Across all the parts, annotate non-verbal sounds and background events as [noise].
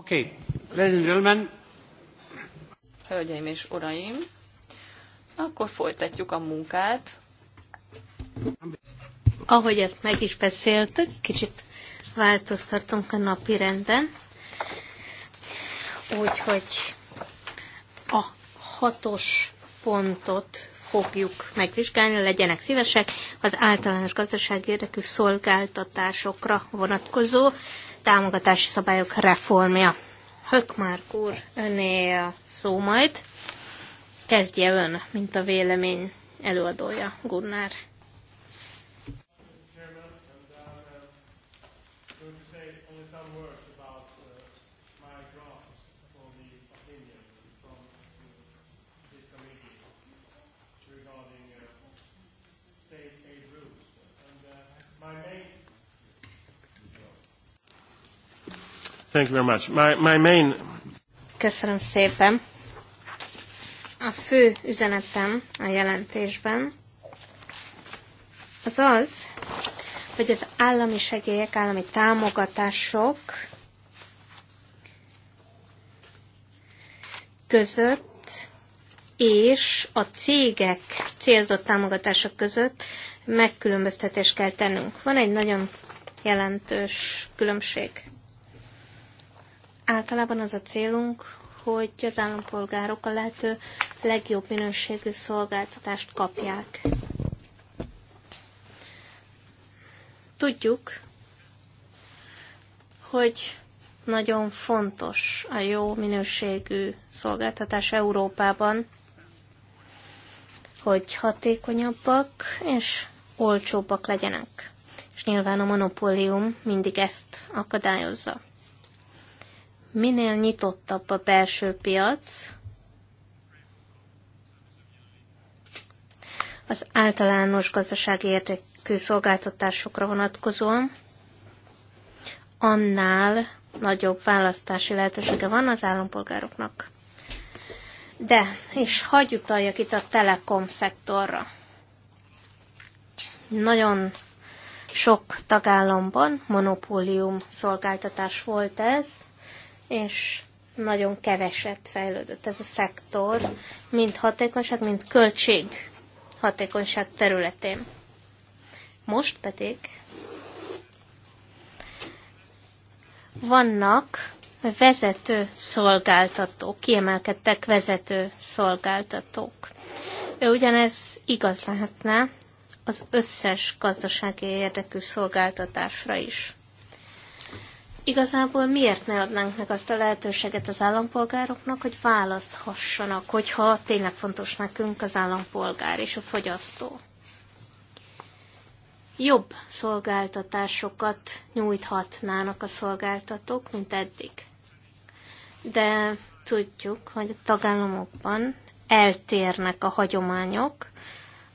Okay. Ladies and gentlemen. Hölgyeim és uraim, akkor folytatjuk a munkát. Ahogy ezt meg is beszéltük, kicsit változtatunk a napi renden. Úgyhogy a hatos pontot fogjuk megvizsgálni, legyenek szívesek, az általános gazdasági érdekű szolgáltatásokra vonatkozó támogatási szabályok reformja. Hökmár úr, öné a szó majd. Kezdje ön, mint a vélemény előadója, Gunnar. Thank you very much. My, my main... Köszönöm szépen. A fő üzenetem a jelentésben az az, hogy az állami segélyek, állami támogatások között és a cégek célzott támogatások között megkülönböztetést kell tennünk. Van egy nagyon jelentős különbség. Általában az a célunk, hogy az állampolgárok a lehető legjobb minőségű szolgáltatást kapják. Tudjuk, hogy nagyon fontos a jó minőségű szolgáltatás Európában, hogy hatékonyabbak és olcsóbbak legyenek. És nyilván a monopólium mindig ezt akadályozza minél nyitottabb a belső piac, az általános gazdasági értékű szolgáltatásokra vonatkozóan, annál nagyobb választási lehetősége van az állampolgároknak. De, és hagyj utaljak itt a telekom szektorra. Nagyon sok tagállamban monopólium szolgáltatás volt ez, és nagyon keveset fejlődött ez a szektor, mind hatékonyság, mind költség hatékonyság területén. Most pedig vannak vezető szolgáltatók, kiemelkedtek vezető szolgáltatók. Ugyanez igaz lehetne az összes gazdasági érdekű szolgáltatásra is igazából miért ne adnánk meg azt a lehetőséget az állampolgároknak, hogy választhassanak, hogyha tényleg fontos nekünk az állampolgár és a fogyasztó. Jobb szolgáltatásokat nyújthatnának a szolgáltatók, mint eddig. De tudjuk, hogy a tagállamokban eltérnek a hagyományok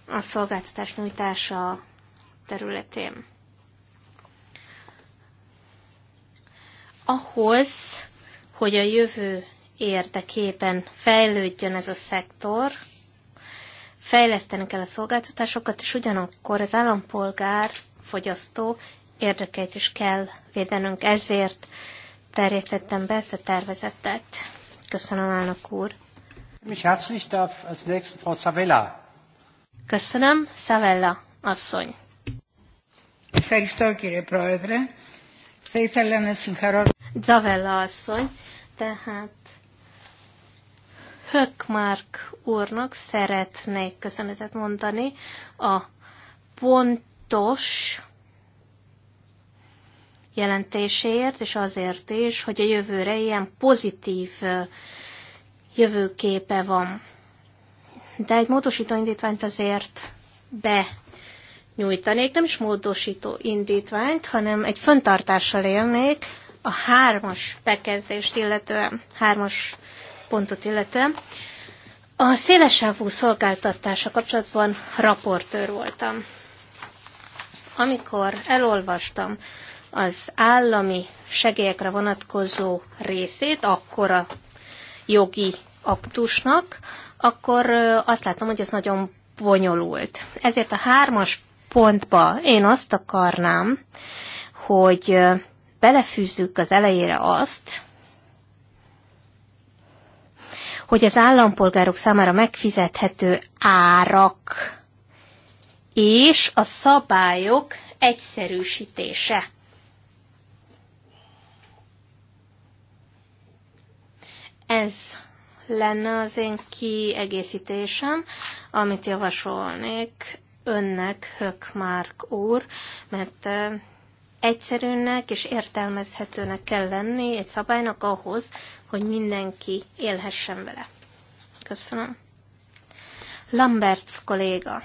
a szolgáltatás nyújtása területén ahhoz, hogy a jövő érdekében fejlődjön ez a szektor, fejleszteni kell a szolgáltatásokat, és ugyanakkor az állampolgár, fogyasztó érdekeit is kell védenünk. Ezért terjesztettem be ezt a tervezetet. Köszönöm, elnök úr. Köszönöm, Szavella asszony. Frau Köszönöm, Savella asszony. Zavella asszony, tehát Hökmark úrnak szeretnék köszönetet mondani a pontos jelentéséért, és azért is, hogy a jövőre ilyen pozitív jövőképe van. De egy módosító indítványt azért be nyújtanék, nem is módosító indítványt, hanem egy föntartással élnék, a hármas bekezdést illetően, hármas pontot illetően. A szélesávú szolgáltatása kapcsolatban raportőr voltam. Amikor elolvastam az állami segélyekre vonatkozó részét, akkor a jogi aktusnak, akkor azt látom, hogy ez nagyon bonyolult. Ezért a hármas pontba én azt akarnám, hogy belefűzzük az elejére azt, hogy az állampolgárok számára megfizethető árak és a szabályok egyszerűsítése. Ez lenne az én kiegészítésem, amit javasolnék önnek, Hökmárk úr, mert egyszerűnek és értelmezhetőnek kell lenni egy szabálynak ahhoz, hogy mindenki élhessen vele. Köszönöm. Lamberts kolléga.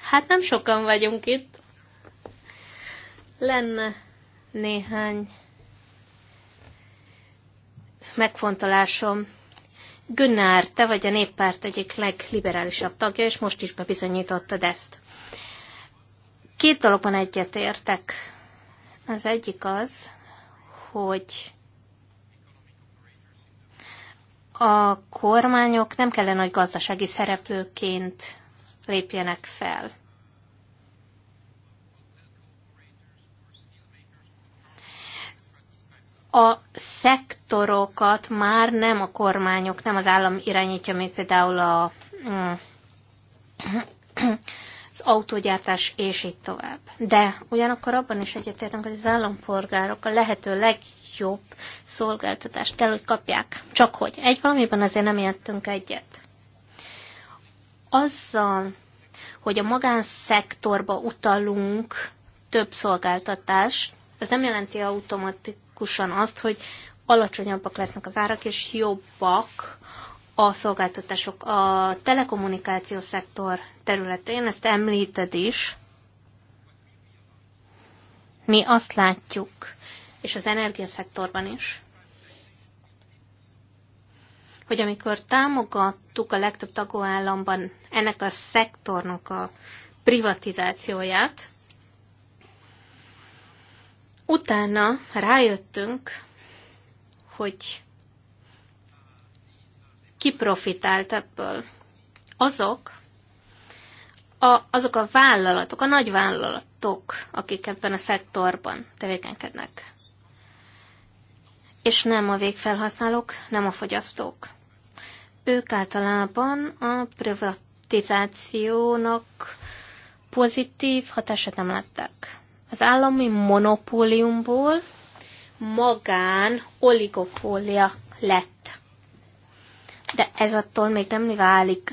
Hát nem sokan vagyunk itt. Lenne néhány megfontolásom. Günnár, te vagy a néppárt egyik legliberálisabb tagja, és most is bebizonyítottad ezt. Két dologban egyetértek. Az egyik az, hogy a kormányok nem kellene, hogy gazdasági szereplőként lépjenek fel. A szektorokat már nem a kormányok, nem az állam irányítja, mint például a mm, az autógyártás, és így tovább. De ugyanakkor abban is egyetértünk, hogy az állampolgárok a lehető legjobb szolgáltatást kell, hogy kapják. Csak hogy egy valamiben azért nem értünk egyet. Azzal, hogy a magánszektorba utalunk több szolgáltatást, ez nem jelenti automatikusan azt, hogy alacsonyabbak lesznek az árak, és jobbak a szolgáltatások, a telekommunikáció szektor területén, ezt említed is, mi azt látjuk, és az energiaszektorban is, hogy amikor támogattuk a legtöbb tagállamban ennek a szektornak a privatizációját, utána rájöttünk, hogy profitált ebből? Azok, a, azok a vállalatok, a nagy vállalatok, akik ebben a szektorban tevékenykednek. És nem a végfelhasználók, nem a fogyasztók. Ők általában a privatizációnak pozitív hatását nem látták. Az állami monopóliumból magán oligopólia lett de ez attól még nem válik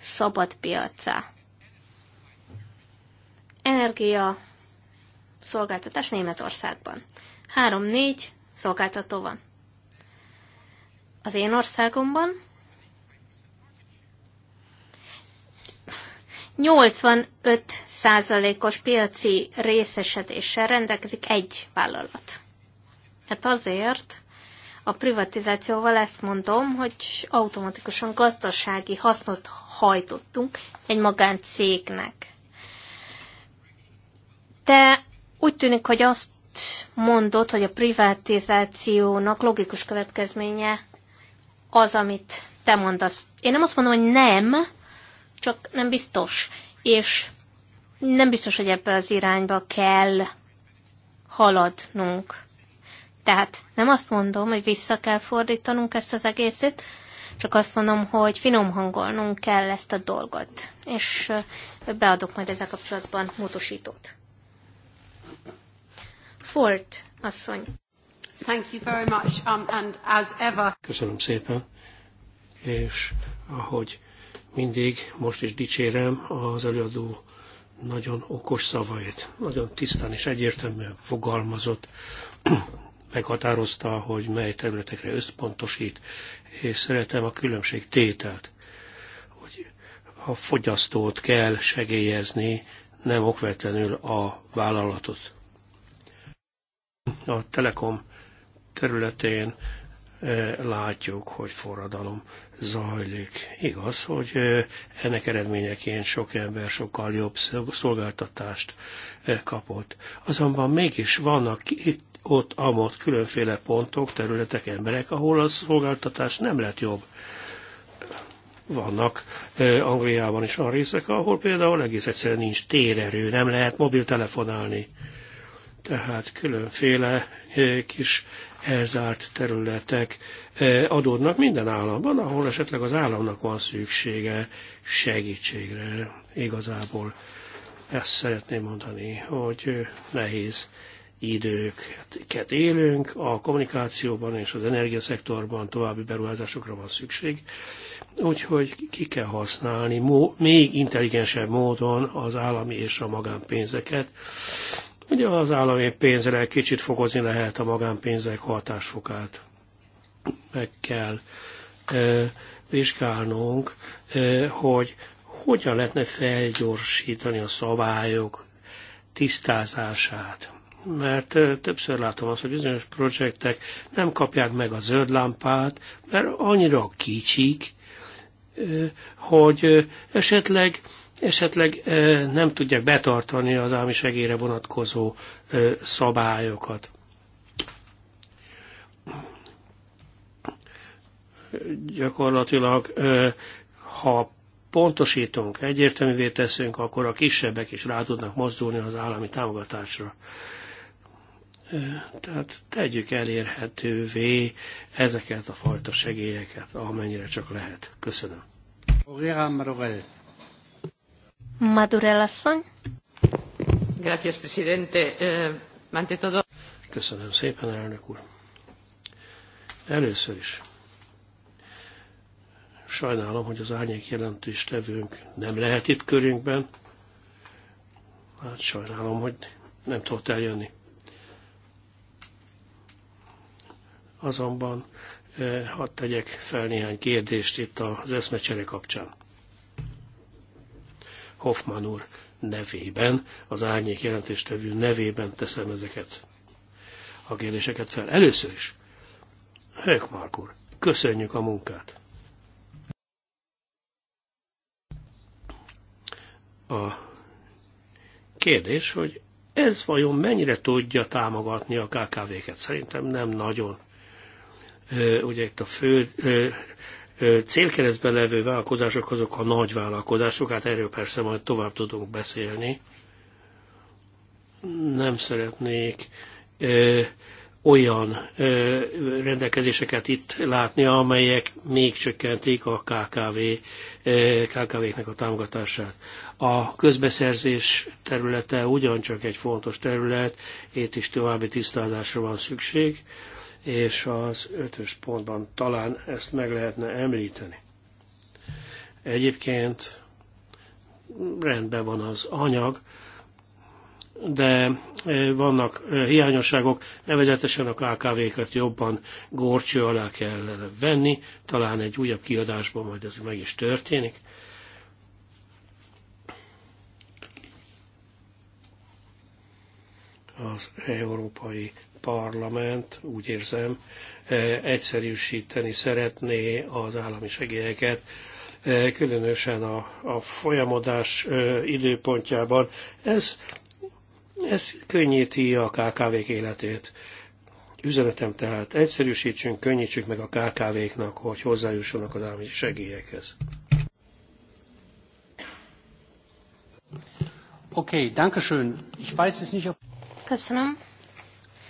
szabad piacá. Energia szolgáltatás Németországban. Három-négy szolgáltató van. Az én országomban 85%-os piaci részesedéssel rendelkezik egy vállalat. Hát azért, a privatizációval ezt mondom, hogy automatikusan gazdasági hasznot hajtottunk egy magáncégnek. De úgy tűnik, hogy azt mondod, hogy a privatizációnak logikus következménye az, amit te mondasz. Én nem azt mondom, hogy nem, csak nem biztos. És nem biztos, hogy ebbe az irányba kell haladnunk. Tehát nem azt mondom, hogy vissza kell fordítanunk ezt az egészet, csak azt mondom, hogy finom hangolnunk kell ezt a dolgot. És beadok majd ezzel kapcsolatban módosítót. Ford asszony. Thank you very much, um, and as ever. Köszönöm szépen, és ahogy mindig, most is dicsérem az előadó nagyon okos szavait, nagyon tisztán és egyértelműen fogalmazott meghatározta, hogy mely területekre összpontosít, és szeretem a különbség tételt, hogy a fogyasztót kell segélyezni, nem okvetlenül a vállalatot. A Telekom területén eh, látjuk, hogy forradalom zajlik. Igaz, hogy eh, ennek eredményeként sok ember sokkal jobb szolgáltatást eh, kapott. Azonban mégis vannak itt ott amott különféle pontok, területek, emberek, ahol a szolgáltatás nem lett jobb. Vannak Angliában is olyan részek, ahol például egész egyszerűen nincs térerő, nem lehet mobiltelefonálni. Tehát különféle kis elzárt területek adódnak minden államban, ahol esetleg az államnak van szüksége segítségre igazából. Ezt szeretném mondani, hogy nehéz időket élünk, a kommunikációban és az energiaszektorban további beruházásokra van szükség, úgyhogy ki kell használni még intelligensebb módon az állami és a magánpénzeket. Ugye az állami pénzre kicsit fokozni lehet a magánpénzek hatásfokát. Meg kell e, vizsgálnunk, e, hogy hogyan lehetne felgyorsítani a szabályok tisztázását mert többször látom azt, hogy bizonyos projektek nem kapják meg a zöld lámpát, mert annyira kicsik, hogy esetleg, esetleg nem tudják betartani az állami segélyre vonatkozó szabályokat. Gyakorlatilag, ha pontosítunk, egyértelművé teszünk, akkor a kisebbek is rá tudnak mozdulni az állami támogatásra. Tehát tegyük elérhetővé ezeket a fajta segélyeket, amennyire csak lehet. Köszönöm. Madurell. asszony. Gracias, presidente. Mante todo. Köszönöm szépen, elnök úr. Először is sajnálom, hogy az árnyék jelentős jelentéstevőnk nem lehet itt körünkben. Hát sajnálom, hogy nem tudott eljönni. azonban eh, hadd tegyek fel néhány kérdést itt az eszmecsere kapcsán. Hoffman úr nevében, az árnyék jelentéstevő nevében teszem ezeket a kérdéseket fel. Először is, Hökmark úr, köszönjük a munkát! A kérdés, hogy ez vajon mennyire tudja támogatni a KKV-ket? Szerintem nem nagyon ugye itt a fő célkeresztben levő vállalkozások azok a nagy vállalkozások, hát erről persze majd tovább tudunk beszélni. Nem szeretnék olyan rendelkezéseket itt látni, amelyek még csökkentik a KKV, KKV-knek a támogatását. A közbeszerzés területe ugyancsak egy fontos terület, itt is további tisztázásra van szükség és az ötös pontban talán ezt meg lehetne említeni. Egyébként rendben van az anyag, de e, vannak e, hiányosságok, nevezetesen a KKV-kat jobban górcső alá kell venni, talán egy újabb kiadásban majd ez meg is történik. Az Európai Parlament, úgy érzem, e, egyszerűsíteni szeretné az állami segélyeket, e, különösen a, a folyamodás e, időpontjában. Ez, ez könnyíti a KKV-k életét. Üzenetem tehát egyszerűsítsünk, könnyítsük meg a KKV-knak, hogy hozzájussanak az állami segélyekhez. Oké, okay, danke schön. Ich weiß es nicht, ob... Köszönöm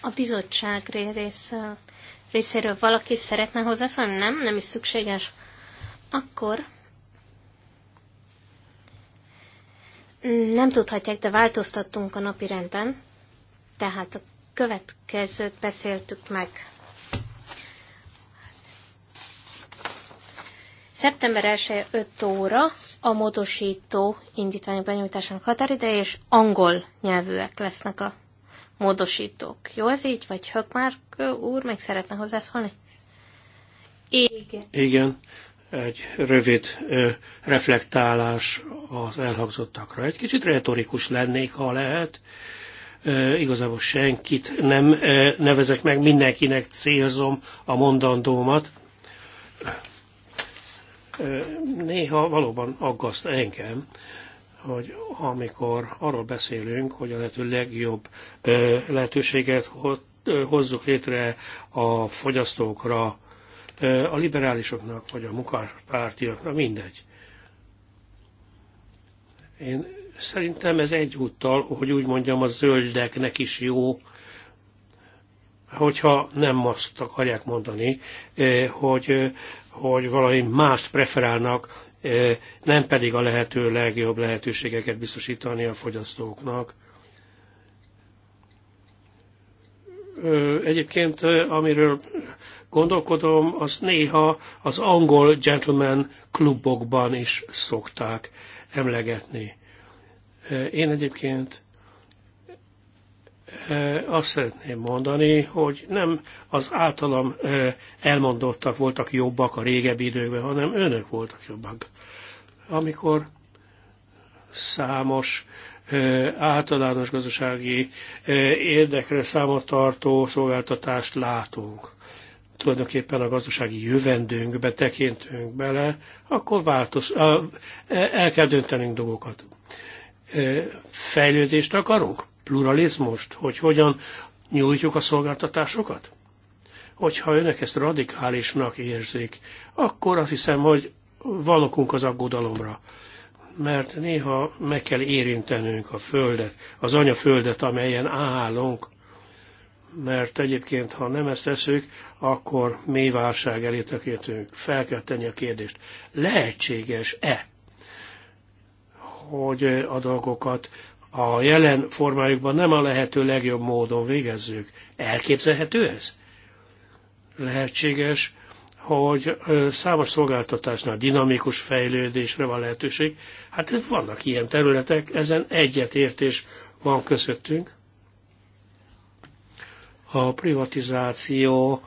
a bizottság rész, részéről valaki szeretne hozzászólni? Nem? Nem is szükséges? Akkor nem tudhatják, de változtattunk a napi renden. Tehát a következőt beszéltük meg. Szeptember 1 5 óra a módosító indítványok benyújtásának határideje, és angol nyelvűek lesznek a módosítók. Jó ez így? Vagy már úr még szeretne hozzászólni? Igen. Igen, egy rövid ö, reflektálás az elhangzottakra. Egy kicsit retorikus lennék, ha lehet. Ö, igazából senkit nem ö, nevezek meg, mindenkinek célzom a mondandómat. Ö, néha valóban aggaszt engem, hogy amikor arról beszélünk, hogy a lehető legjobb lehetőséget hozzuk létre a fogyasztókra, a liberálisoknak vagy a munkapártiaknak, mindegy. Én szerintem ez egyúttal, hogy úgy mondjam, a zöldeknek is jó, hogyha nem azt akarják mondani, hogy, hogy valami mást preferálnak Eh, nem pedig a lehető legjobb lehetőségeket biztosítani a fogyasztóknak. Egyébként, eh, amiről gondolkodom, azt néha az angol gentleman klubokban is szokták emlegetni. Eh, én egyébként azt szeretném mondani, hogy nem az általam elmondottak voltak jobbak a régebbi időkben, hanem önök voltak jobbak amikor számos általános gazdasági érdekre számot tartó szolgáltatást látunk. Tulajdonképpen a gazdasági jövendőnkbe tekintünk bele, akkor változ, el kell döntenünk dolgokat. Fejlődést akarunk? Pluralizmust? Hogy hogyan nyújtjuk a szolgáltatásokat? Hogyha önök ezt radikálisnak érzik, akkor azt hiszem, hogy van okunk az aggodalomra, mert néha meg kell érintenünk a földet, az anyaföldet, amelyen állunk, mert egyébként, ha nem ezt teszük, akkor mély válság elé tekintünk. Fel kell tenni a kérdést. Lehetséges-e, hogy a dolgokat a jelen formájukban nem a lehető legjobb módon végezzük? Elképzelhető ez? Lehetséges, hogy számos szolgáltatásnál dinamikus fejlődésre van lehetőség. Hát vannak ilyen területek, ezen egyetértés van közöttünk. A privatizáció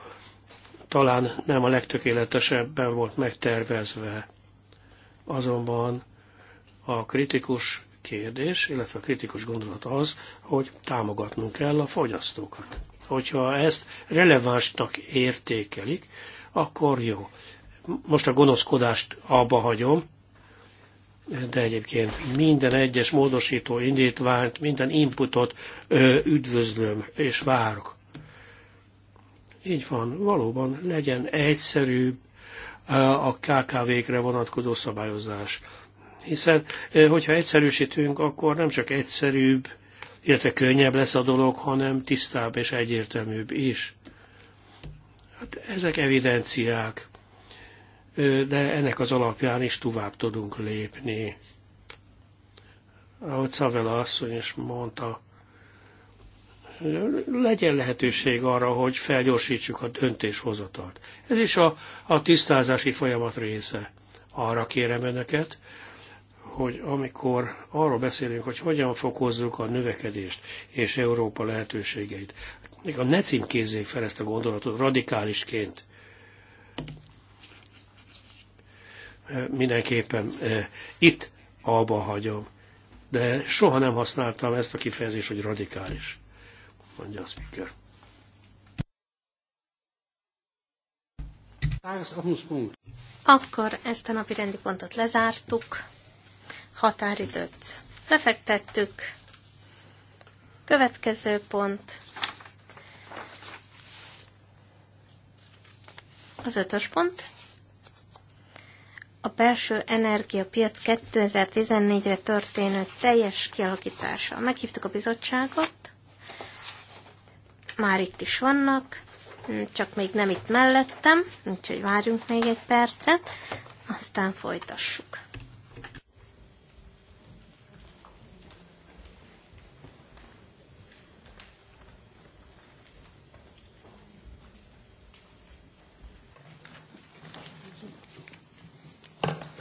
talán nem a legtökéletesebben volt megtervezve. Azonban a kritikus kérdés, illetve a kritikus gondolat az, hogy támogatnunk kell a fogyasztókat. Hogyha ezt relevánsnak értékelik, akkor jó. Most a gonoszkodást abba hagyom, de egyébként minden egyes módosító indítványt, minden inputot ö, üdvözlöm és várok. Így van, valóban legyen egyszerűbb a KKV-kre vonatkozó szabályozás. Hiszen, hogyha egyszerűsítünk, akkor nem csak egyszerűbb, illetve könnyebb lesz a dolog, hanem tisztább és egyértelműbb is. Hát ezek evidenciák, de ennek az alapján is tovább tudunk lépni. Ahogy Szavela asszony is mondta, legyen lehetőség arra, hogy felgyorsítsuk a döntéshozatalt. Ez is a, a tisztázási folyamat része. Arra kérem önöket, hogy amikor arról beszélünk, hogy hogyan fokozzuk a növekedést és Európa lehetőségeit, még a ne címkézzék fel ezt a gondolatot radikálisként. Mindenképpen itt abba hagyom. De soha nem használtam ezt a kifejezést, hogy radikális, mondja a speaker. Akkor ezt a napi rendi pontot lezártuk, határidőt lefektettük. Következő pont Az ötös pont. A belső energiapiac 2014-re történő teljes kialakítása. Meghívtuk a bizottságot, már itt is vannak, csak még nem itt mellettem, úgyhogy várjunk még egy percet, aztán folytassuk.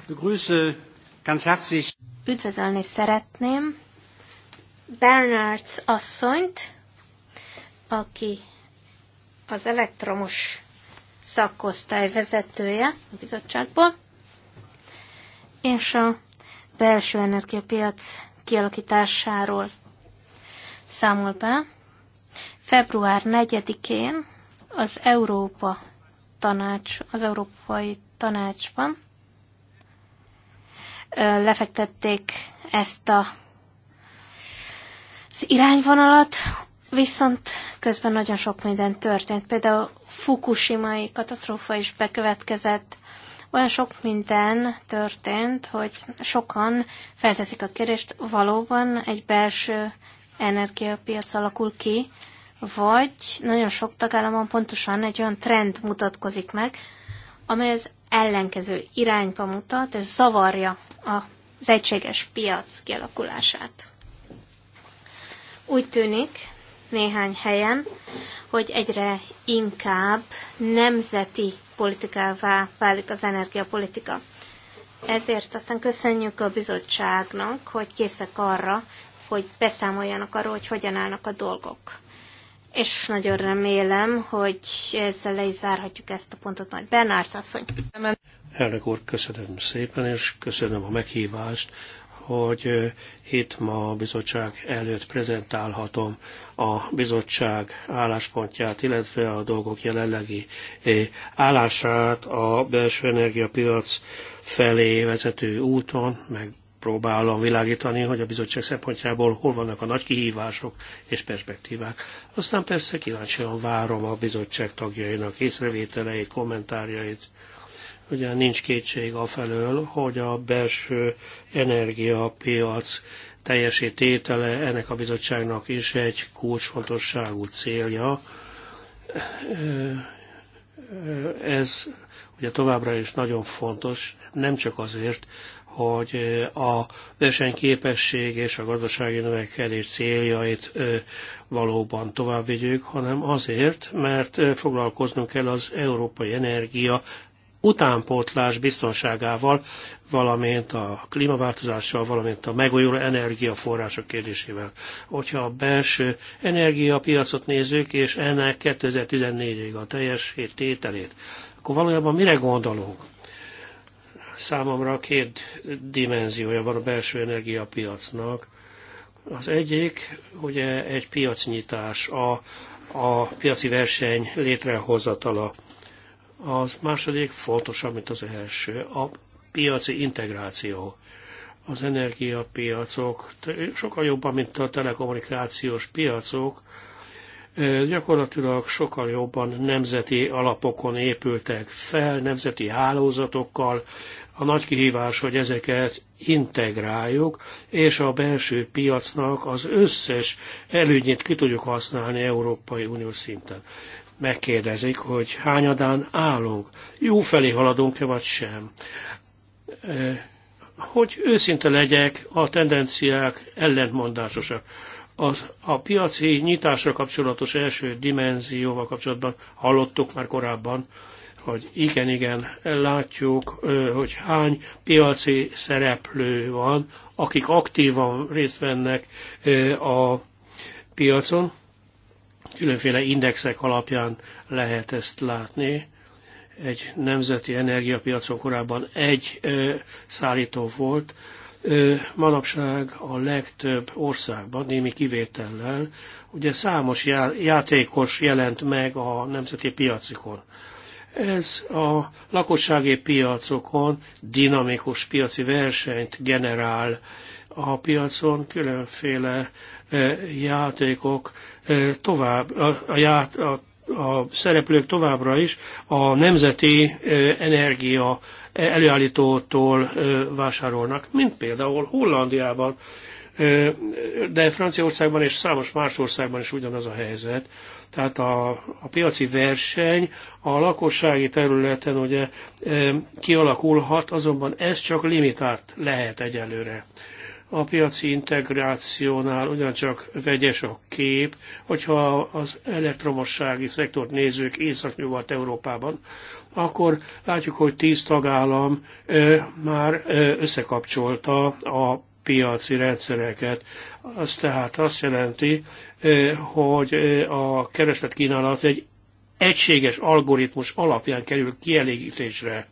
begrüße ganz herzlich. Üdvözölni szeretném Bernards asszonyt, aki az elektromos szakosztály vezetője a bizottságból, és a belső energiapiac kialakításáról számol be. Február 4-én az Európa tanács, az Európai Tanácsban lefektették ezt a, az irányvonalat, viszont közben nagyon sok minden történt. Például Fukushimai katasztrófa is bekövetkezett, olyan sok minden történt, hogy sokan felteszik a kérdést, valóban egy belső energiapiac alakul ki, vagy nagyon sok tagállamon pontosan egy olyan trend mutatkozik meg, amely az ellenkező irányba mutat, ez zavarja az egységes piac kialakulását. Úgy tűnik néhány helyen, hogy egyre inkább nemzeti politikává válik az energiapolitika. Ezért aztán köszönjük a bizottságnak, hogy készek arra, hogy beszámoljanak arról, hogy hogyan állnak a dolgok és nagyon remélem, hogy ezzel le is zárhatjuk ezt a pontot majd. Bernárd asszony. Elnök úr, köszönöm szépen, és köszönöm a meghívást, hogy itt ma a bizottság előtt prezentálhatom a bizottság álláspontját, illetve a dolgok jelenlegi állását a belső energiapiac felé vezető úton, meg próbálom világítani, hogy a bizottság szempontjából hol vannak a nagy kihívások és perspektívák. Aztán persze kíváncsian várom a bizottság tagjainak észrevételeit, kommentárjait. Ugye nincs kétség afelől, hogy a belső energiapiac teljesítétele ennek a bizottságnak is egy kulcsfontosságú célja. Ez ugye továbbra is nagyon fontos, nem csak azért, hogy a versenyképesség és a gazdasági növekedés céljait valóban tovább vigyük, hanem azért, mert foglalkoznunk kell az európai energia utánpótlás biztonságával, valamint a klímaváltozással, valamint a megújuló energiaforrások kérdésével. Hogyha a belső energiapiacot nézzük, és ennek 2014-ig a teljes tételét, akkor valójában mire gondolunk? Számomra két dimenziója van a belső energiapiacnak. Az egyik ugye egy piacnyitás, a, a piaci verseny létrehozatala. Az második fontosabb, mint az első, a piaci integráció. Az energiapiacok sokkal jobban, mint a telekommunikációs piacok, gyakorlatilag sokkal jobban nemzeti alapokon épültek fel, nemzeti hálózatokkal, a nagy kihívás, hogy ezeket integráljuk, és a belső piacnak az összes előnyét ki tudjuk használni Európai Unió szinten. Megkérdezik, hogy hányadán állunk, jó felé haladunk-e vagy sem. Hogy őszinte legyek, a tendenciák ellentmondásosak az, a piaci nyitásra kapcsolatos első dimenzióval kapcsolatban hallottuk már korábban, hogy igen, igen, látjuk, hogy hány piaci szereplő van, akik aktívan részt vennek a piacon. Különféle indexek alapján lehet ezt látni. Egy nemzeti energiapiacon korábban egy szállító volt, manapság a legtöbb országban, némi kivétellel, ugye számos játékos jelent meg a nemzeti piacikon. Ez a lakossági piacokon dinamikus piaci versenyt generál a piacon különféle e, játékok e, tovább, a, a, ját, a, a szereplők továbbra is a nemzeti e, energia előállítótól vásárolnak, mint például Hollandiában, de Franciaországban és számos más országban is ugyanaz a helyzet. Tehát a, a piaci verseny a lakossági területen ugye kialakulhat, azonban ez csak limitált lehet egyelőre. A piaci integrációnál ugyancsak vegyes a kép, hogyha az elektromossági szektort nézzük Észak-Nyugat-Európában, akkor látjuk, hogy tíz tagállam már összekapcsolta a piaci rendszereket. Az tehát azt jelenti, hogy a keresletkínálat egy egységes algoritmus alapján kerül kielégítésre.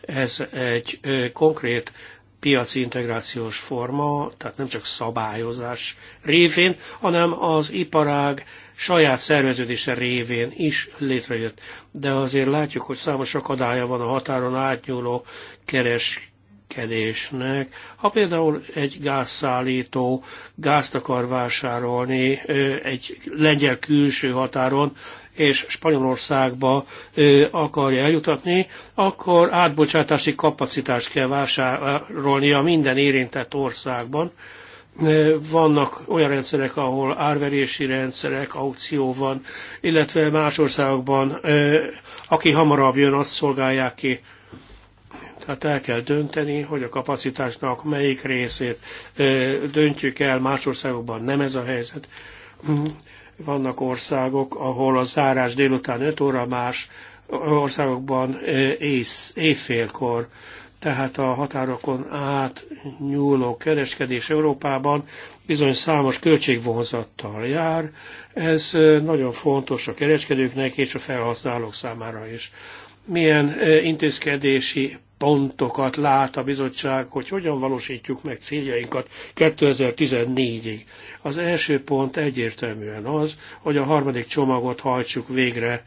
Ez egy konkrét piaci integrációs forma, tehát nem csak szabályozás révén, hanem az iparág saját szerveződése révén is létrejött. De azért látjuk, hogy számos akadálya van a határon átnyúló keres, viselkedésnek. Ha például egy gázszállító gázt akar vásárolni egy lengyel külső határon, és Spanyolországba ö, akarja eljutatni, akkor átbocsátási kapacitást kell vásárolnia minden érintett országban. Vannak olyan rendszerek, ahol árverési rendszerek, aukció van, illetve más országokban, ö, aki hamarabb jön, azt szolgálják ki. Tehát el kell dönteni, hogy a kapacitásnak melyik részét döntjük el, más országokban nem ez a helyzet. Hm, vannak országok, ahol a zárás délután 5 óra, más országokban ész, évfélkor. Tehát a határokon át nyúló kereskedés Európában bizony számos költségvonzattal jár. Ez nagyon fontos a kereskedőknek és a felhasználók számára is milyen intézkedési pontokat lát a bizottság, hogy hogyan valósítjuk meg céljainkat 2014-ig. Az első pont egyértelműen az, hogy a harmadik csomagot hajtsuk végre.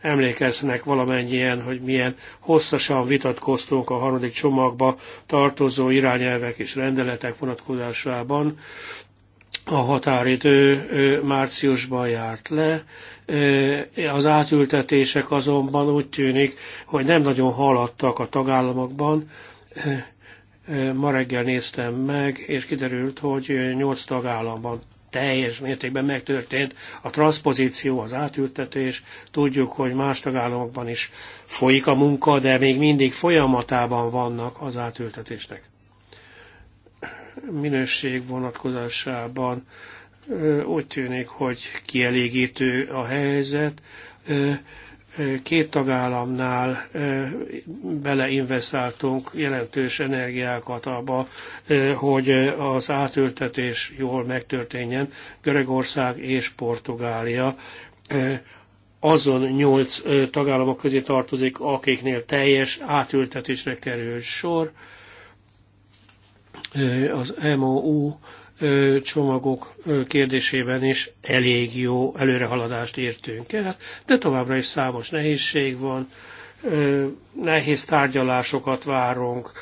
Emlékeznek valamennyien, hogy milyen hosszasan vitatkoztunk a harmadik csomagba tartozó irányelvek és rendeletek vonatkozásában a határidő márciusban járt le, az átültetések azonban úgy tűnik, hogy nem nagyon haladtak a tagállamokban. Ma reggel néztem meg, és kiderült, hogy 8 tagállamban teljes mértékben megtörtént a transpozíció, az átültetés. Tudjuk, hogy más tagállamokban is folyik a munka, de még mindig folyamatában vannak az átültetésnek minőség vonatkozásában úgy tűnik, hogy kielégítő a helyzet. Két tagállamnál beleinvestáltunk jelentős energiákat abba, hogy az átültetés jól megtörténjen. Görögország és Portugália azon nyolc tagállamok közé tartozik, akiknél teljes átültetésre kerül sor az MOU csomagok kérdésében is elég jó előrehaladást értünk el, de továbbra is számos nehézség van, nehéz tárgyalásokat várunk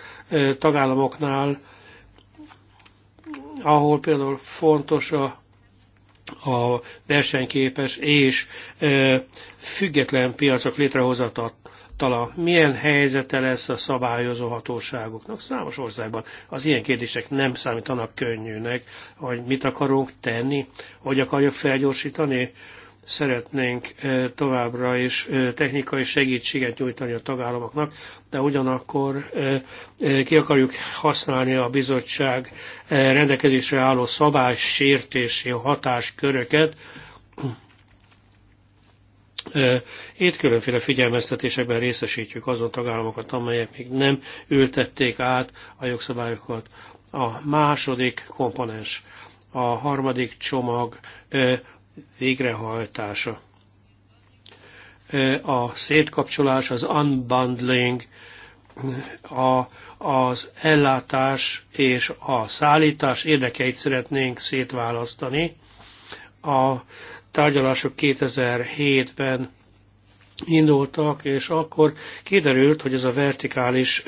tagállamoknál, ahol például fontos a, a versenyképes és független piacok létrehozatat tala milyen helyzete lesz a szabályozó hatóságoknak. Számos országban az ilyen kérdések nem számítanak könnyűnek, hogy mit akarunk tenni, hogy akarjuk felgyorsítani. Szeretnénk továbbra is technikai segítséget nyújtani a tagállamoknak, de ugyanakkor ki akarjuk használni a bizottság rendelkezésre álló szabálysértési hatásköröket, itt különféle figyelmeztetésekben részesítjük azon tagállamokat, amelyek még nem ültették át a jogszabályokat. A második komponens, a harmadik csomag végrehajtása. A szétkapcsolás, az unbundling, a, az ellátás és a szállítás érdekeit szeretnénk szétválasztani. A tárgyalások 2007-ben indultak, és akkor kiderült, hogy ez a vertikális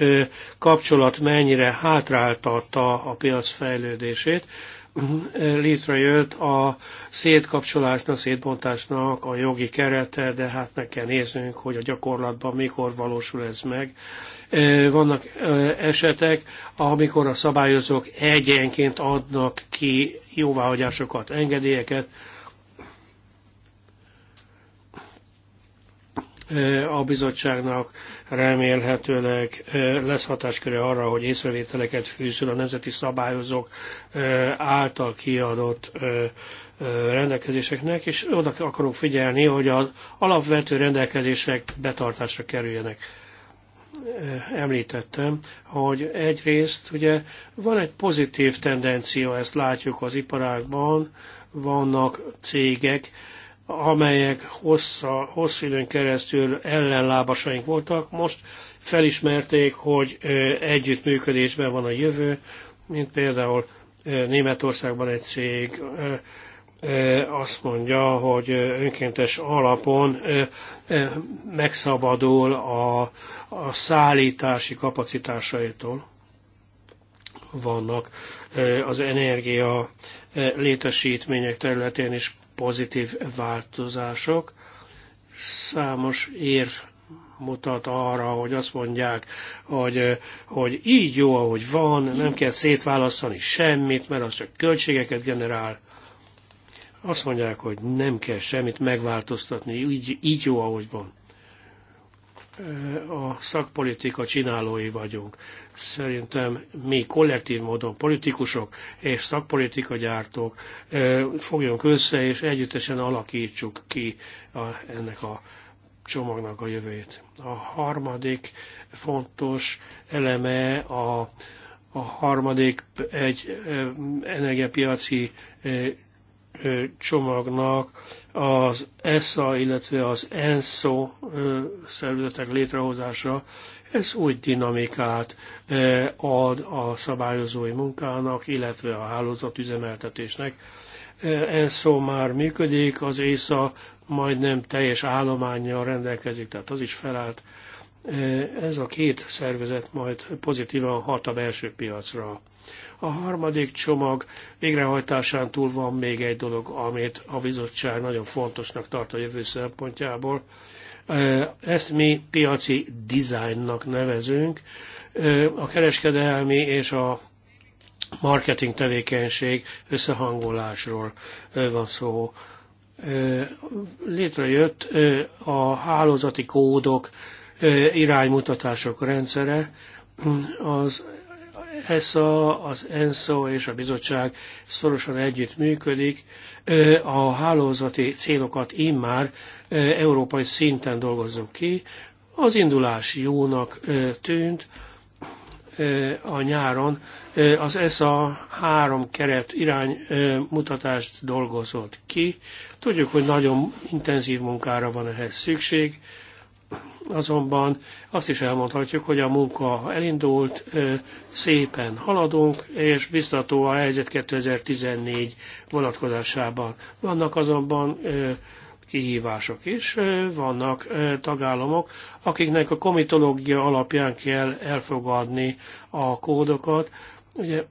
kapcsolat mennyire hátráltatta a piac fejlődését. Létrejött a szétkapcsolásnak, szétbontásnak a jogi kerete, de hát meg kell néznünk, hogy a gyakorlatban mikor valósul ez meg. Vannak esetek, amikor a szabályozók egyenként adnak ki jóváhagyásokat, engedélyeket, a bizottságnak remélhetőleg lesz hatásköre arra, hogy észrevételeket fűzül a nemzeti szabályozók által kiadott rendelkezéseknek, és oda akarunk figyelni, hogy az alapvető rendelkezések betartásra kerüljenek. Említettem, hogy egyrészt ugye van egy pozitív tendencia, ezt látjuk az iparágban, vannak cégek, amelyek hossza, hosszú időn keresztül ellenlábasaink voltak, most felismerték, hogy együttműködésben van a jövő, mint például Németországban egy cég azt mondja, hogy önkéntes alapon megszabadul a, a szállítási kapacitásaitól. Vannak az energia létesítmények területén is pozitív változások. Számos érv mutat arra, hogy azt mondják, hogy, hogy így jó, ahogy van, nem kell szétválasztani semmit, mert az csak költségeket generál. Azt mondják, hogy nem kell semmit megváltoztatni, így, így jó, ahogy van a szakpolitika csinálói vagyunk. Szerintem mi kollektív módon politikusok és szakpolitika gyártók fogjunk össze, és együttesen alakítsuk ki a, ennek a csomagnak a jövőjét. A harmadik fontos eleme a, a harmadik egy energiapiaci csomagnak az ESA, illetve az ENSO szervezetek létrehozása, ez új dinamikát ad a szabályozói munkának, illetve a hálózat üzemeltetésnek. ENSO már működik, az ESA majdnem teljes állományjal rendelkezik, tehát az is felállt. Ez a két szervezet majd pozitívan hat a belső piacra a harmadik csomag végrehajtásán túl van még egy dolog, amit a bizottság nagyon fontosnak tart a jövő szempontjából. Ezt mi piaci dizájnnak nevezünk. A kereskedelmi és a marketing tevékenység összehangolásról van szó. Létrejött a hálózati kódok iránymutatások rendszere, az ESA, az ENSO és a bizottság szorosan együtt működik. A hálózati célokat immár európai szinten dolgozzuk ki. Az indulás jónak tűnt a nyáron. Az ESA három keret iránymutatást dolgozott ki. Tudjuk, hogy nagyon intenzív munkára van ehhez szükség azonban azt is elmondhatjuk, hogy a munka elindult, szépen haladunk, és biztató a helyzet 2014 vonatkozásában. Vannak azonban kihívások is, vannak tagállamok, akiknek a komitológia alapján kell elfogadni a kódokat. Ugye,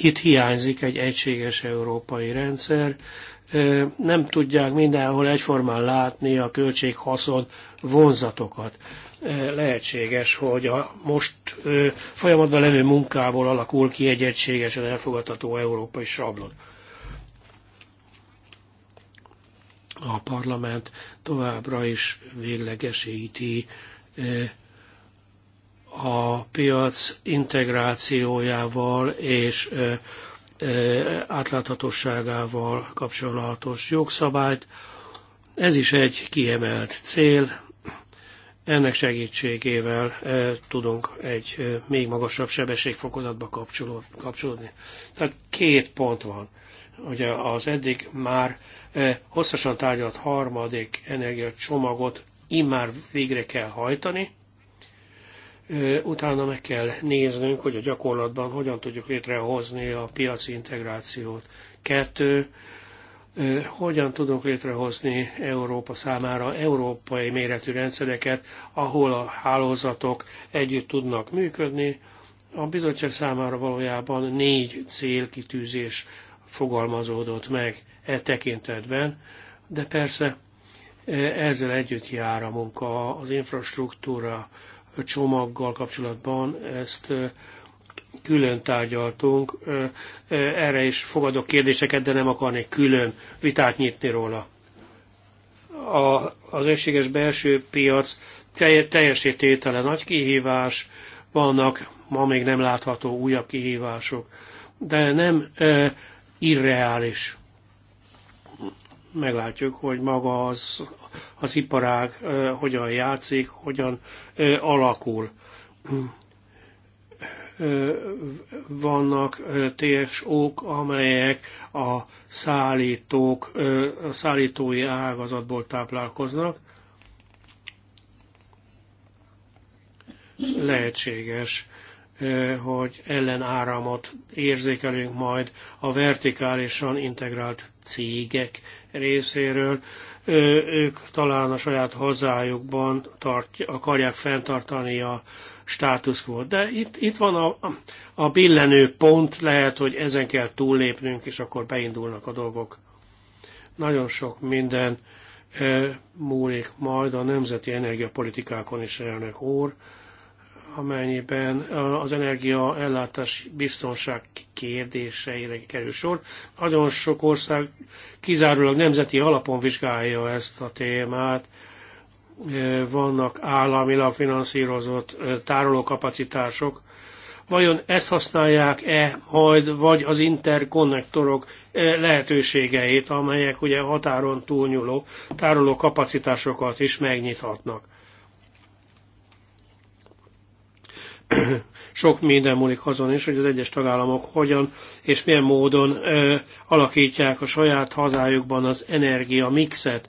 itt hiányzik egy egységes európai rendszer, nem tudják mindenhol egyformán látni a költséghaszon vonzatokat. Lehetséges, hogy a most folyamatban levő munkából alakul ki egy egységesen elfogadható európai sablon. A parlament továbbra is véglegesíti a piac integrációjával és átláthatóságával kapcsolatos jogszabályt. Ez is egy kiemelt cél, ennek segítségével tudunk egy még magasabb sebességfokozatba kapcsolódni. Tehát két pont van. Ugye az eddig már hosszasan tárgyalt harmadik energiacsomagot immár végre kell hajtani, utána meg kell néznünk, hogy a gyakorlatban hogyan tudjuk létrehozni a piaci integrációt. Kettő, hogyan tudunk létrehozni Európa számára európai méretű rendszereket, ahol a hálózatok együtt tudnak működni. A bizottság számára valójában négy célkitűzés fogalmazódott meg e tekintetben, de persze ezzel együtt jár a munka, az infrastruktúra, csomaggal kapcsolatban ezt külön tárgyaltunk. Erre is fogadok kérdéseket, de nem akarnék külön vitát nyitni róla. A, az egységes belső piac teljesítétele nagy kihívás, vannak ma még nem látható újabb kihívások, de nem e, irreális meglátjuk, hogy maga az, az iparág hogyan játszik, hogyan alakul. Vannak TSO-k, amelyek a szállítók, a szállítói ágazatból táplálkoznak. Lehetséges hogy ellenáramot érzékelünk majd a vertikálisan integrált cégek részéről, ők talán a saját hazájukban tartja, akarják fenntartani a státusz quo. De itt, itt van a, a billenő pont, lehet, hogy ezen kell túllépnünk, és akkor beindulnak a dolgok. Nagyon sok minden múlik majd a nemzeti energiapolitikákon is, elnök úr amennyiben az energia ellátás biztonság kérdéseire kerül sor. Nagyon sok ország kizárólag nemzeti alapon vizsgálja ezt a témát. Vannak államilag finanszírozott tárolókapacitások. Vajon ezt használják-e majd, vagy az interkonnektorok lehetőségeit, amelyek ugye határon túlnyúló tárolókapacitásokat is megnyithatnak? [clears throat] sok minden múlik azon is, hogy az egyes tagállamok hogyan és milyen módon alakítják a saját hazájukban az energia mixet.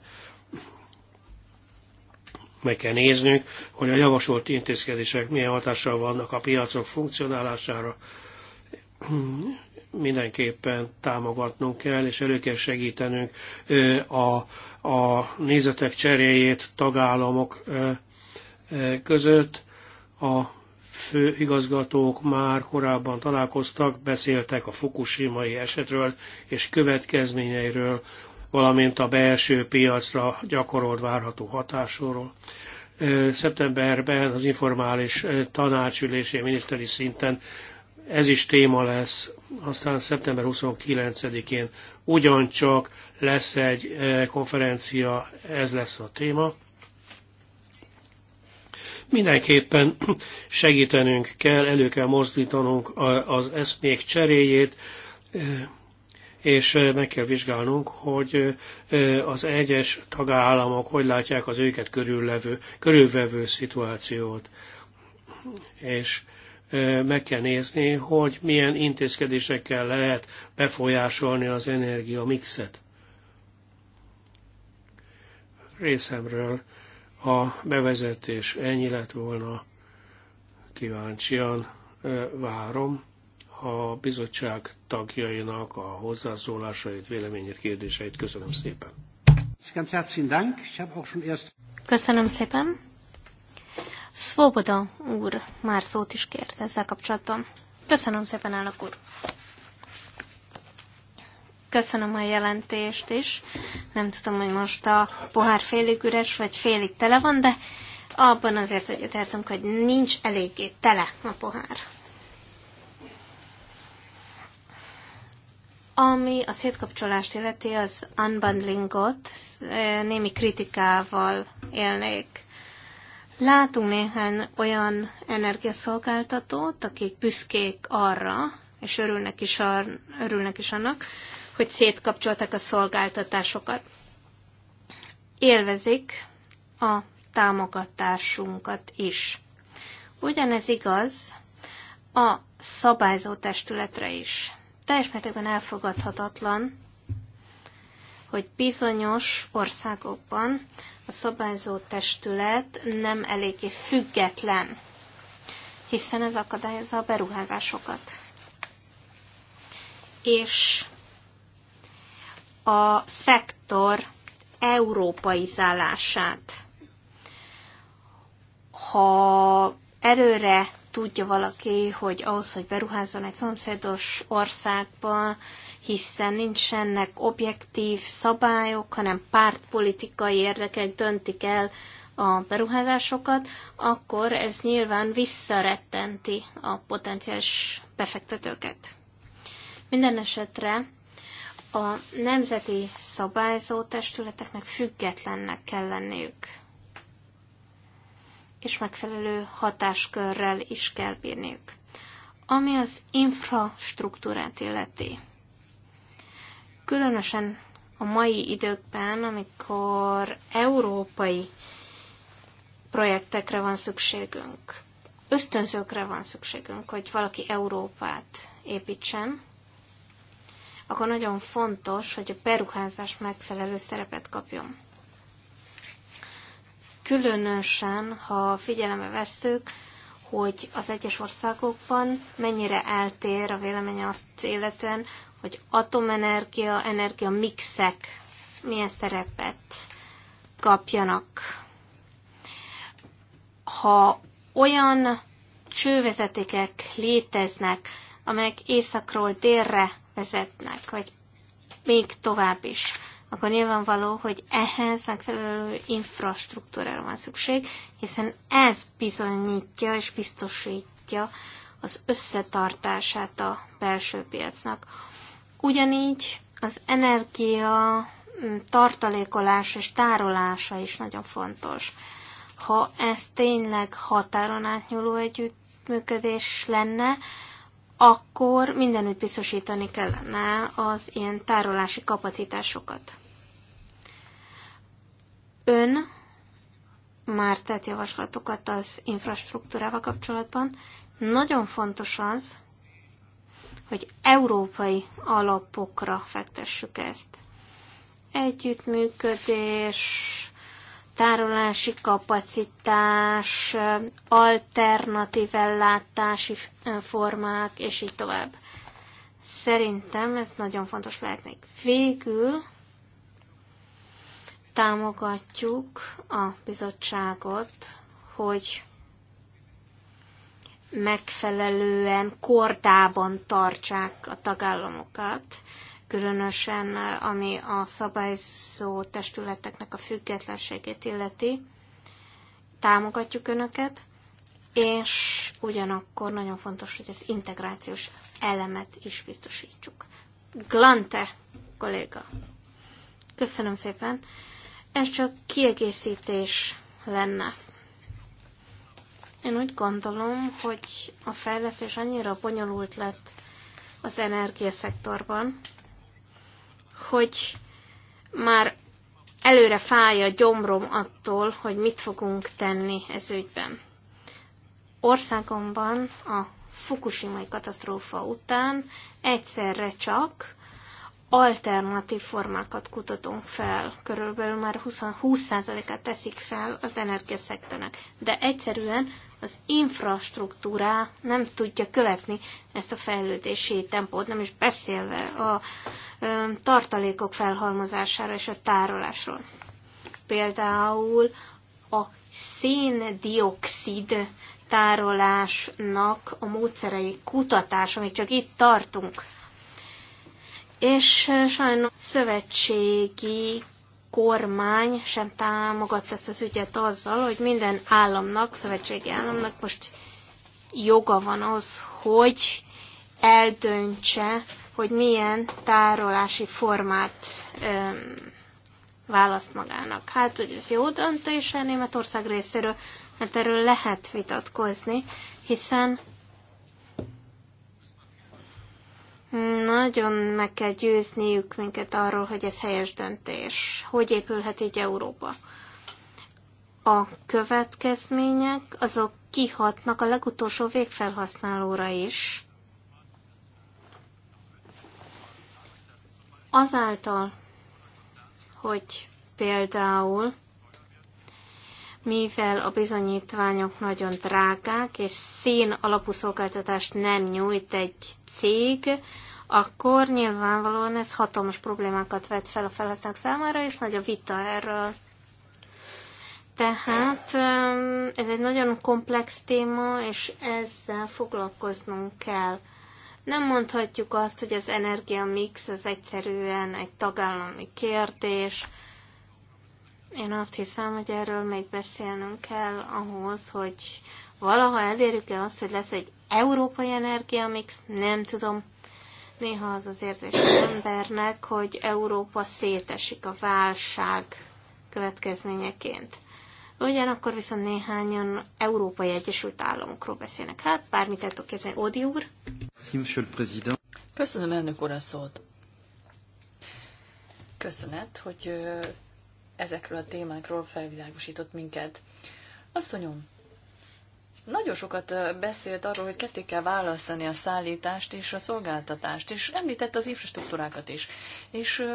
Meg kell néznünk, hogy a javasolt intézkedések milyen hatással vannak a piacok funkcionálására. [clears throat] Mindenképpen támogatnunk kell, és elő kell segítenünk a, a nézetek cseréjét tagállamok között a főigazgatók már korábban találkoztak, beszéltek a fukushimai esetről és következményeiről, valamint a belső piacra gyakorolt várható hatásról. Szeptemberben az informális tanácsülésé miniszteri szinten ez is téma lesz, aztán szeptember 29-én ugyancsak lesz egy konferencia, ez lesz a téma. Mindenképpen segítenünk kell, elő kell mozdítanunk az eszmék cseréjét, és meg kell vizsgálnunk, hogy az egyes tagállamok hogy látják az őket körüllevő, körülvevő szituációt. És meg kell nézni, hogy milyen intézkedésekkel lehet befolyásolni az energia mixet. Részemről a bevezetés ennyi lett volna, kíváncsian várom a bizottság tagjainak a hozzászólásait, véleményét, kérdéseit. Köszönöm szépen. Köszönöm szépen. Svoboda úr már szót is kért ezzel kapcsolatban. Köszönöm szépen, elnök úr. Köszönöm a jelentést is. Nem tudom, hogy most a pohár félig üres, vagy félig tele van, de abban azért egyetértünk, hogy nincs eléggé tele a pohár. Ami a szétkapcsolást illeti, az unbundlingot némi kritikával élnék. Látunk néhány olyan energiaszolgáltatót, akik büszkék arra, és örülnek is, ar, örülnek is annak, hogy szétkapcsoltak a szolgáltatásokat. Élvezik a támogatásunkat is. Ugyanez igaz a szabályzó testületre is. Teljes mértékben elfogadhatatlan, hogy bizonyos országokban a szabályzó testület nem eléggé független, hiszen ez akadályozza a beruházásokat. És a szektor európai Ha erőre tudja valaki, hogy ahhoz, hogy beruházzon egy szomszédos országban, hiszen nincsenek objektív szabályok, hanem pártpolitikai érdekek döntik el a beruházásokat, akkor ez nyilván visszarettenti a potenciális befektetőket. Minden esetre a nemzeti szabályzó testületeknek függetlennek kell lenniük, és megfelelő hatáskörrel is kell bírniuk. Ami az infrastruktúrát illeti. Különösen a mai időkben, amikor európai projektekre van szükségünk, ösztönzőkre van szükségünk, hogy valaki Európát építsen, akkor nagyon fontos, hogy a beruházás megfelelő szerepet kapjon. Különösen, ha figyelembe vesszük, hogy az egyes országokban mennyire eltér a véleménye azt illetően, hogy atomenergia, energia mixek milyen szerepet kapjanak. Ha olyan csővezetékek léteznek, amelyek északról délre vezetnek, vagy még tovább is, akkor nyilvánvaló, hogy ehhez megfelelő infrastruktúrára van szükség, hiszen ez bizonyítja és biztosítja az összetartását a belső piacnak. Ugyanígy az energia mm, tartalékolása és tárolása is nagyon fontos. Ha ez tényleg határon átnyúló együttműködés lenne, akkor mindenütt biztosítani kellene az ilyen tárolási kapacitásokat. Ön már tett javaslatokat az infrastruktúrával kapcsolatban. Nagyon fontos az, hogy európai alapokra fektessük ezt. Együttműködés, tárolási kapacitás, alternatív ellátási formák, és így tovább. Szerintem ez nagyon fontos lehet még. Végül támogatjuk a bizottságot, hogy megfelelően kordában tartsák a tagállamokat, különösen ami a szabályzó testületeknek a függetlenségét illeti. Támogatjuk Önöket, és ugyanakkor nagyon fontos, hogy az integrációs elemet is biztosítsuk. Glante kolléga. Köszönöm szépen. Ez csak kiegészítés lenne. Én úgy gondolom, hogy a fejlesztés annyira bonyolult lett az energiaszektorban, hogy már előre fáj a gyomrom attól, hogy mit fogunk tenni ez ügyben. Országomban a Fukushima-i katasztrófa után egyszerre csak alternatív formákat kutatunk fel, körülbelül már 20%-át teszik fel az energiaszektornak, de egyszerűen az infrastruktúrá nem tudja követni ezt a fejlődési tempót, nem is beszélve a ö, tartalékok felhalmozására és a tárolásról. Például a széndiokszid tárolásnak a módszerei kutatás, amit csak itt tartunk, és sajnos szövetségi kormány sem támogatta ezt az ügyet azzal, hogy minden államnak, szövetségi államnak most joga van az, hogy eldöntse, hogy milyen tárolási formát öm, választ magának. Hát, hogy ez jó döntés a Németország részéről, mert hát erről lehet vitatkozni, hiszen Nagyon meg kell győzniük minket arról, hogy ez helyes döntés. Hogy épülhet így Európa? A következmények azok kihatnak a legutolsó végfelhasználóra is. Azáltal, hogy például mivel a bizonyítványok nagyon drágák, és szín alapú szolgáltatást nem nyújt egy cég, akkor nyilvánvalóan ez hatalmas problémákat vet fel a felhasználók számára, és nagy a vita erről. Tehát ez egy nagyon komplex téma, és ezzel foglalkoznunk kell. Nem mondhatjuk azt, hogy az energiamix az egyszerűen egy tagállami kérdés, én azt hiszem, hogy erről még beszélnünk kell ahhoz, hogy valaha elérjük-e azt, hogy lesz egy európai energiamix, nem tudom. Néha az az érzés az embernek, hogy Európa szétesik a válság következményeként. Ugyanakkor viszont néhányan Európai Egyesült Államokról beszélnek. Hát, bármit el tudok képzelni. Odi úr? Köszönöm, elnök úr, a szót. Köszönet, hogy ezekről a témákról felvilágosított minket. Asszonyom, nagyon sokat beszélt arról, hogy ketté kell választani a szállítást és a szolgáltatást, és említette az infrastruktúrákat is. És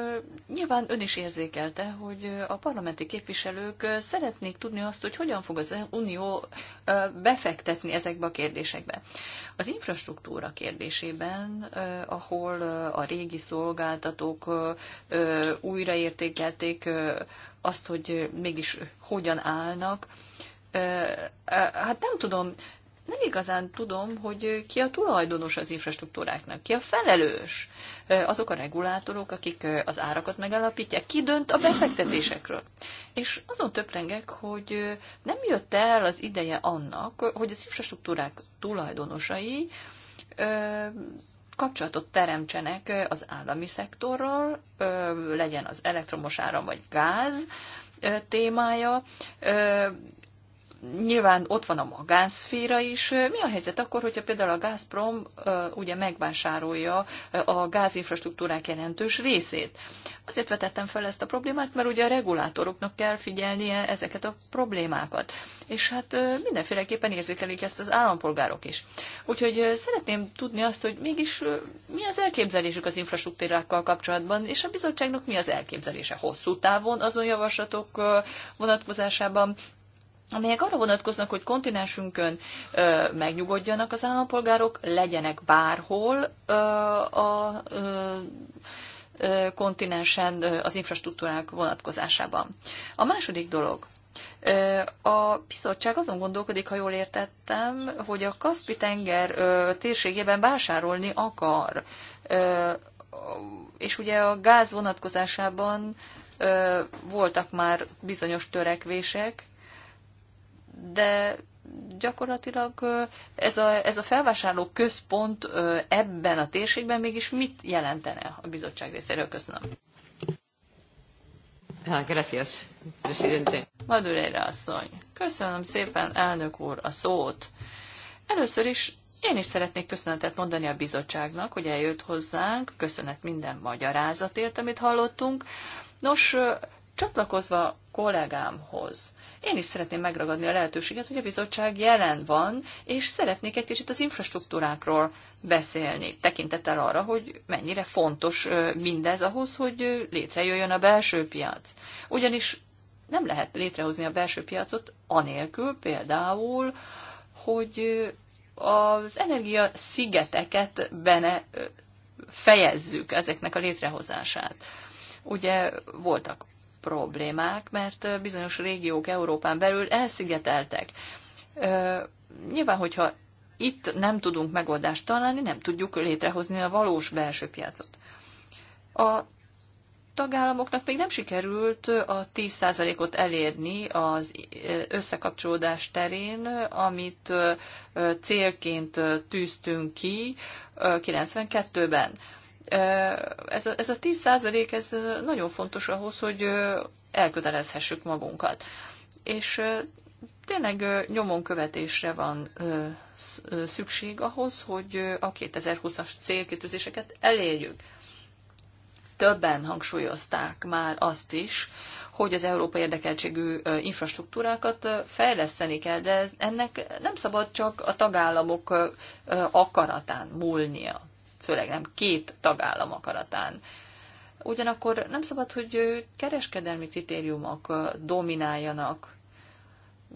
nyilván ön is érzékelte, hogy a parlamenti képviselők szeretnék tudni azt, hogy hogyan fog az Unió befektetni ezekbe a kérdésekbe. Az infrastruktúra kérdésében, ahol a régi szolgáltatók újraértékelték azt, hogy mégis hogyan állnak. Hát nem tudom, nem igazán tudom, hogy ki a tulajdonos az infrastruktúráknak, ki a felelős, azok a regulátorok, akik az árakat megállapítják, ki dönt a befektetésekről. És azon töprengek, hogy nem jött el az ideje annak, hogy az infrastruktúrák tulajdonosai kapcsolatot teremtsenek az állami szektorral, legyen az elektromos áram vagy gáz témája, nyilván ott van a magánszféra is. Mi a helyzet akkor, hogyha például a Gazprom ugye megvásárolja a gázinfrastruktúrák jelentős részét? Azért vetettem fel ezt a problémát, mert ugye a regulátoroknak kell figyelnie ezeket a problémákat. És hát mindenféleképpen érzékelik ezt az állampolgárok is. Úgyhogy szeretném tudni azt, hogy mégis mi az elképzelésük az infrastruktúrákkal kapcsolatban, és a bizottságnak mi az elképzelése hosszú távon azon javaslatok vonatkozásában, amelyek arra vonatkoznak, hogy kontinensünkön ö, megnyugodjanak az állampolgárok, legyenek bárhol ö, a ö, ö, kontinensen az infrastruktúrák vonatkozásában. A második dolog. A bizottság azon gondolkodik, ha jól értettem, hogy a Kaspi-tenger térségében vásárolni akar. És ugye a gáz vonatkozásában voltak már bizonyos törekvések, de gyakorlatilag ez a, ez a felvásárló központ ebben a térségben mégis mit jelentene a bizottság részéről? Köszönöm. Ah, gracias, presidente. Madureira asszony. Köszönöm szépen, elnök úr, a szót. Először is én is szeretnék köszönetet mondani a bizottságnak, hogy eljött hozzánk, köszönet minden magyarázatért, amit hallottunk. Nos, csatlakozva kollégámhoz. Én is szeretném megragadni a lehetőséget, hogy a bizottság jelen van, és szeretnék egy kicsit az infrastruktúrákról beszélni, tekintettel arra, hogy mennyire fontos mindez ahhoz, hogy létrejöjjön a belső piac. Ugyanis nem lehet létrehozni a belső piacot anélkül például, hogy az energia szigeteket bene fejezzük ezeknek a létrehozását. Ugye voltak problémák, mert bizonyos régiók Európán belül elszigeteltek. Nyilván, hogyha itt nem tudunk megoldást találni, nem tudjuk létrehozni a valós belső piacot. A tagállamoknak még nem sikerült a 10%-ot elérni az összekapcsolódás terén, amit célként tűztünk ki 92-ben ez a, ez a 10 százalék, ez nagyon fontos ahhoz, hogy elkötelezhessük magunkat. És tényleg nyomon követésre van szükség ahhoz, hogy a 2020-as célkitűzéseket elérjük. Többen hangsúlyozták már azt is, hogy az európai érdekeltségű infrastruktúrákat fejleszteni kell, de ennek nem szabad csak a tagállamok akaratán múlnia főleg nem két tagállam akaratán. Ugyanakkor nem szabad, hogy kereskedelmi kritériumok domináljanak.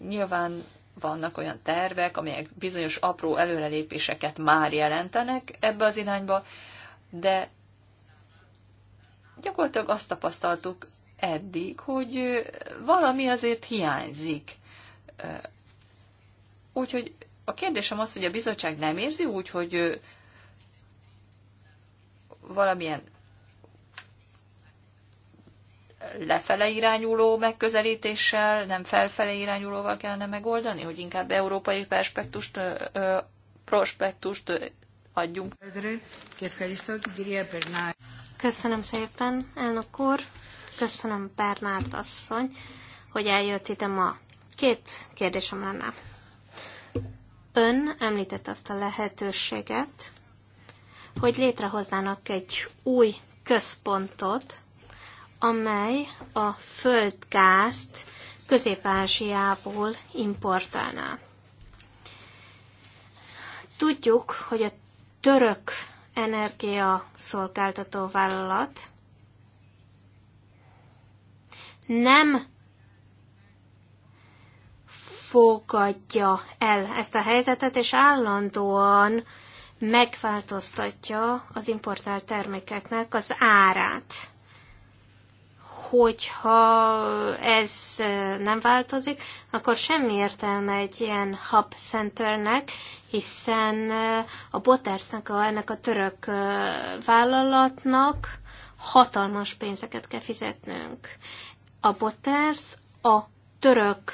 Nyilván vannak olyan tervek, amelyek bizonyos apró előrelépéseket már jelentenek ebbe az irányba, de gyakorlatilag azt tapasztaltuk eddig, hogy valami azért hiányzik. Úgyhogy a kérdésem az, hogy a bizottság nem érzi úgy, hogy valamilyen lefele irányuló megközelítéssel, nem felfele irányulóval kellene megoldani, hogy inkább európai perspektust, prospektust adjunk. Köszönöm szépen, elnök úr, köszönöm Bernárd asszony, hogy eljött ide ma. Két kérdésem lenne. Ön említette azt a lehetőséget, hogy létrehoznának egy új központot, amely a földgázt Közép-Ázsiából importálná. Tudjuk, hogy a török energia szolgáltató vállalat nem fogadja el ezt a helyzetet, és állandóan megváltoztatja az importált termékeknek az árát. Hogyha ez nem változik, akkor semmi értelme egy ilyen hub centernek, hiszen a Botersnek, a, ennek a török vállalatnak hatalmas pénzeket kell fizetnünk. A Boters a török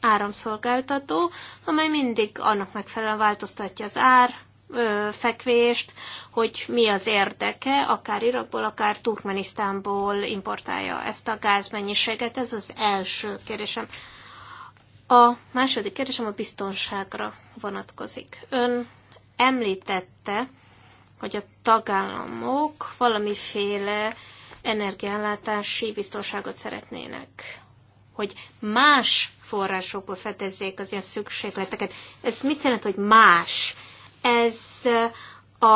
áramszolgáltató, amely mindig annak megfelelően változtatja az ár fekvést, hogy mi az érdeke, akár Irakból, akár Turkmenisztánból importálja ezt a gázmennyiséget. Ez az első kérdésem. A második kérdésem a biztonságra vonatkozik. Ön említette, hogy a tagállamok valamiféle energiállátási biztonságot szeretnének, hogy más forrásokból fedezzék az ilyen szükségleteket. Ez mit jelent, hogy más? ez a...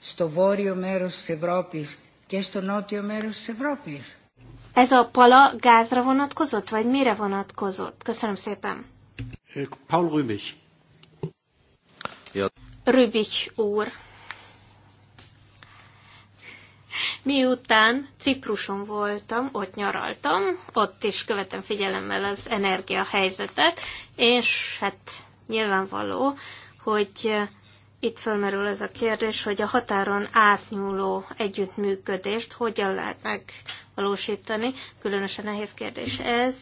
Στο βόρειο μέρος της Ευρώπης και στο νότιο μέρος της Ευρώπης. Ez a pala gázra vonatkozott, vagy mire vonatkozott? Köszönöm szépen. Paul Rübich. Ja. Rübich úr. Miután Cipruson voltam, ott nyaraltam, ott is követem figyelemmel az energiahelyzetet, és hát Nyilvánvaló, hogy eh, itt fölmerül ez a kérdés, hogy a határon átnyúló együttműködést hogyan lehet megvalósítani, különösen nehéz kérdés ez,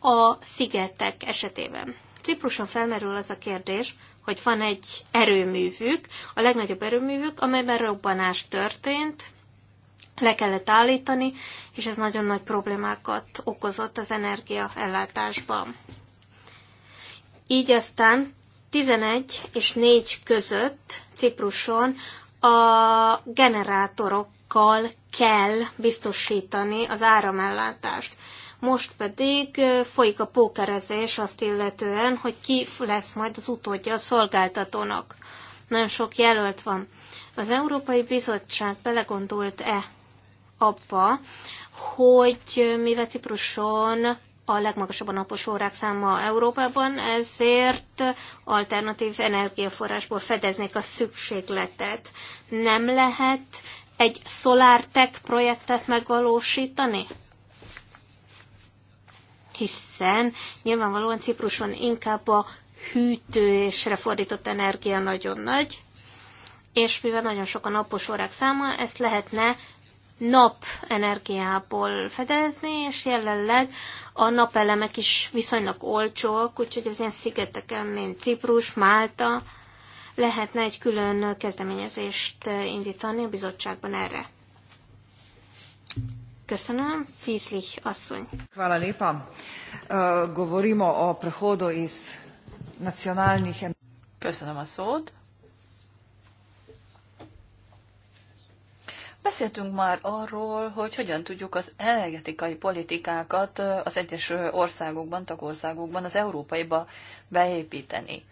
a szigetek esetében. Cipruson felmerül az a kérdés, hogy van egy erőművük, a legnagyobb erőművük, amelyben robbanás történt, le kellett állítani, és ez nagyon nagy problémákat okozott az energiaellátásban. Így aztán 11 és 4 között Cipruson a generátorokkal kell biztosítani az áramellátást. Most pedig folyik a pókerezés azt illetően, hogy ki lesz majd az utódja a szolgáltatónak. Nagyon sok jelölt van. Az Európai Bizottság belegondolt-e abba, hogy mivel Cipruson a legmagasabb a napos órák száma Európában, ezért alternatív energiaforrásból fedeznék a szükségletet. Nem lehet egy SolarTech projektet megvalósítani? Hiszen nyilvánvalóan Cipruson inkább a és fordított energia nagyon nagy, és mivel nagyon sok a napos órák száma, ezt lehetne energiából fedezni, és jelenleg a napelemek is viszonylag olcsóak, úgyhogy az ilyen szigeteken, mint Ciprus, Málta, lehetne egy külön kezdeményezést indítani a bizottságban erre. Köszönöm. Szízlich asszony. Hvala lépa. Govorimo o prehodo iz nacionalnih... Köszönöm a szót. Beszéltünk már arról, hogy hogyan tudjuk az energetikai politikákat az egyes országokban, tagországokban, az európaiba beépíteni.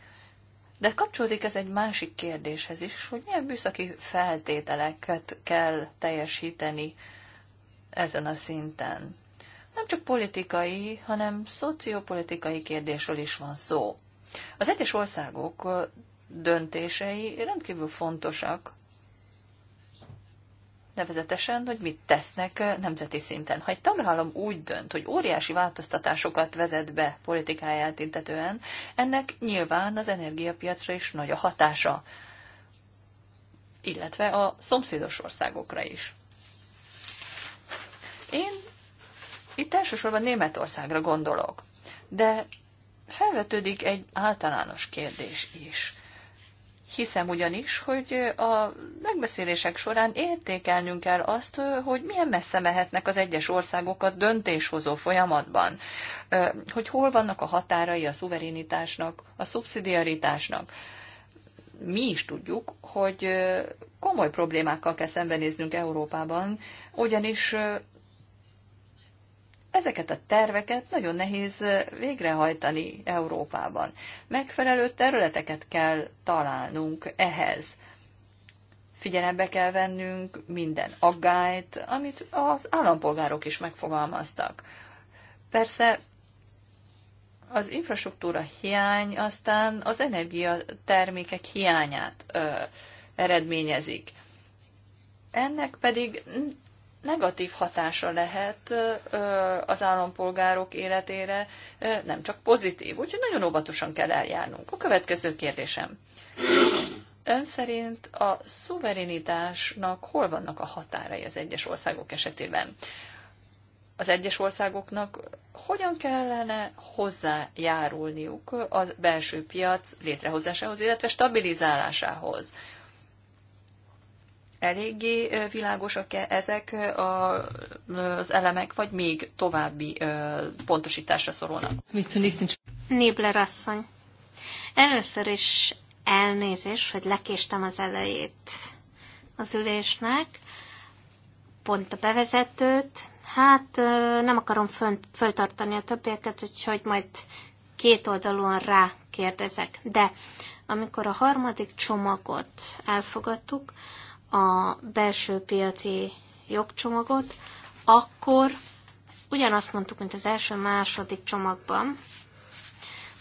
De kapcsolódik ez egy másik kérdéshez is, hogy milyen műszaki feltételeket kell teljesíteni ezen a szinten. Nem csak politikai, hanem szociopolitikai kérdésről is van szó. Az egyes országok döntései rendkívül fontosak nevezetesen, hogy mit tesznek nemzeti szinten. Ha egy tagállam úgy dönt, hogy óriási változtatásokat vezet be politikáját intetően, ennek nyilván az energiapiacra is nagy a hatása, illetve a szomszédos országokra is. Én itt elsősorban Németországra gondolok, de felvetődik egy általános kérdés is. Hiszem ugyanis, hogy a megbeszélések során értékelnünk kell azt, hogy milyen messze mehetnek az egyes országok a döntéshozó folyamatban, hogy hol vannak a határai a szuverenitásnak, a szubszidiaritásnak. Mi is tudjuk, hogy komoly problémákkal kell szembenéznünk Európában, ugyanis ezeket a terveket nagyon nehéz végrehajtani Európában. Megfelelő területeket kell találnunk ehhez. Figyelembe kell vennünk minden aggályt, amit az állampolgárok is megfogalmaztak. Persze az infrastruktúra hiány aztán az energiatermékek hiányát ö, eredményezik. Ennek pedig negatív hatása lehet az állampolgárok életére, nem csak pozitív. Úgyhogy nagyon óvatosan kell eljárnunk. A következő kérdésem. Ön szerint a szuverenitásnak hol vannak a határai az egyes országok esetében? Az egyes országoknak hogyan kellene hozzájárulniuk a belső piac létrehozásához, illetve stabilizálásához? eléggé világosak-e ezek az elemek, vagy még további pontosításra szorulnak? Nébler asszony. Először is elnézés, hogy lekéstem az elejét az ülésnek, pont a bevezetőt. Hát nem akarom föltartani a többieket, úgyhogy majd két oldalon rá kérdezek. De amikor a harmadik csomagot elfogadtuk, a belső piaci jogcsomagot, akkor ugyanazt mondtuk, mint az első-második csomagban,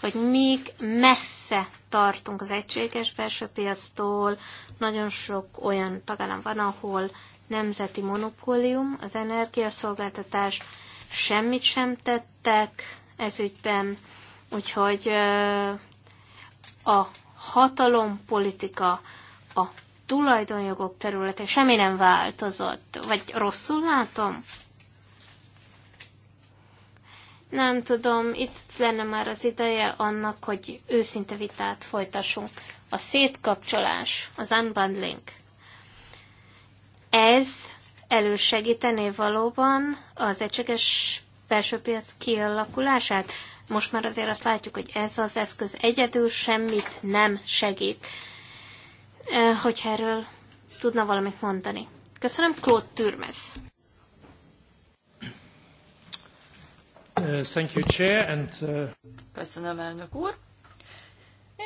hogy még messze tartunk az egységes belső piactól, nagyon sok olyan tagállam van, ahol nemzeti monopólium, az energiaszolgáltatás, semmit sem tettek ez ügyben, úgyhogy a hatalompolitika, a tulajdonjogok területe semmi nem változott, vagy rosszul látom? Nem tudom, itt lenne már az ideje annak, hogy őszinte vitát folytassunk. A szétkapcsolás, az unbundling, ez elősegítené valóban az egységes belső piac kialakulását? Most már azért azt látjuk, hogy ez az eszköz egyedül semmit nem segít. Eh, hogyha erről tudna valamit mondani. Köszönöm, Claude Türmes. Eh, thank you, Chair, and, uh... Köszönöm, elnök úr.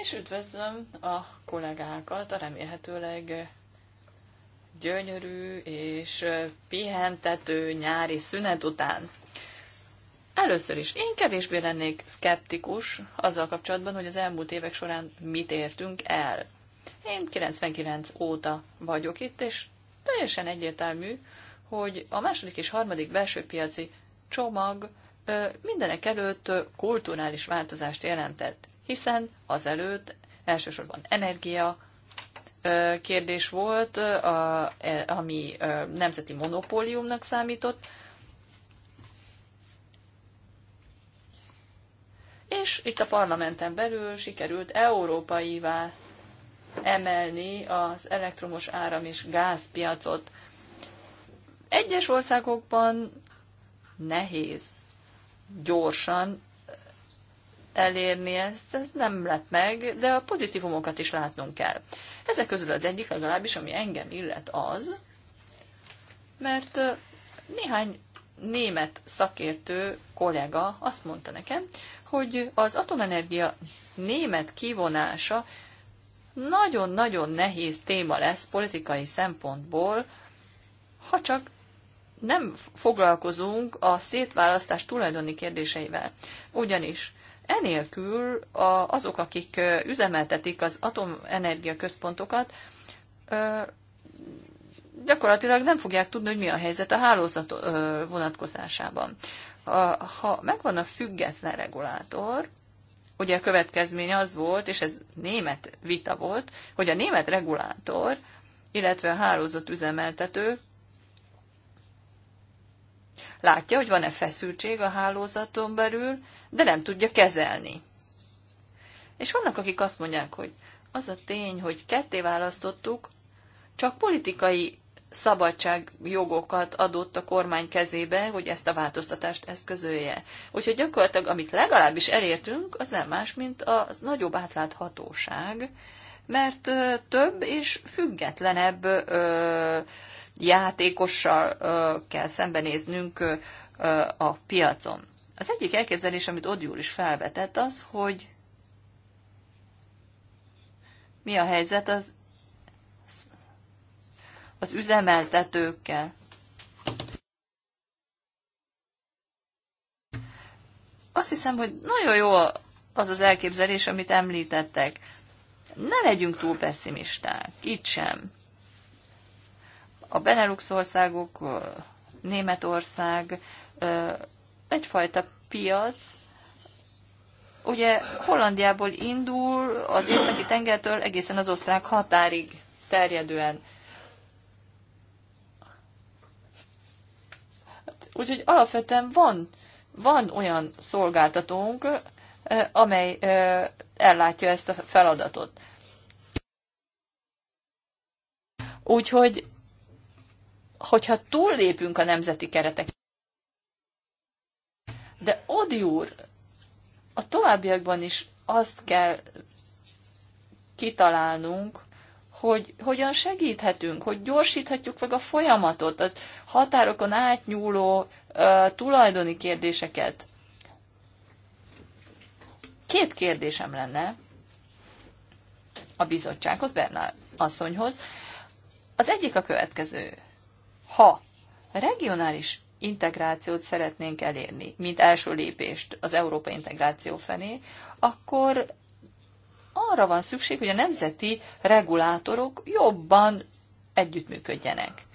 És üdvözlöm a kollégákat, a remélhetőleg gyönyörű és pihentető nyári szünet után. Először is én kevésbé lennék szkeptikus azzal kapcsolatban, hogy az elmúlt évek során mit értünk el. Én 99 óta vagyok itt, és teljesen egyértelmű, hogy a második és harmadik belső piaci csomag mindenek előtt kulturális változást jelentett, hiszen azelőtt elsősorban energia kérdés volt, e, ami nemzeti monopóliumnak számított, és itt a parlamenten belül sikerült európaivá emelni az elektromos áram és gázpiacot. Egyes országokban nehéz gyorsan elérni ezt, ez nem lett meg, de a pozitívumokat is látnunk kell. Ezek közül az egyik legalábbis, ami engem illet az, mert néhány német szakértő kollega azt mondta nekem, hogy az atomenergia német kivonása nagyon-nagyon nehéz téma lesz politikai szempontból, ha csak nem foglalkozunk a szétválasztás tulajdoni kérdéseivel. Ugyanis enélkül azok, akik üzemeltetik az atomenergia központokat, gyakorlatilag nem fogják tudni, hogy mi a helyzet a hálózat vonatkozásában. Ha megvan a független regulátor, ugye a következmény az volt, és ez német vita volt, hogy a német regulátor, illetve a hálózat üzemeltető látja, hogy van-e feszültség a hálózaton belül, de nem tudja kezelni. És vannak, akik azt mondják, hogy az a tény, hogy ketté választottuk, csak politikai szabadságjogokat adott a kormány kezébe, hogy ezt a változtatást eszközölje. Úgyhogy gyakorlatilag, amit legalábbis elértünk, az nem más, mint az nagyobb átláthatóság, mert több és függetlenebb ö, játékossal ö, kell szembenéznünk ö, a piacon. Az egyik elképzelés, amit Odiúr is felvetett, az, hogy mi a helyzet az az üzemeltetőkkel. Azt hiszem, hogy nagyon jó az az elképzelés, amit említettek. Ne legyünk túl pessimisták, itt sem. A Benelux országok, Németország egyfajta piac, ugye Hollandiából indul az északi tengertől egészen az osztrák határig terjedően. Úgyhogy alapvetően van, van olyan szolgáltatónk, amely ellátja ezt a feladatot. Úgyhogy, hogyha túllépünk a nemzeti keretek, de Odi úr, a továbbiakban is azt kell kitalálnunk, hogy hogyan segíthetünk, hogy gyorsíthatjuk meg a folyamatot, az határokon átnyúló uh, tulajdoni kérdéseket. Két kérdésem lenne a bizottsághoz, Bernál asszonyhoz. Az egyik a következő. Ha regionális integrációt szeretnénk elérni, mint első lépést az Európa integráció felé, akkor arra van szükség, hogy a nemzeti regulátorok jobban együttműködjenek.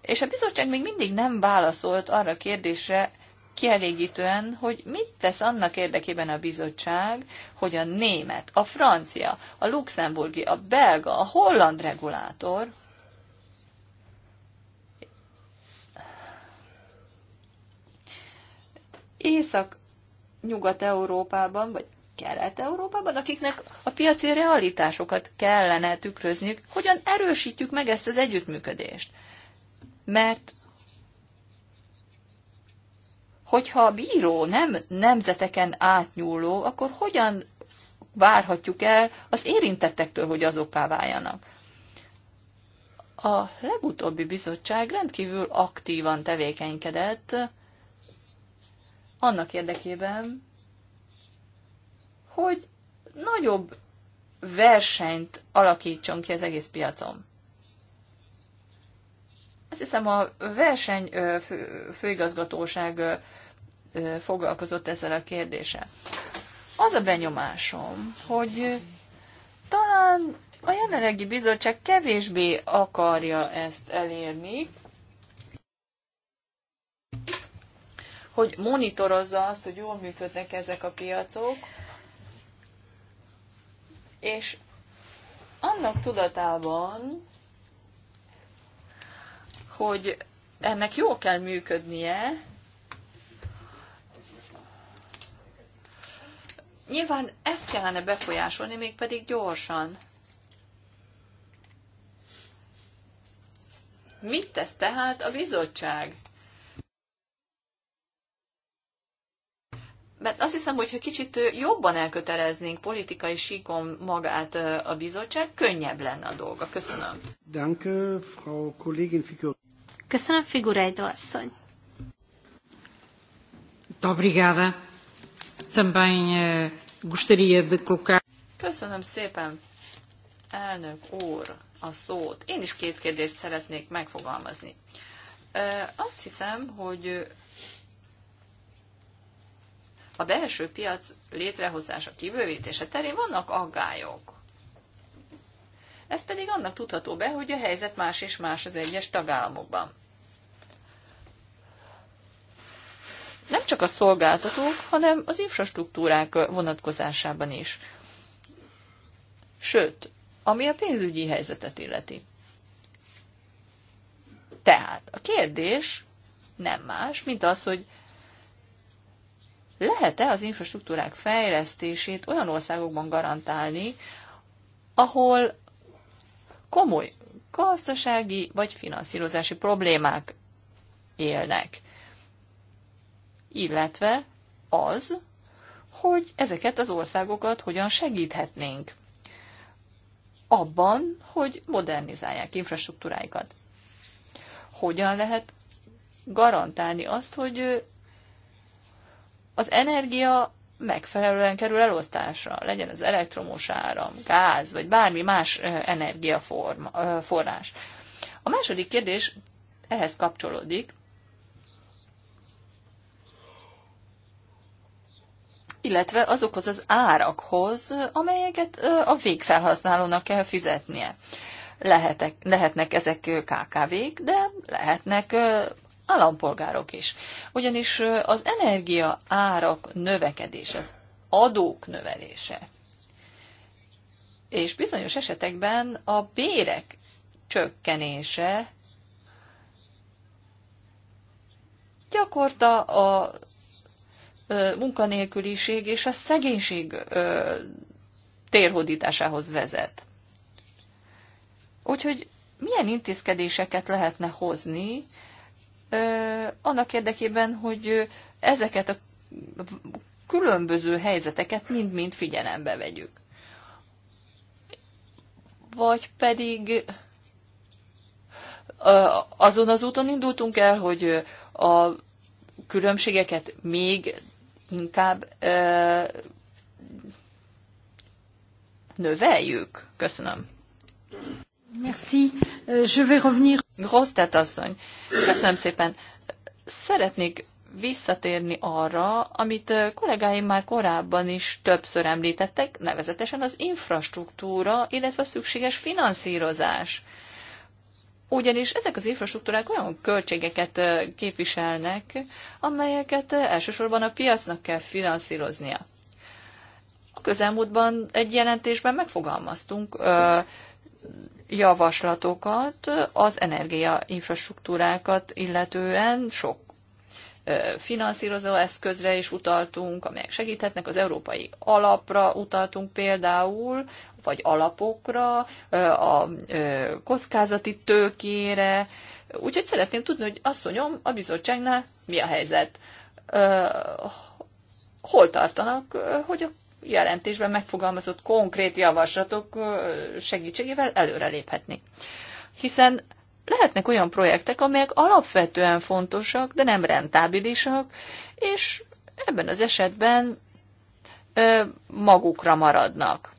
És a bizottság még mindig nem válaszolt arra a kérdésre kielégítően, hogy mit tesz annak érdekében a bizottság, hogy a német, a francia, a luxemburgi, a belga, a holland regulátor észak-nyugat-európában, vagy Kelet-Európában, akiknek a piaci realitásokat kellene tükrözniük, hogyan erősítjük meg ezt az együttműködést. Mert hogyha a bíró nem nemzeteken átnyúló, akkor hogyan várhatjuk el az érintettektől, hogy azokká váljanak? A legutóbbi bizottság rendkívül aktívan tevékenykedett annak érdekében, hogy nagyobb versenyt alakítson ki az egész piacon. Azt hiszem a verseny fő, főigazgatóság foglalkozott ezzel a kérdéssel. Az a benyomásom, hogy talán a jelenlegi bizottság kevésbé akarja ezt elérni, hogy monitorozza azt, hogy jól működnek ezek a piacok, és annak tudatában, hogy ennek jó kell működnie, nyilván ezt kellene befolyásolni, mégpedig gyorsan. Mit tesz tehát a bizottság? mert azt hiszem, hogy ha kicsit jobban elköteleznénk politikai síkon magát a bizottság, könnyebb lenne a dolga. Köszönöm. Danke, Frau Kollegin Figur. Köszönöm, Figurájdo asszony. Obrigada. Também eh, gostaria de colocar... Köszönöm szépen, elnök úr, a szót. Én is két kérdést szeretnék megfogalmazni. Azt hiszem, hogy a belső piac létrehozása, kibővítése terén vannak aggályok. Ez pedig annak tudható be, hogy a helyzet más és más az egyes tagállamokban. Nem csak a szolgáltatók, hanem az infrastruktúrák vonatkozásában is. Sőt, ami a pénzügyi helyzetet illeti. Tehát a kérdés nem más, mint az, hogy lehet-e az infrastruktúrák fejlesztését olyan országokban garantálni, ahol komoly gazdasági vagy finanszírozási problémák élnek. Illetve az, hogy ezeket az országokat hogyan segíthetnénk abban, hogy modernizálják infrastruktúráikat. Hogyan lehet garantálni azt, hogy az energia megfelelően kerül elosztásra, legyen az elektromos áram, gáz, vagy bármi más energiaforrás. A második kérdés ehhez kapcsolódik, illetve azokhoz az árakhoz, amelyeket a végfelhasználónak kell fizetnie. Lehetek, lehetnek ezek KKV-k, de lehetnek állampolgárok is. Ugyanis az energia árak növekedése, az adók növelése, és bizonyos esetekben a bérek csökkenése gyakorta a munkanélküliség és a szegénység térhódításához vezet. Úgyhogy milyen intézkedéseket lehetne hozni, annak érdekében, hogy ezeket a különböző helyzeteket mind-mind figyelembe vegyük. Vagy pedig azon az úton indultunk el, hogy a különbségeket még inkább növeljük. Köszönöm. Merci. Euh, je vais revenir. Grosztát asszony, köszönöm szépen. Szeretnék visszatérni arra, amit kollégáim már korábban is többször említettek, nevezetesen az infrastruktúra, illetve a szükséges finanszírozás. Ugyanis ezek az infrastruktúrák olyan költségeket képviselnek, amelyeket elsősorban a piacnak kell finanszíroznia. A közelmúltban egy jelentésben megfogalmaztunk javaslatokat az energiainfrastruktúrákat illetően sok finanszírozó eszközre is utaltunk, amelyek segíthetnek, az európai alapra utaltunk például, vagy alapokra, a kockázati tőkére. Úgyhogy szeretném tudni, hogy asszonyom, a bizottságnál mi a helyzet? Hol tartanak, hogy a jelentésben megfogalmazott konkrét javaslatok segítségével előreléphetni. Hiszen lehetnek olyan projektek, amelyek alapvetően fontosak, de nem rentábilisak, és ebben az esetben magukra maradnak.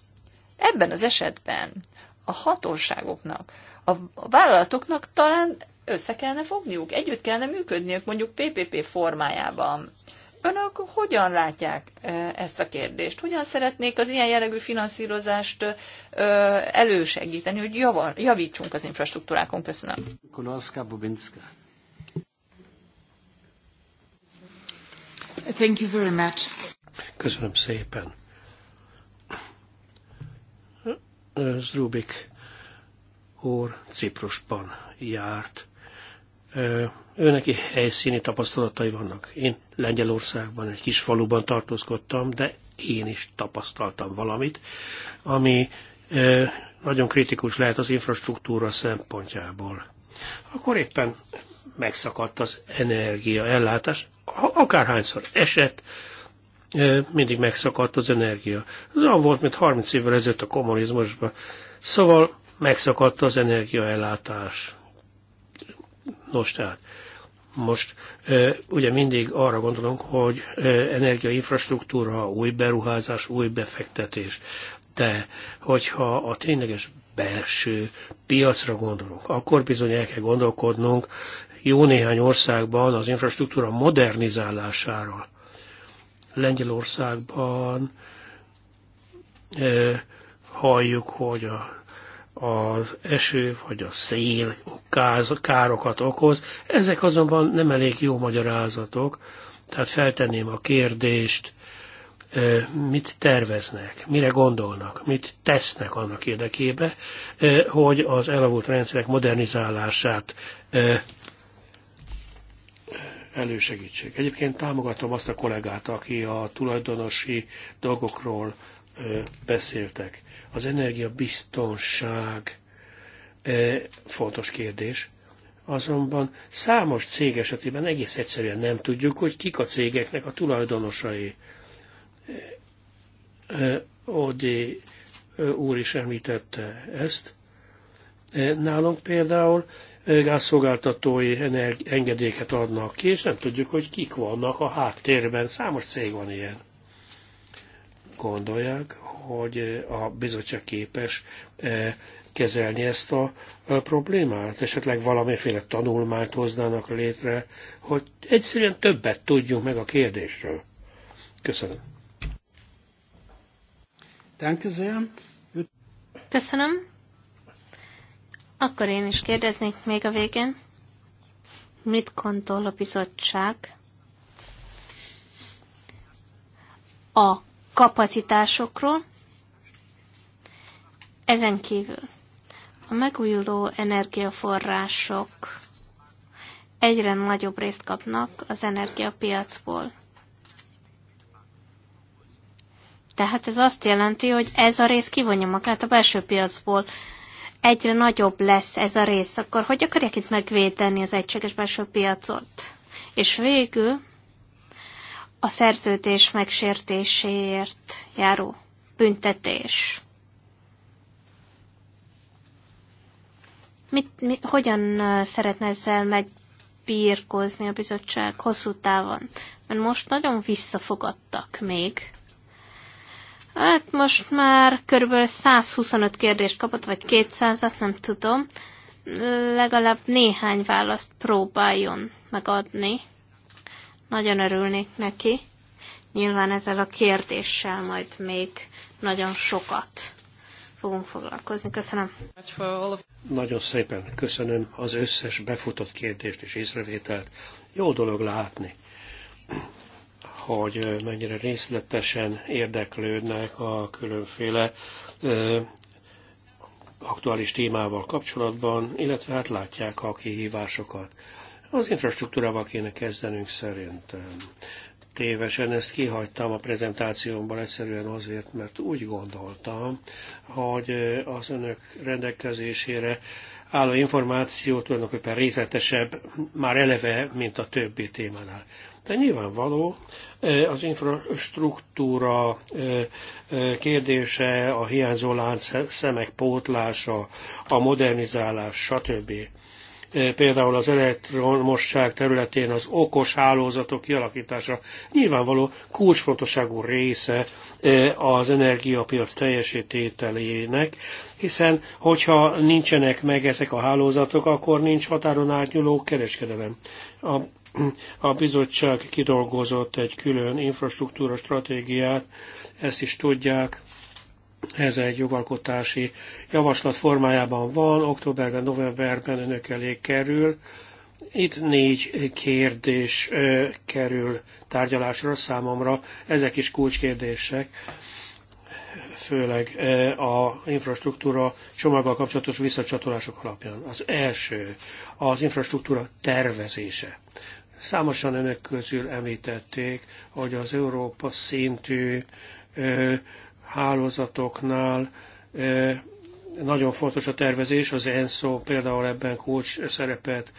Ebben az esetben a hatóságoknak, a vállalatoknak talán össze kellene fogniuk, együtt kellene működniük, mondjuk PPP formájában. Önök hogyan látják ezt a kérdést? Hogyan szeretnék az ilyen jellegű finanszírozást elősegíteni, hogy javar, javítsunk az infrastruktúrákon? Köszönöm. Thank you very much. Köszönöm szépen. Zrubik úr Ciprusban járt őneki helyszíni tapasztalatai vannak. Én Lengyelországban, egy kis faluban tartózkodtam, de én is tapasztaltam valamit, ami nagyon kritikus lehet az infrastruktúra szempontjából. Akkor éppen megszakadt az energiaellátás, akárhányszor esett, mindig megszakadt az energia. Ez olyan volt, mint 30 évvel ezelőtt a kommunizmusban. Szóval megszakadt az energiaellátás. Nos tehát, most ugye mindig arra gondolunk, hogy energiainfrastruktúra, új beruházás, új befektetés. De hogyha a tényleges belső piacra gondolunk, akkor bizony el kell gondolkodnunk jó néhány országban az infrastruktúra modernizálásáról. Lengyelországban halljuk, hogy a az eső vagy a szél káz, károkat okoz. Ezek azonban nem elég jó magyarázatok, tehát feltenném a kérdést, mit terveznek, mire gondolnak, mit tesznek annak érdekébe, hogy az elavult rendszerek modernizálását elősegítsék. Egyébként támogatom azt a kollégát, aki a tulajdonosi dolgokról beszéltek. Az energiabiztonság e, fontos kérdés, azonban számos cég esetében egész egyszerűen nem tudjuk, hogy kik a cégeknek a tulajdonosai. E, e, Odi úr is említette ezt. Nálunk például gázszolgáltatói engedéket adnak ki, és nem tudjuk, hogy kik vannak a háttérben. Számos cég van ilyen. Gondolják, hogy a bizottság képes eh, kezelni ezt a problémát? Esetleg valamiféle tanulmányt hoznának létre, hogy egyszerűen többet tudjunk meg a kérdésről. Köszönöm. Köszönöm. Akkor én is kérdeznék még a végén. Mit gondol a bizottság a kapacitásokról, ezen kívül a megújuló energiaforrások egyre nagyobb részt kapnak az energiapiacból. Tehát ez azt jelenti, hogy ez a rész kivonja magát a belső piacból. Egyre nagyobb lesz ez a rész, akkor hogy akarják itt megvédeni az egységes belső piacot? És végül a szerződés megsértéséért járó büntetés. Mit, mi, hogyan szeretne ezzel megbírkozni a bizottság hosszú távon? Mert most nagyon visszafogadtak még. Hát most már körülbelül 125 kérdést kapott, vagy 200-at, nem tudom. Legalább néhány választ próbáljon megadni. Nagyon örülnék neki. Nyilván ezzel a kérdéssel majd még nagyon sokat fogunk foglalkozni. Köszönöm. Nagyon szépen köszönöm az összes befutott kérdést és észrevételt. Jó dolog látni, hogy mennyire részletesen érdeklődnek a különféle aktuális témával kapcsolatban, illetve hát látják a kihívásokat. Az infrastruktúrával kéne kezdenünk szerintem tévesen ezt kihagytam a prezentációmban egyszerűen azért, mert úgy gondoltam, hogy az önök rendelkezésére álló információ tulajdonképpen részletesebb, már eleve, mint a többi témánál. De nyilvánvaló, az infrastruktúra kérdése, a hiányzó láncszemek pótlása, a modernizálás, stb. E, például az elektromosság területén az okos hálózatok kialakítása nyilvánvaló kulcsfontosságú része e, az energiapiac teljesítételének, hiszen hogyha nincsenek meg ezek a hálózatok, akkor nincs határon átnyúló kereskedelem. A a bizottság kidolgozott egy külön infrastruktúra stratégiát, ezt is tudják, ez egy jogalkotási javaslat formájában van, októberben, novemberben önök elé kerül. Itt négy kérdés kerül tárgyalásra számomra, ezek is kulcskérdések főleg a infrastruktúra csomaggal kapcsolatos visszacsatolások alapján. Az első az infrastruktúra tervezése. Számosan önök közül említették, hogy az Európa szintű hálózatoknál nagyon fontos a tervezés, az ENSZO például ebben kulcs szerepet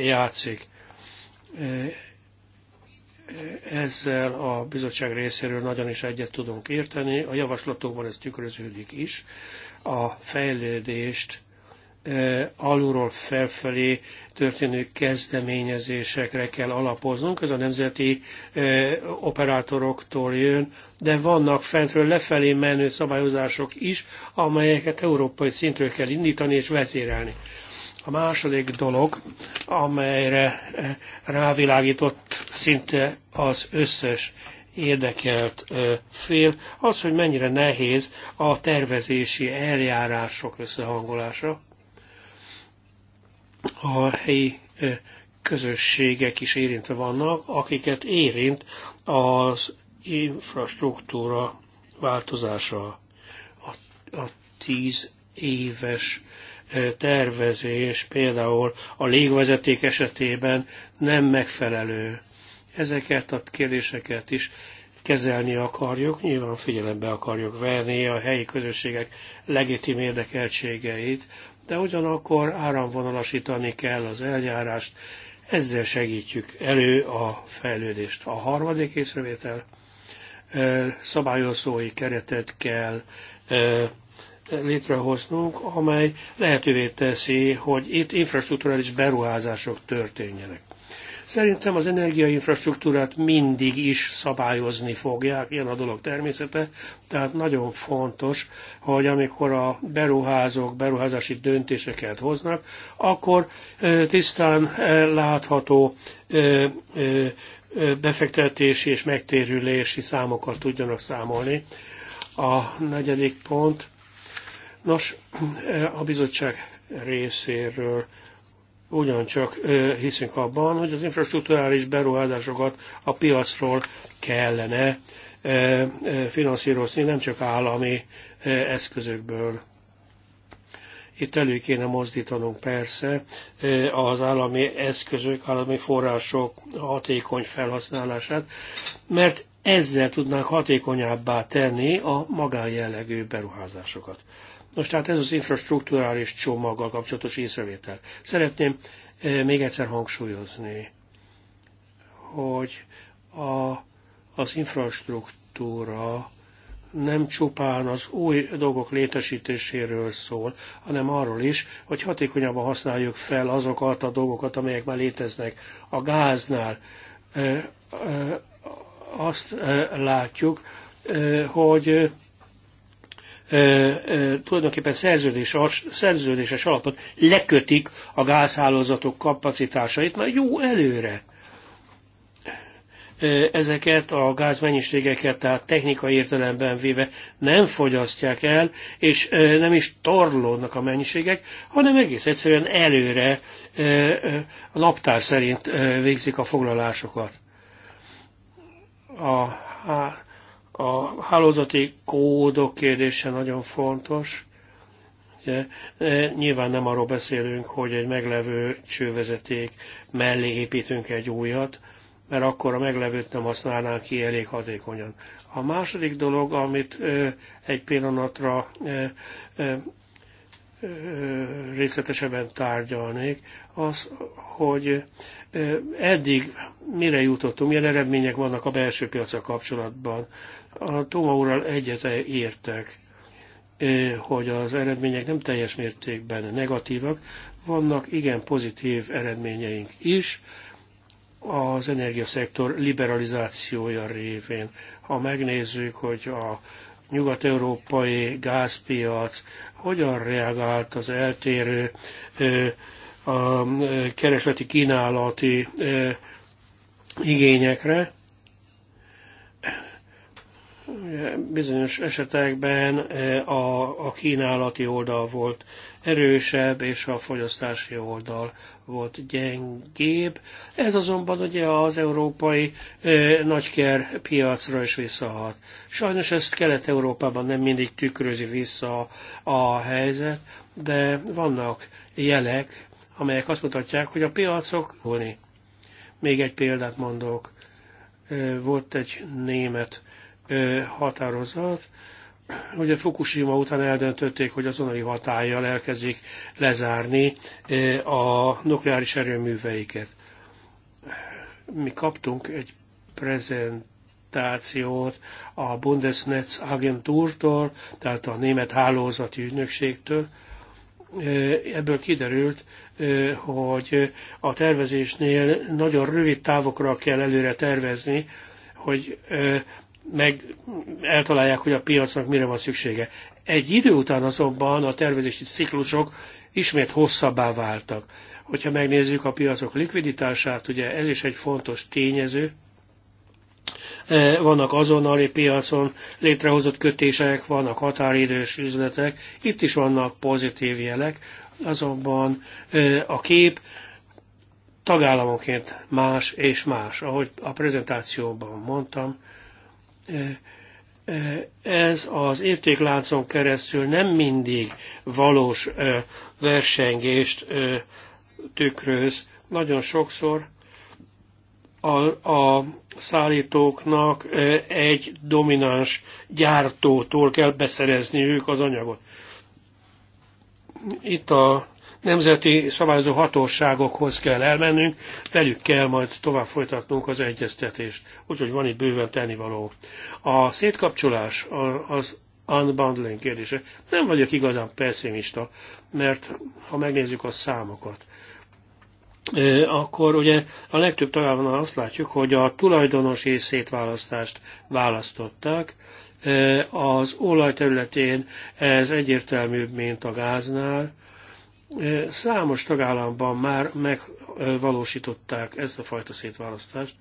játszik. Ezzel a bizottság részéről nagyon is egyet tudunk érteni, a javaslatokban ez tükröződik is, a fejlődést alulról felfelé történő kezdeményezésekre kell alapoznunk. Ez a nemzeti operátoroktól jön, de vannak fentről lefelé menő szabályozások is, amelyeket európai szintről kell indítani és vezérelni. A második dolog, amelyre rávilágított szinte az összes érdekelt fél, az, hogy mennyire nehéz a tervezési eljárások összehangolása a helyi közösségek is érintve vannak, akiket érint az infrastruktúra változása. A, a tíz éves tervezés például a légvezeték esetében nem megfelelő. Ezeket a kérdéseket is kezelni akarjuk, nyilván figyelembe akarjuk venni a helyi közösségek legitim érdekeltségeit, de ugyanakkor áramvonalasítani kell az eljárást, ezzel segítjük elő a fejlődést. A harmadik észrevétel szabályozói keretet kell létrehoznunk, amely lehetővé teszi, hogy itt infrastruktúrális beruházások történjenek. Szerintem az energiainfrastruktúrát mindig is szabályozni fogják, ilyen a dolog természete, tehát nagyon fontos, hogy amikor a beruházók beruházási döntéseket hoznak, akkor tisztán látható befektetési és megtérülési számokat tudjanak számolni. A negyedik pont. Nos, a bizottság részéről Ugyancsak hiszünk abban, hogy az infrastruktúrális beruházásokat a piacról kellene finanszírozni, nem csak állami eszközökből. Itt elő kéne mozdítanunk persze az állami eszközök, állami források hatékony felhasználását, mert ezzel tudnánk hatékonyabbá tenni a magánjellegű beruházásokat. Nos, tehát ez az infrastruktúrális csomaggal kapcsolatos észrevétel. Szeretném eh, még egyszer hangsúlyozni, hogy a, az infrastruktúra nem csupán az új dolgok létesítéséről szól, hanem arról is, hogy hatékonyabban használjuk fel azokat a dolgokat, amelyek már léteznek. A gáznál eh, eh, azt látjuk, hogy tulajdonképpen szerződés, szerződéses alapot lekötik a gázhálózatok kapacitásait már jó előre. Ezeket a gázmennyiségeket, tehát technikai értelemben véve nem fogyasztják el, és nem is torlódnak a mennyiségek, hanem egész egyszerűen előre a naptár szerint végzik a foglalásokat. A, a a hálózati kódok kérdése nagyon fontos. Ugye, e, nyilván nem arról beszélünk, hogy egy meglevő csővezeték mellé építünk egy újat, mert akkor a meglevőt nem használnánk ki elég hatékonyan. A második dolog, amit e, egy pillanatra e, részletesebben tárgyalnék, az, hogy eddig mire jutottunk, milyen eredmények vannak a belső piacra kapcsolatban. A Toma úrral egyet értek, hogy az eredmények nem teljes mértékben negatívak, vannak igen pozitív eredményeink is, az energiaszektor liberalizációja révén. Ha megnézzük, hogy a nyugat-európai gázpiac hogyan reagált az eltérő a keresleti kínálati igényekre, bizonyos esetekben eh, a, a kínálati oldal volt erősebb, és a fogyasztási oldal volt gyengébb. Ez azonban ugye az európai e, nagyker piacra is visszahat. Sajnos ezt Kelet-Európában nem mindig tükrözi vissza a helyzet, de vannak jelek, amelyek azt mutatják, hogy a piacok... Még egy példát mondok. Eh, volt egy német határozat. Ugye Fukushima után eldöntötték, hogy azonnali hatállyal elkezdik lezárni a nukleáris erőműveiket. Mi kaptunk egy prezentációt a Bundesnetz agentúrtól, tehát a német hálózati ügynökségtől, ebből kiderült, hogy a tervezésnél nagyon rövid távokra kell előre tervezni, hogy meg eltalálják, hogy a piacnak mire van szüksége. Egy idő után azonban a tervezési ciklusok ismét hosszabbá váltak. Hogyha megnézzük a piacok likviditását, ugye ez is egy fontos tényező, e, vannak azonnali piacon létrehozott kötések, vannak határidős üzletek, itt is vannak pozitív jelek, azonban e, a kép tagállamonként más és más. Ahogy a prezentációban mondtam, ez az értékláncon keresztül nem mindig valós versengést tükröz. Nagyon sokszor a, a szállítóknak egy domináns gyártótól kell ők az anyagot. Itt a nemzeti szabályozó hatóságokhoz kell elmennünk, velük kell majd tovább folytatnunk az egyeztetést. Úgyhogy van itt bőven tennivaló. A szétkapcsolás, az unbundling kérdése. Nem vagyok igazán pessimista, mert ha megnézzük a számokat, akkor ugye a legtöbb tagállamban azt látjuk, hogy a tulajdonosi szétválasztást választották, az olajterületén ez egyértelműbb, mint a gáznál, Számos tagállamban már megvalósították ezt a fajta szétválasztást.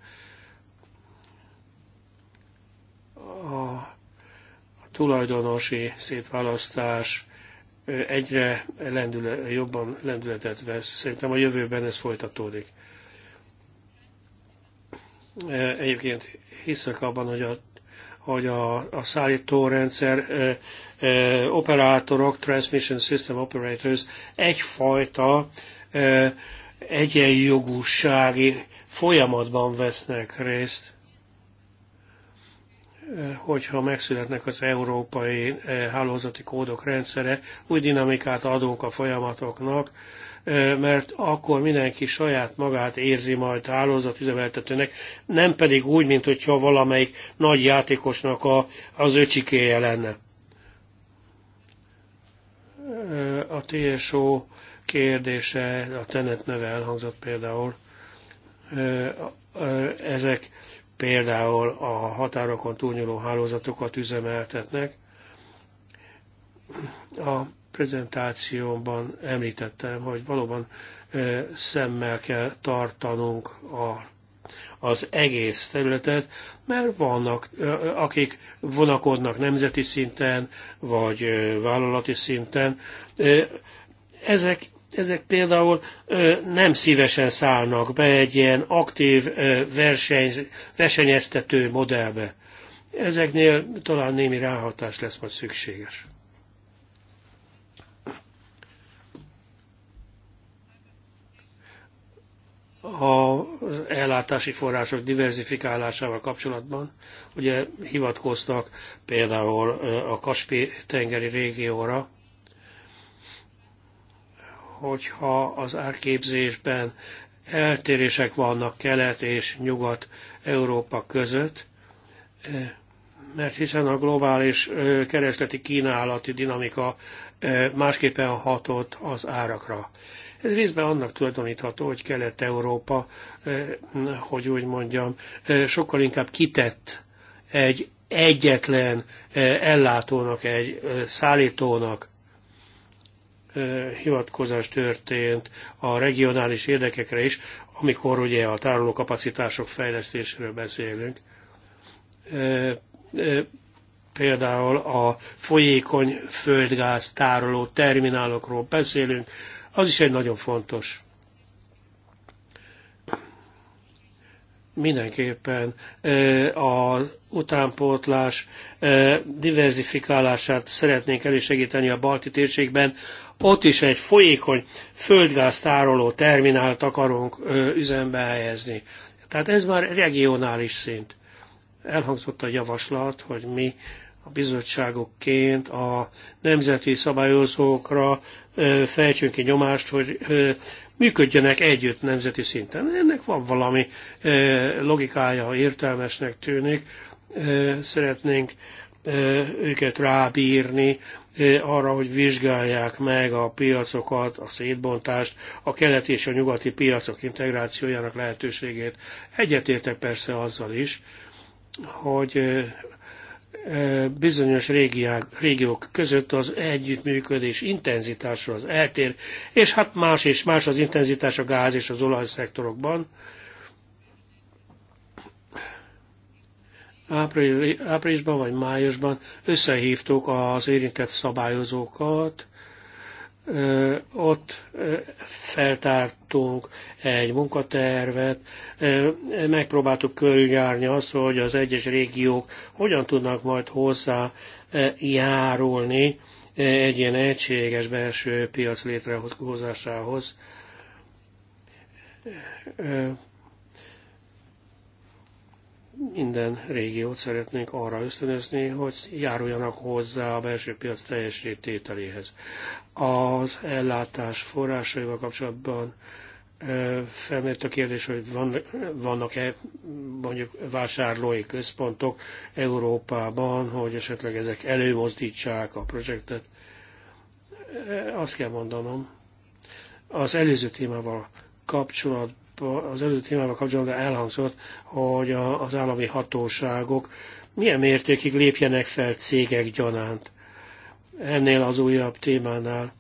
A tulajdonosi szétválasztás egyre lendüle, jobban lendületet vesz. Szerintem a jövőben ez folytatódik. Egyébként hiszek abban, hogy a, hogy a, a szállítórendszer operátorok, transmission system operators egyfajta egyenjogúsági folyamatban vesznek részt, hogyha megszületnek az európai hálózati kódok rendszere, új dinamikát adunk a folyamatoknak, mert akkor mindenki saját magát érzi majd hálózatüzemeltetőnek, nem pedig úgy, mint hogyha valamelyik nagy játékosnak a, az öcsikéje lenne. A TSO kérdése, a neve elhangzott például, ezek például a határokon túlnyúló hálózatokat üzemeltetnek. A prezentációban említettem, hogy valóban szemmel kell tartanunk a az egész területet, mert vannak, akik vonakodnak nemzeti szinten, vagy vállalati szinten. Ezek ezek például nem szívesen szállnak be egy ilyen aktív verseny, versenyeztető modellbe. Ezeknél talán némi ráhatás lesz majd szükséges. az ellátási források diversifikálásával kapcsolatban. Ugye hivatkoztak például a Kaspi tengeri régióra, hogyha az árképzésben eltérések vannak kelet és nyugat Európa között, mert hiszen a globális keresleti kínálati dinamika másképpen hatott az árakra. Ez részben annak tulajdonítható, hogy Kelet-Európa, eh, hogy úgy mondjam, eh, sokkal inkább kitett egy egyetlen eh, ellátónak, egy szállítónak, hivatkozás történt a regionális érdekekre is, amikor ugye a tárolókapacitások fejlesztéséről beszélünk. Például a folyékony földgáz tároló terminálokról beszélünk, az is egy nagyon fontos. Mindenképpen az utánpótlás diversifikálását szeretnénk elősegíteni a balti térségben. Ott is egy folyékony földgáztároló terminált akarunk üzembe helyezni. Tehát ez már regionális szint elhangzott a javaslat, hogy mi a bizottságokként a nemzeti szabályozókra fejtsünk ki nyomást, hogy működjenek együtt nemzeti szinten. Ennek van valami logikája, ha értelmesnek tűnik. Szeretnénk őket rábírni arra, hogy vizsgálják meg a piacokat, a szétbontást, a keleti és a nyugati piacok integrációjának lehetőségét. Egyetértek persze azzal is, hogy bizonyos régiák, régiók között az együttműködés intenzitása az eltér, és hát más és más az intenzitás a gáz és az olajszektorokban. Április, áprilisban vagy májusban összehívtuk az érintett szabályozókat, ott feltártunk egy munkatervet, megpróbáltuk körüljárni azt, hogy az egyes régiók hogyan tudnak majd hozzá járulni egy ilyen egységes belső piac létrehozásához minden régiót szeretnénk arra ösztönözni, hogy járuljanak hozzá a belső piac teljes tételéhez. Az ellátás forrásaival kapcsolatban felmerült a kérdés, hogy vannak-e mondjuk vásárlói központok Európában, hogy esetleg ezek előmozdítsák a projektet. Azt kell mondanom, az előző témával kapcsolatban az előző témával kapcsolatban elhangzott, hogy a, az állami hatóságok milyen mértékig lépjenek fel cégek gyanánt. Ennél az újabb témánál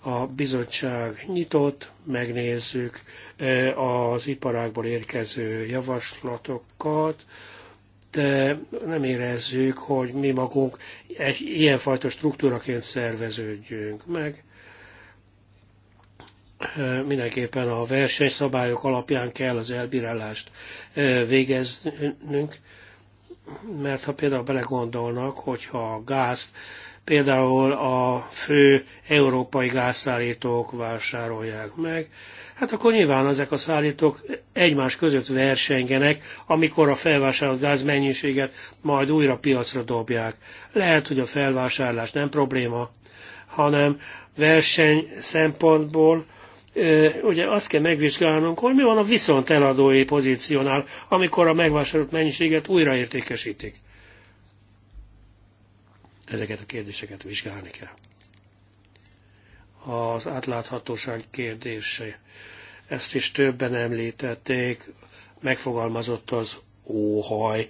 a bizottság nyitott, megnézzük e, az iparákból érkező javaslatokat, de nem érezzük, hogy mi magunk ilyenfajta struktúraként szerveződjünk meg mindenképpen a versenyszabályok alapján kell az elbírálást végeznünk, mert ha például belegondolnak, hogyha a gázt például a fő európai gázszállítók vásárolják meg, hát akkor nyilván ezek a szállítók egymás között versengenek, amikor a felvásárolt gáz mennyiséget majd újra piacra dobják. Lehet, hogy a felvásárlás nem probléma, hanem verseny szempontból ugye azt kell megvizsgálnunk, hogy mi van a viszont eladói pozíciónál, amikor a megvásárolt mennyiséget újraértékesítik. Ezeket a kérdéseket vizsgálni kell. Az átláthatóság kérdése, ezt is többen említették, megfogalmazott az óhaj.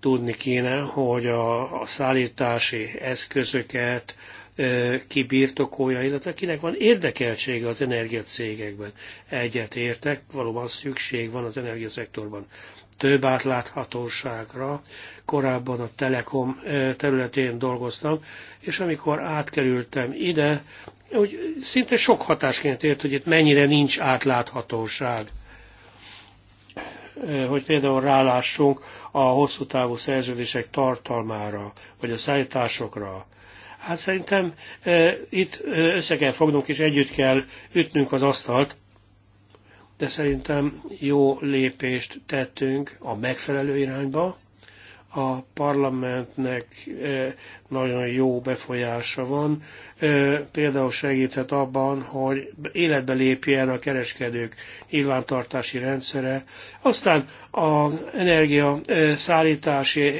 Tudni kéne, hogy a, a szállítási eszközöket, kibirtokolja, illetve kinek van érdekeltsége az energiacégekben. Egyet értek, valóban szükség van az energiaszektorban több átláthatóságra. Korábban a Telekom területén dolgoztam, és amikor átkerültem ide, úgy szinte sok hatásként ért, hogy itt mennyire nincs átláthatóság. Hogy például rálássunk a hosszú távú szerződések tartalmára, vagy a szállításokra. Hát szerintem e, itt össze kell fognunk, és együtt kell ütnünk az asztalt, de szerintem jó lépést tettünk a megfelelő irányba. A parlamentnek e, nagyon jó befolyása van, e, például segíthet abban, hogy életbe lépjen a kereskedők nyilvántartási rendszere, aztán az energia szállítási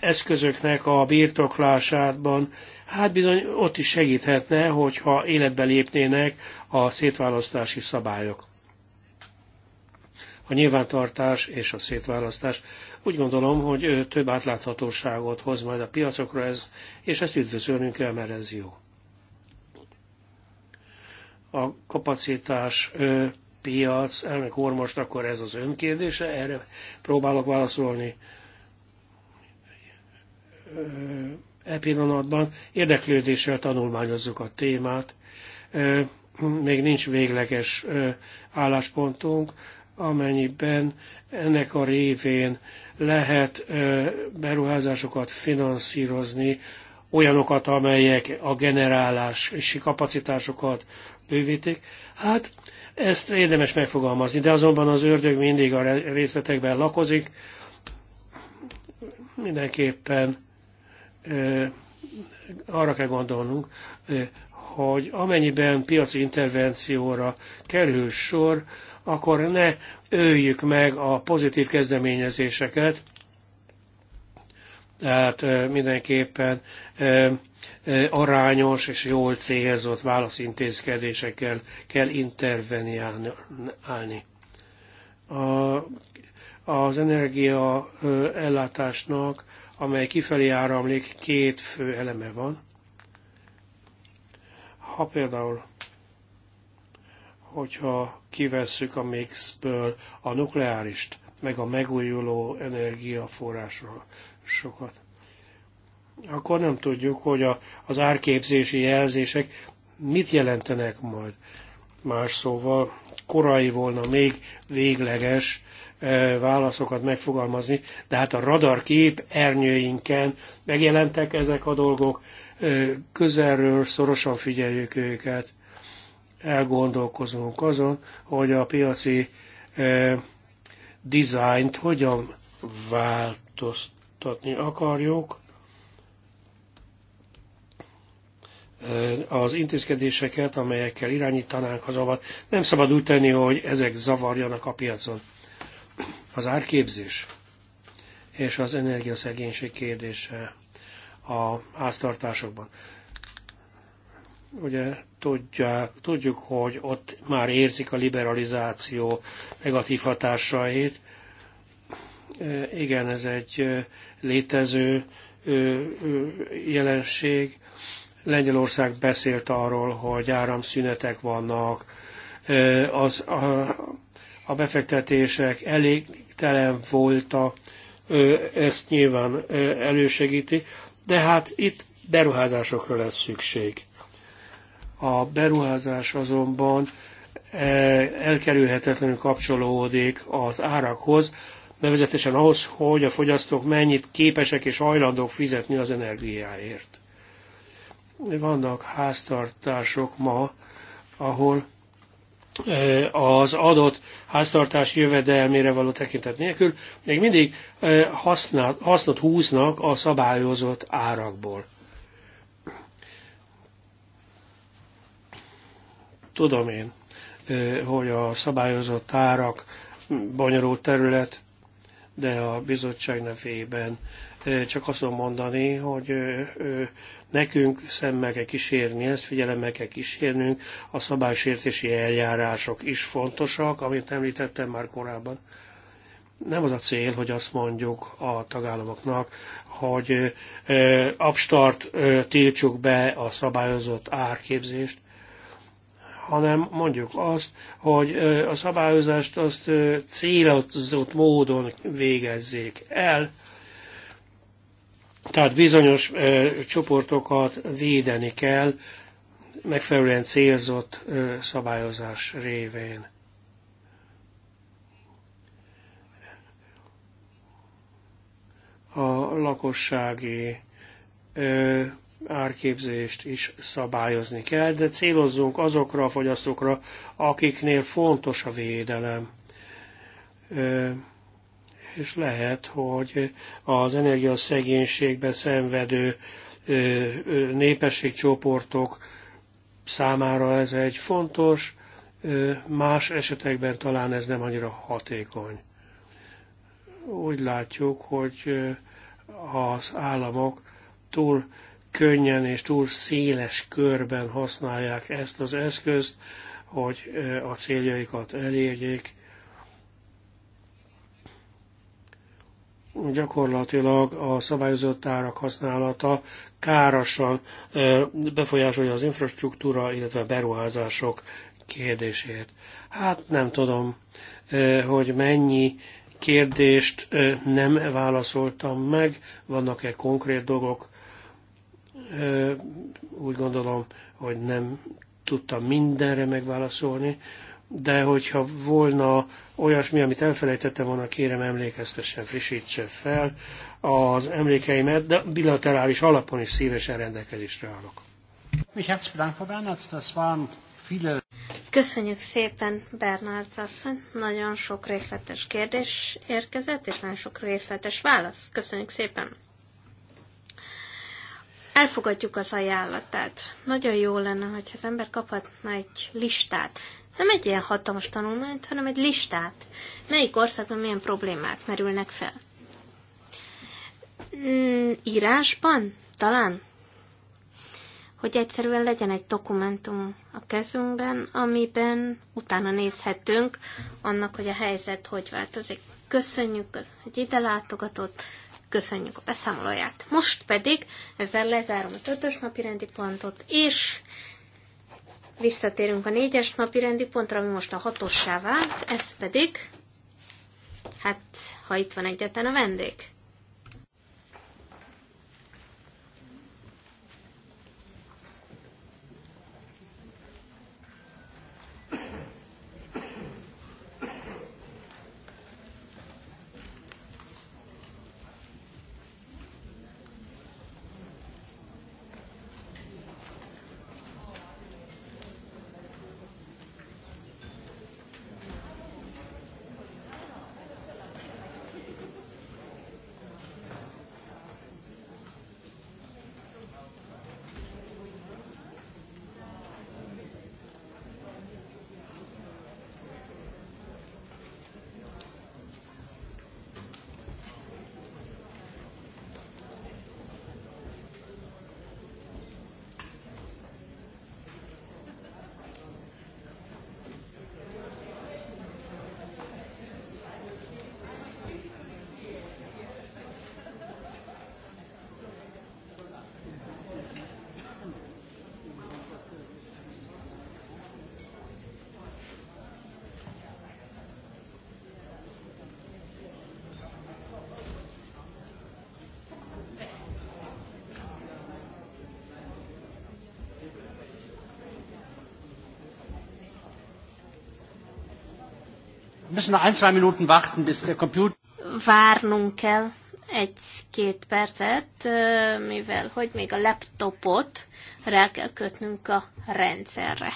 eszközöknek a birtoklásában, hát bizony ott is segíthetne, hogyha életbe lépnének a szétválasztási szabályok. A nyilvántartás és a szétválasztás. Úgy gondolom, hogy több átláthatóságot hoz majd a piacokra ez, és ezt üdvözölnünk kell, mert ez jó. A kapacitás piac, elnök úr, most akkor ez az önkérdése, erre próbálok válaszolni e pillanatban érdeklődéssel tanulmányozzuk a témát. Még nincs végleges álláspontunk, amennyiben ennek a révén lehet beruházásokat finanszírozni, olyanokat, amelyek a generálási kapacitásokat bővítik. Hát ezt érdemes megfogalmazni, de azonban az ördög mindig a részletekben lakozik. Mindenképpen arra kell gondolnunk, hogy amennyiben piaci intervencióra kerül sor, akkor ne öljük meg a pozitív kezdeményezéseket, tehát mindenképpen arányos és jól célzott válaszintézkedésekkel kell interveniálni. az energia ellátásnak amely kifelé áramlik, két fő eleme van. Ha például, hogyha kivesszük a mixből a nukleárist, meg a megújuló energiaforrásról sokat. akkor nem tudjuk, hogy a, az árképzési jelzések mit jelentenek majd. Más szóval korai volna még végleges E, válaszokat megfogalmazni, de hát a radarkép ernyőinken megjelentek ezek a dolgok, e, közelről szorosan figyeljük őket, elgondolkozunk azon, hogy a piaci e, dizájnt hogyan változtatni akarjuk, az intézkedéseket, amelyekkel irányítanánk az Nem szabad úgy tenni, hogy ezek zavarjanak a piacon. Az árképzés és az energiaszegénység kérdése a háztartásokban. Ugye tudják, tudjuk, hogy ott már érzik a liberalizáció negatív hatásait. Igen, ez egy létező jelenség. Lengyelország beszélt arról, hogy áramszünetek vannak, az, a, a befektetések elégtelen voltak, ezt nyilván elősegíti, de hát itt beruházásokra lesz szükség. A beruházás azonban elkerülhetetlenül kapcsolódik az árakhoz, nevezetesen ahhoz, hogy a fogyasztók mennyit képesek és hajlandók fizetni az energiáért. Vannak háztartások ma, ahol az adott háztartás jövedelmére való tekintet nélkül, még mindig használ, hasznot húznak a szabályozott árakból. Tudom én, hogy a szabályozott árak bonyolult terület, de a bizottság nevében csak azt mondani, hogy Nekünk szemmel kell kísérni ezt, figyelemmel kell kísérnünk, a szabálysértési eljárások is fontosak, amit említettem már korábban. Nem az a cél, hogy azt mondjuk a tagállamoknak, hogy abstart tiltsuk be a szabályozott árképzést, hanem mondjuk azt, hogy a szabályozást azt célzott módon végezzék el, tehát bizonyos csoportokat védeni kell megfelelően célzott szabályozás révén. A lakossági árképzést is szabályozni kell, de célozzunk azokra a fogyasztókra, akiknél fontos a védelem és lehet, hogy az energiaszegénységbe szenvedő népességcsoportok számára ez egy fontos, más esetekben talán ez nem annyira hatékony. Úgy látjuk, hogy az államok túl könnyen és túl széles körben használják ezt az eszközt, hogy a céljaikat elérjék, gyakorlatilag a szabályozott árak használata károsan befolyásolja az infrastruktúra, illetve a beruházások kérdését. Hát nem tudom, hogy mennyi kérdést nem válaszoltam meg, vannak-e konkrét dolgok, úgy gondolom, hogy nem tudtam mindenre megválaszolni de hogyha volna olyasmi, amit elfelejtettem volna, kérem emlékeztessen, frissítse fel az emlékeimet, de bilaterális alapon is szívesen rendelkezésre állok. Köszönjük szépen, Bernard asszony. Nagyon sok részletes kérdés érkezett, és nagyon sok részletes válasz. Köszönjük szépen. Elfogadjuk az ajánlatát. Nagyon jó lenne, hogyha az ember kaphatna egy listát nem egy ilyen hatalmas tanulmányt, hanem egy listát. Melyik országban milyen problémák merülnek fel? Mm, írásban? Talán? Hogy egyszerűen legyen egy dokumentum a kezünkben, amiben utána nézhetünk annak, hogy a helyzet hogy változik. Köszönjük, hogy ide látogatott, köszönjük a beszámolóját. Most pedig ezzel lezárom az ötös napi rendi pontot, és Visszatérünk a négyes napi rendi pontra, ami most a hatossá vált, ez pedig, hát ha itt van egyetlen a vendég. müssen noch ein, zwei Minuten warten, bis der Computer... Várnunk kell egy-két percet, mivel hogy még a laptopot rá kell kötnünk a rendszerre.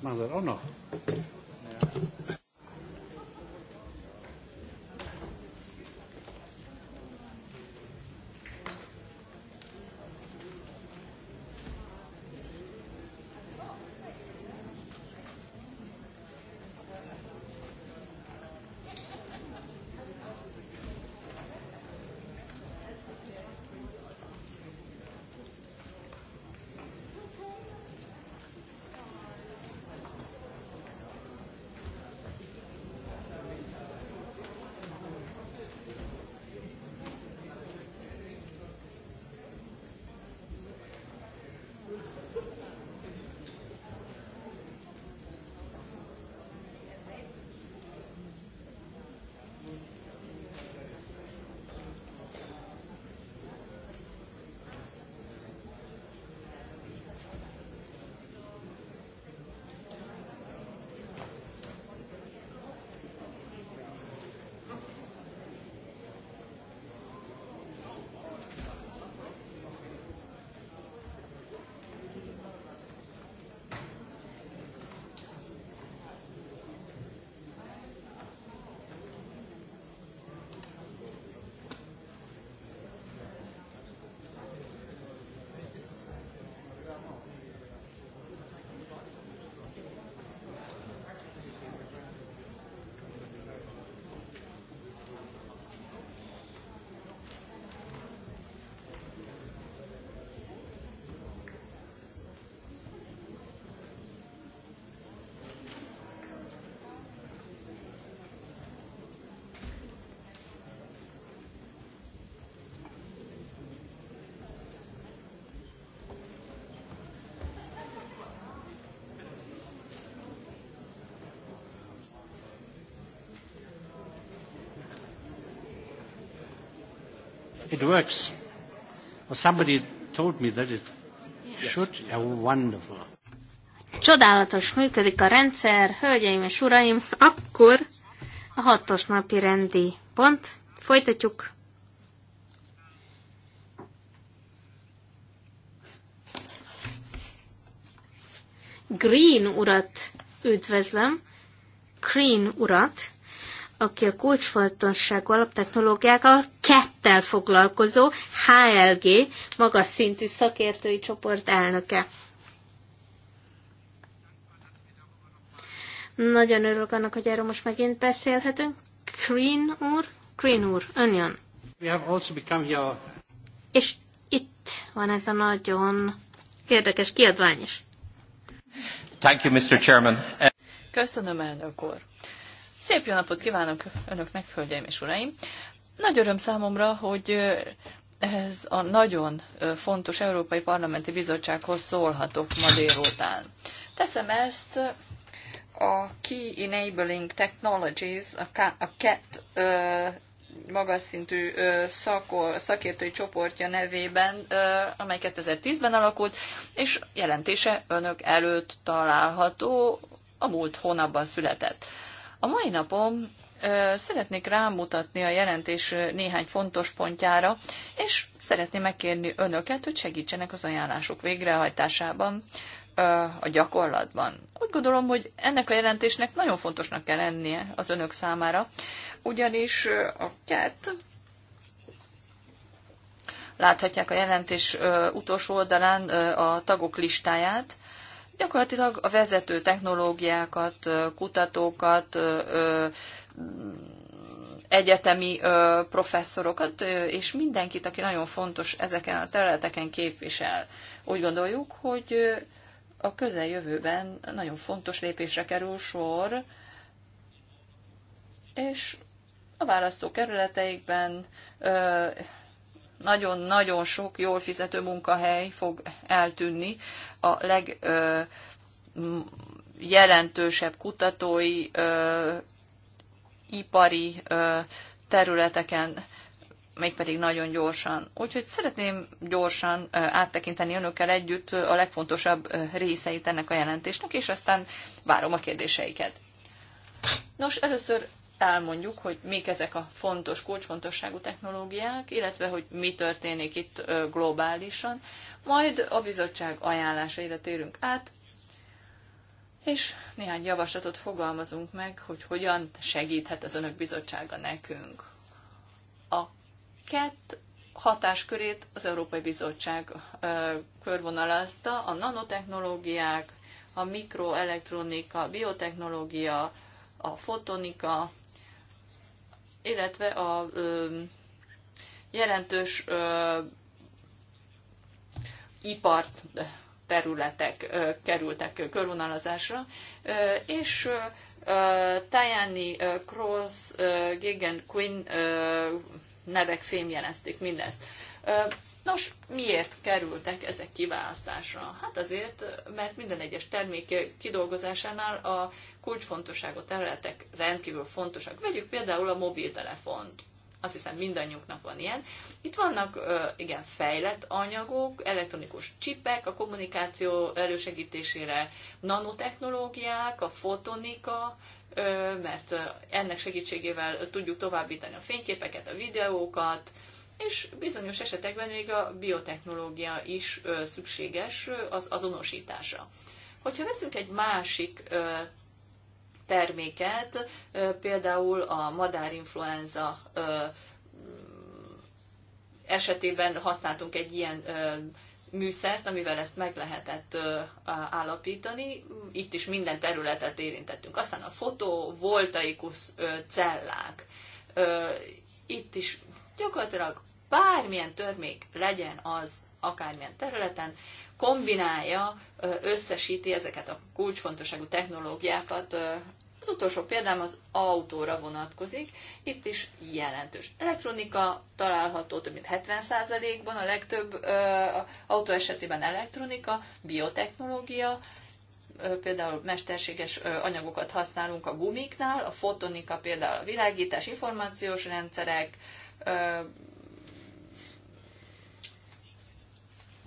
Már oh, no. it works. Well, somebody told me that it should. Yeah, wonderful. Csodálatos működik a rendszer, hölgyeim és uraim, akkor a hatos napi rendi pont. Folytatjuk. Green urat üdvözlöm, Green urat, aki a kulcsfontosságú alaptechnológiákkal élettel foglalkozó HLG magas szintű szakértői csoport elnöke. Nagyon örülök annak, hogy erről most megint beszélhetünk. Green úr, Green úr, ön jön. We have also become here. És itt van ez a nagyon érdekes kiadvány is. Thank you, Mr. Chairman. Köszönöm, elnök úr. Szép jó napot kívánok önöknek, hölgyeim és uraim! Nagy öröm számomra, hogy ehhez a nagyon fontos Európai Parlamenti Bizottsághoz szólhatok ma délután. Teszem ezt a Key Enabling Technologies, a CAT e magas szintű szakértői csoportja nevében, amely 2010-ben alakult, és jelentése önök előtt található, a múlt hónapban született. A mai napom Szeretnék rámutatni a jelentés néhány fontos pontjára, és szeretném megkérni önöket, hogy segítsenek az ajánlások végrehajtásában a gyakorlatban. Úgy gondolom, hogy ennek a jelentésnek nagyon fontosnak kell lennie az önök számára, ugyanis a KET láthatják a jelentés utolsó oldalán a tagok listáját, gyakorlatilag a vezető technológiákat, kutatókat, egyetemi ö, professzorokat, ö, és mindenkit, aki nagyon fontos ezeken a területeken képvisel. Úgy gondoljuk, hogy a közeljövőben nagyon fontos lépésre kerül sor, és a választókerületeikben nagyon-nagyon sok jól fizető munkahely fog eltűnni a legjelentősebb kutatói ipari területeken, mégpedig nagyon gyorsan. Úgyhogy szeretném gyorsan áttekinteni önökkel együtt a legfontosabb részeit ennek a jelentésnek, és aztán várom a kérdéseiket. Nos, először elmondjuk, hogy mik ezek a fontos, kulcsfontosságú technológiák, illetve hogy mi történik itt globálisan. Majd a bizottság ajánlásaira térünk át, és néhány javaslatot fogalmazunk meg, hogy hogyan segíthet az önök bizottsága nekünk. A KET hatáskörét az Európai Bizottság ö, körvonalazta, a nanotechnológiák, a mikroelektronika, a biotechnológia, a fotonika, illetve a ö, jelentős ö, ipart területek kerültek körvonalazásra, és Tajani, Cross, Gigan, Quinn nevek fémjelezték mindezt. Nos, miért kerültek ezek kiválasztásra? Hát azért, mert minden egyes termék kidolgozásánál a kulcsfontosságú területek rendkívül fontosak. Vegyük például a mobiltelefont. Azt hiszem mindannyiunknak van ilyen. Itt vannak igen fejlett anyagok, elektronikus csipek a kommunikáció elősegítésére, nanotechnológiák, a fotonika, mert ennek segítségével tudjuk továbbítani a fényképeket, a videókat, és bizonyos esetekben még a biotechnológia is szükséges az azonosítása. Hogyha veszünk egy másik terméket, például a madárinfluenza esetében használtunk egy ilyen műszert, amivel ezt meg lehetett állapítani. Itt is minden területet érintettünk. Aztán a fotovoltaikus cellák. Itt is gyakorlatilag bármilyen törmék legyen az, akármilyen területen, kombinálja, összesíti ezeket a kulcsfontosságú technológiákat az utolsó példám az autóra vonatkozik. Itt is jelentős elektronika található, több mint 70%-ban, a legtöbb ö, autó esetében elektronika, biotechnológia, ö, például mesterséges ö, anyagokat használunk a gumiknál, a fotonika például a világítás, információs rendszerek, ö,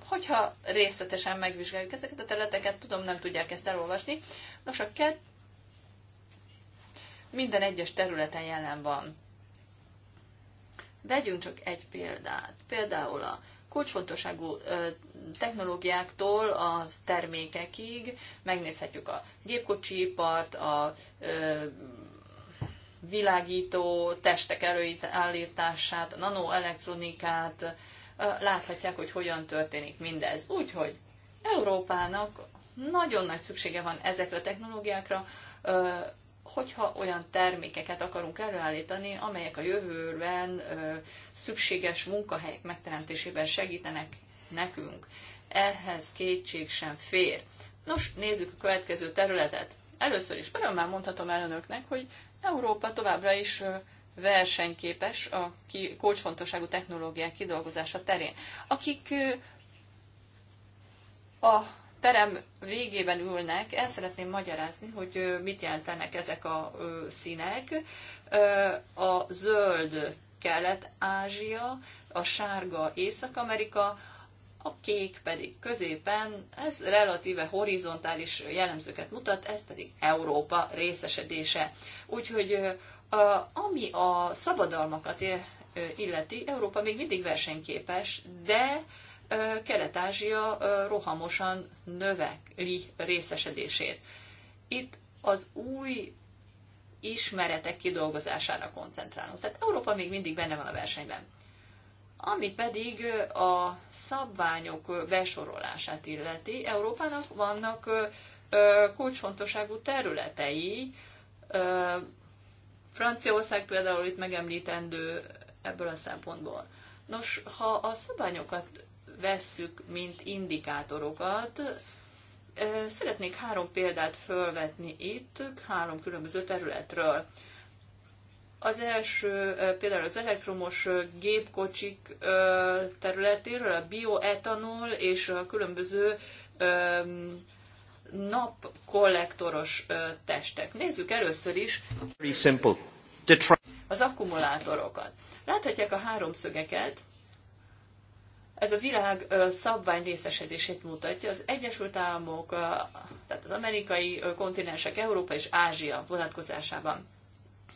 hogyha részletesen megvizsgáljuk ezeket a területeket, tudom, nem tudják ezt elolvasni. Nos, a minden egyes területen jelen van. Vegyünk csak egy példát. Például a kulcsfontosságú technológiáktól a termékekig megnézhetjük a gépkocsipart, a világító testek előállítását, a nanoelektronikát, láthatják, hogy hogyan történik mindez. Úgyhogy Európának nagyon nagy szüksége van ezekre a technológiákra, hogyha olyan termékeket akarunk előállítani, amelyek a jövőben szükséges munkahelyek megteremtésében segítenek nekünk. Ehhez kétség sem fér. Nos, nézzük a következő területet. Először is örömmel mondhatom el önöknek, hogy Európa továbbra is versenyképes a kulcsfontosságú technológiák kidolgozása terén. Akik a terem végében ülnek, el szeretném magyarázni, hogy mit jelentenek ezek a színek. A zöld Kelet-Ázsia, a sárga Észak-Amerika, a kék pedig középen, ez relatíve horizontális jellemzőket mutat, ez pedig Európa részesedése. Úgyhogy ami a szabadalmakat illeti, Európa még mindig versenyképes, de Kelet-Ázsia rohamosan növeli részesedését. Itt az új ismeretek kidolgozására koncentrálunk. Tehát Európa még mindig benne van a versenyben. Ami pedig a szabványok besorolását illeti, Európának vannak kulcsfontosságú területei, Franciaország például itt megemlítendő ebből a szempontból. Nos, ha a szabályokat vesszük, mint indikátorokat. Szeretnék három példát felvetni itt, három különböző területről. Az első például az elektromos gépkocsik területéről, a bioetanol és a különböző napkollektoros testek. Nézzük először is az akkumulátorokat. Láthatják a háromszögeket, ez a világ szabvány részesedését mutatja. Az Egyesült Államok, tehát az amerikai kontinensek, Európa és Ázsia vonatkozásában.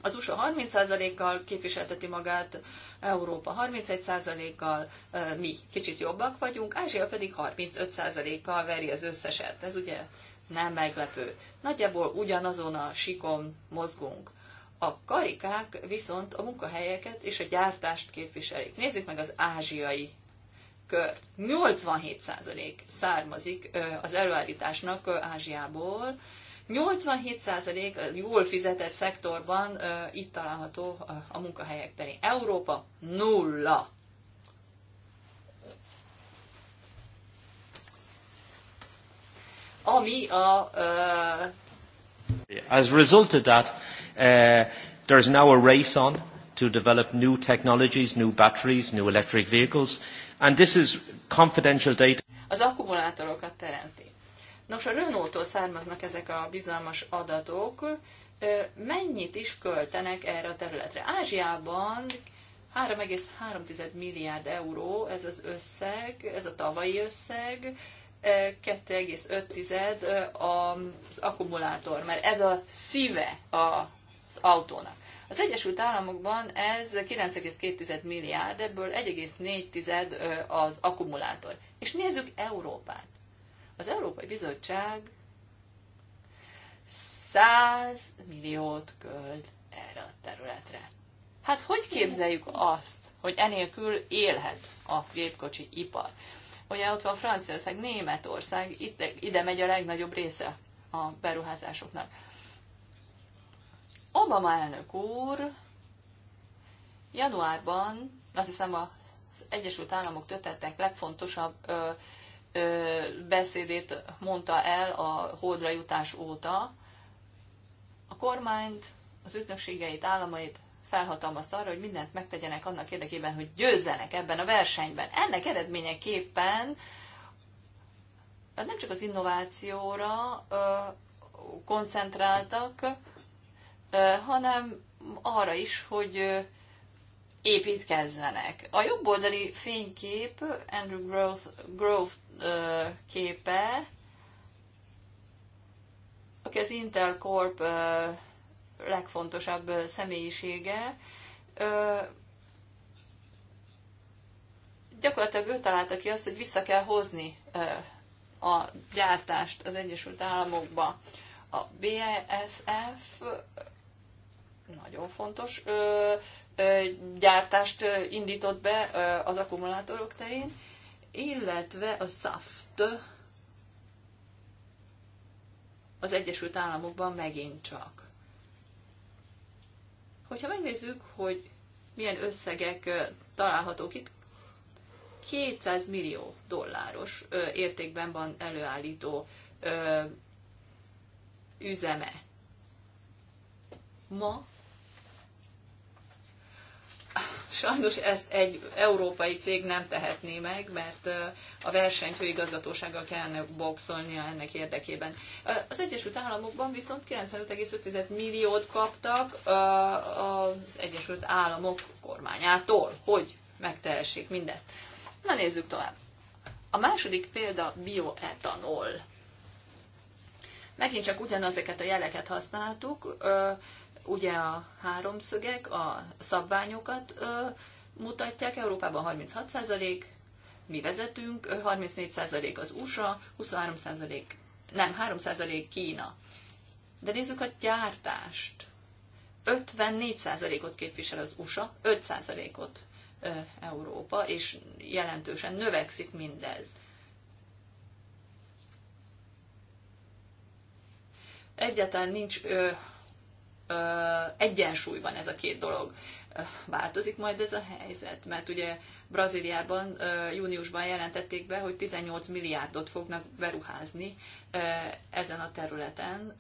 Az USA 30%-kal képviselteti magát, Európa 31%-kal, mi kicsit jobbak vagyunk, Ázsia pedig 35%-kal veri az összeset. Ez ugye nem meglepő. Nagyjából ugyanazon a sikon mozgunk. A karikák viszont a munkahelyeket és a gyártást képviselik. Nézzük meg az ázsiai kör 87% származik az előállításnak Ázsiából, 87% jól fizetett szektorban itt található a munkahelyek terén. Európa nulla. Ami a... Uh, As a result of that, uh, there is now a race on to develop new technologies, new batteries, new electric vehicles And this is confidential data. Az akkumulátorokat teremti. Nos, a Renault-tól származnak ezek a bizalmas adatok. Mennyit is költenek erre a területre? Ázsiában 3,3 milliárd euró ez az összeg, ez a tavalyi összeg, 2,5 az akkumulátor, mert ez a szíve az autónak. Az Egyesült Államokban ez 9,2 milliárd, ebből 1,4 az akkumulátor. És nézzük Európát. Az Európai Bizottság 100 milliót költ erre a területre. Hát hogy képzeljük azt, hogy enélkül élhet a gépkocsi ipar? Ugye ott van Franciaország, Németország, itt, ide megy a legnagyobb része a beruházásoknak. Obama elnök úr januárban, azt hiszem az Egyesült Államok történetek legfontosabb ö, ö, beszédét mondta el a holdra jutás óta, a kormányt, az ütnökségeit, államait felhatalmazta arra, hogy mindent megtegyenek annak érdekében, hogy győzzenek ebben a versenyben. Ennek eredményeképpen nem csak az innovációra koncentráltak, hanem arra is, hogy építkezzenek. A jobboldali fénykép, Andrew Grove, Grove képe, aki az Intel Corp legfontosabb személyisége, gyakorlatilag ő találta ki azt, hogy vissza kell hozni a gyártást az Egyesült Államokba. A BASF nagyon fontos ö, ö, gyártást indított be ö, az akkumulátorok terén, illetve a SAFT az Egyesült Államokban megint csak. Hogyha megnézzük, hogy milyen összegek találhatók itt, 200 millió dolláros ö, értékben van előállító ö, üzeme. Ma Sajnos ezt egy európai cég nem tehetné meg, mert a versenyfőigazgatósággal kellene boxolnia ennek érdekében. Az Egyesült Államokban viszont 95,5 milliót kaptak az Egyesült Államok kormányától, hogy megtehessék mindezt. Na nézzük tovább. A második példa bioetanol. Megint csak ugyanazeket a jeleket használtuk, ugye a háromszögek a szabványokat ö, mutatják, Európában 36%, mi vezetünk, 34% az USA, 23% nem, 3% Kína. De nézzük a gyártást. 54%-ot képvisel az USA, 5%-ot Európa, és jelentősen növekszik mindez. Egyáltalán nincs ö, egyensúlyban ez a két dolog. Változik majd ez a helyzet? Mert ugye Brazíliában júniusban jelentették be, hogy 18 milliárdot fognak beruházni ezen a területen.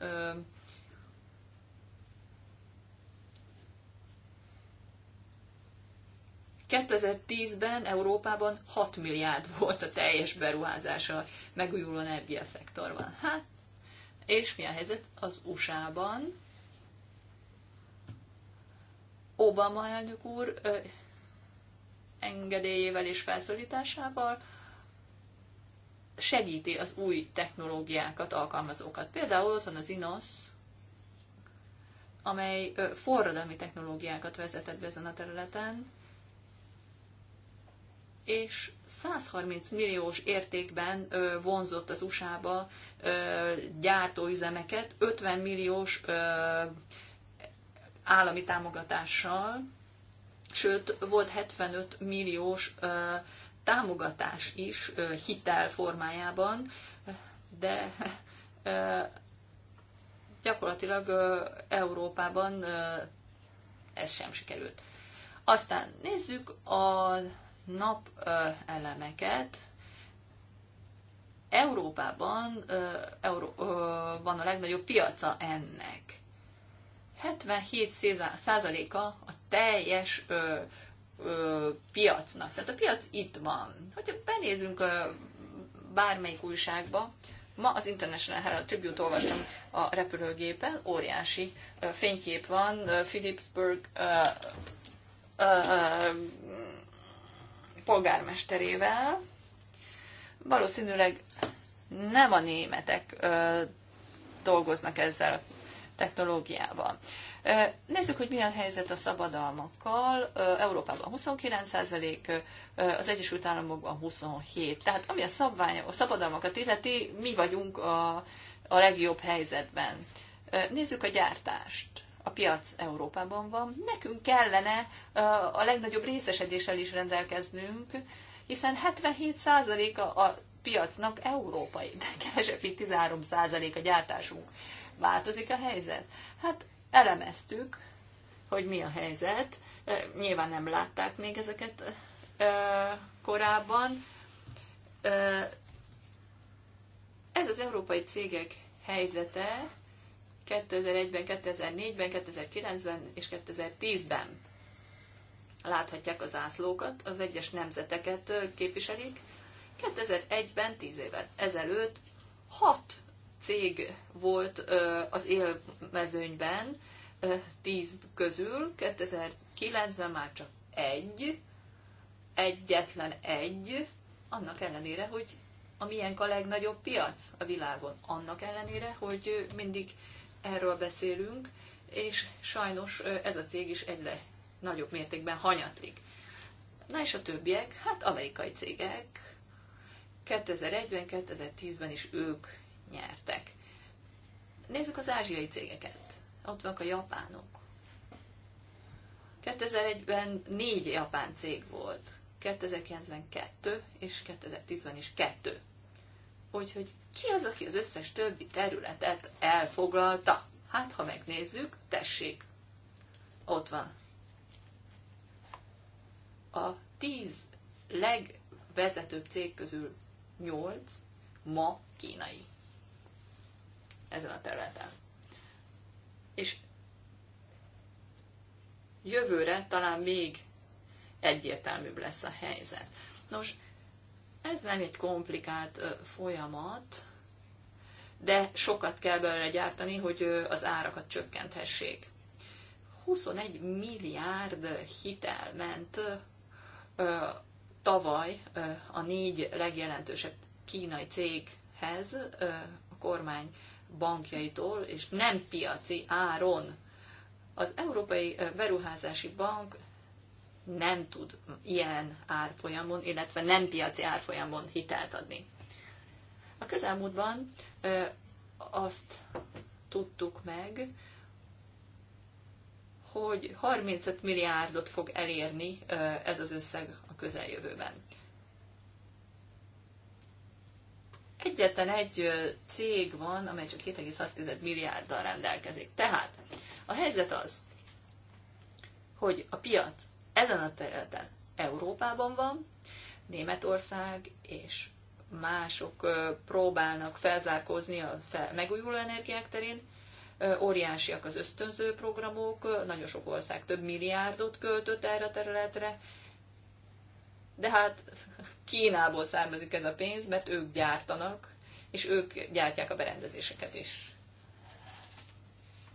ben Európában 6 milliárd volt a teljes beruházása megújuló energiaszektorban. Hát, és mi a helyzet az USA-ban? Obama elnök úr engedélyével és felszólításával segíti az új technológiákat, alkalmazókat. Például ott van az INOS, amely forradalmi technológiákat vezetett be ezen a területen, és 130 milliós értékben vonzott az USA-ba gyártóüzemeket, 50 milliós állami támogatással, sőt, volt 75 milliós támogatás is hitel formájában, de gyakorlatilag Európában ez sem sikerült. Aztán nézzük a nap elemeket. Európában Euró, van a legnagyobb piaca ennek. 77%-a a teljes ö, ö, piacnak. Tehát a piac itt van. Hogyha benézünk ö, bármelyik újságba, ma az International Herald Tribute olvastam a repülőgépen, óriási fénykép van Philipsburg ö, ö, ö, polgármesterével. Valószínűleg nem a németek ö, dolgoznak ezzel technológiával. Nézzük, hogy milyen helyzet a szabadalmakkal. Európában 29%, az Egyesült Államokban 27%. Tehát ami a, szabvány, a szabadalmakat illeti, mi vagyunk a, a legjobb helyzetben. Nézzük a gyártást. A piac Európában van. Nekünk kellene a legnagyobb részesedéssel is rendelkeznünk, hiszen 77%-a a piacnak európai, de kevesebb, mint 13% a gyártásunk. Változik a helyzet? Hát elemeztük, hogy mi a helyzet. Nyilván nem látták még ezeket korábban. Ez az európai cégek helyzete 2001-ben, 2004-ben, 2009-ben és 2010-ben. Láthatják az ászlókat, az egyes nemzeteket képviselik. 2001-ben, 10 évvel ezelőtt hat cég volt az élmezőnyben, tíz közül, 2009-ben már csak egy, egyetlen egy, annak ellenére, hogy a miénk a legnagyobb piac a világon. Annak ellenére, hogy mindig erről beszélünk, és sajnos ez a cég is egyre nagyobb mértékben hanyatlik. Na és a többiek, hát amerikai cégek, 2001-ben, 2010-ben is ők nyertek. Nézzük az ázsiai cégeket. Ott vannak a japánok. 2001-ben négy japán cég volt, 2009-ben kettő, és 2010-ben is kettő. Úgyhogy ki az, aki az összes többi területet elfoglalta? Hát, ha megnézzük, tessék, ott van. A tíz legvezetőbb cég közül nyolc ma kínai ezen a területen. És jövőre talán még egyértelműbb lesz a helyzet. Nos, ez nem egy komplikált folyamat, de sokat kell belőle gyártani, hogy az árakat csökkenthessék. 21 milliárd hitel ment tavaly a négy legjelentősebb kínai céghez a kormány bankjaitól, és nem piaci áron. Az Európai Beruházási Bank nem tud ilyen árfolyamon, illetve nem piaci árfolyamon hitelt adni. A közelmúltban azt tudtuk meg, hogy 35 milliárdot fog elérni ez az összeg a közeljövőben. egyetlen egy cég van, amely csak 7,6 milliárddal rendelkezik. Tehát a helyzet az, hogy a piac ezen a területen Európában van, Németország és mások próbálnak felzárkózni a megújuló energiák terén, óriásiak az ösztönző programok, nagyon sok ország több milliárdot költött erre a területre, de hát Kínából származik ez a pénz, mert ők gyártanak, és ők gyártják a berendezéseket is.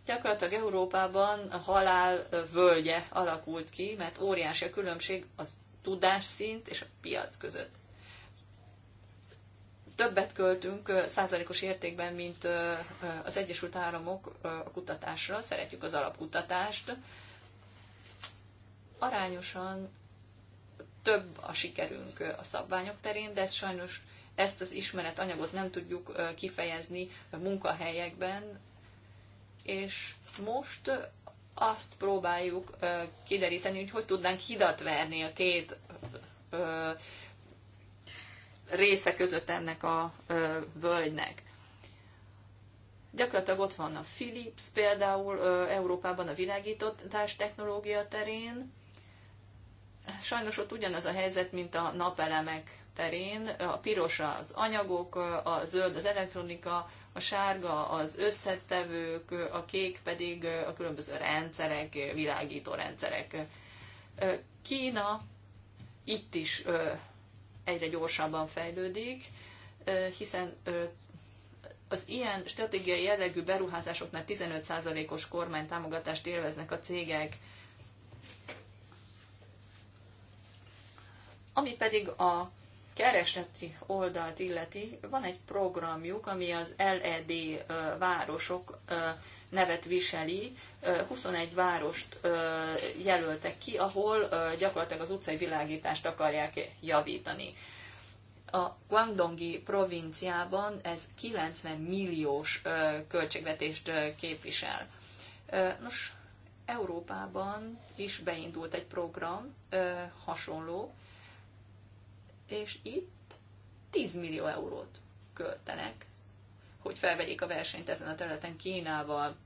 Gyakorlatilag Európában a halál völgye alakult ki, mert óriási a különbség az tudás szint és a piac között. Többet költünk százalékos értékben, mint az Egyesült Államok a kutatásra, szeretjük az alapkutatást. Arányosan több a sikerünk a szabványok terén, de ez sajnos ezt az ismeretanyagot nem tudjuk kifejezni a munkahelyekben, és most azt próbáljuk kideríteni, hogy hogy tudnánk hidat verni a két része között ennek a völgynek. Gyakorlatilag ott van a Philips például Európában a világítottás technológia terén, Sajnos ott ugyanaz a helyzet, mint a napelemek terén. A piros az anyagok, a zöld az elektronika, a sárga az összetevők, a kék pedig a különböző rendszerek, világító rendszerek. Kína itt is egyre gyorsabban fejlődik, hiszen az ilyen stratégiai jellegű beruházásoknál 15%-os kormánytámogatást élveznek a cégek, Ami pedig a keresleti oldalt illeti, van egy programjuk, ami az LED városok nevet viseli. 21 várost jelöltek ki, ahol gyakorlatilag az utcai világítást akarják javítani. A Guangdongi provinciában ez 90 milliós költségvetést képvisel. Nos, Európában is beindult egy program hasonló, és itt 10 millió eurót költenek, hogy felvegyék a versenyt ezen a területen Kínával.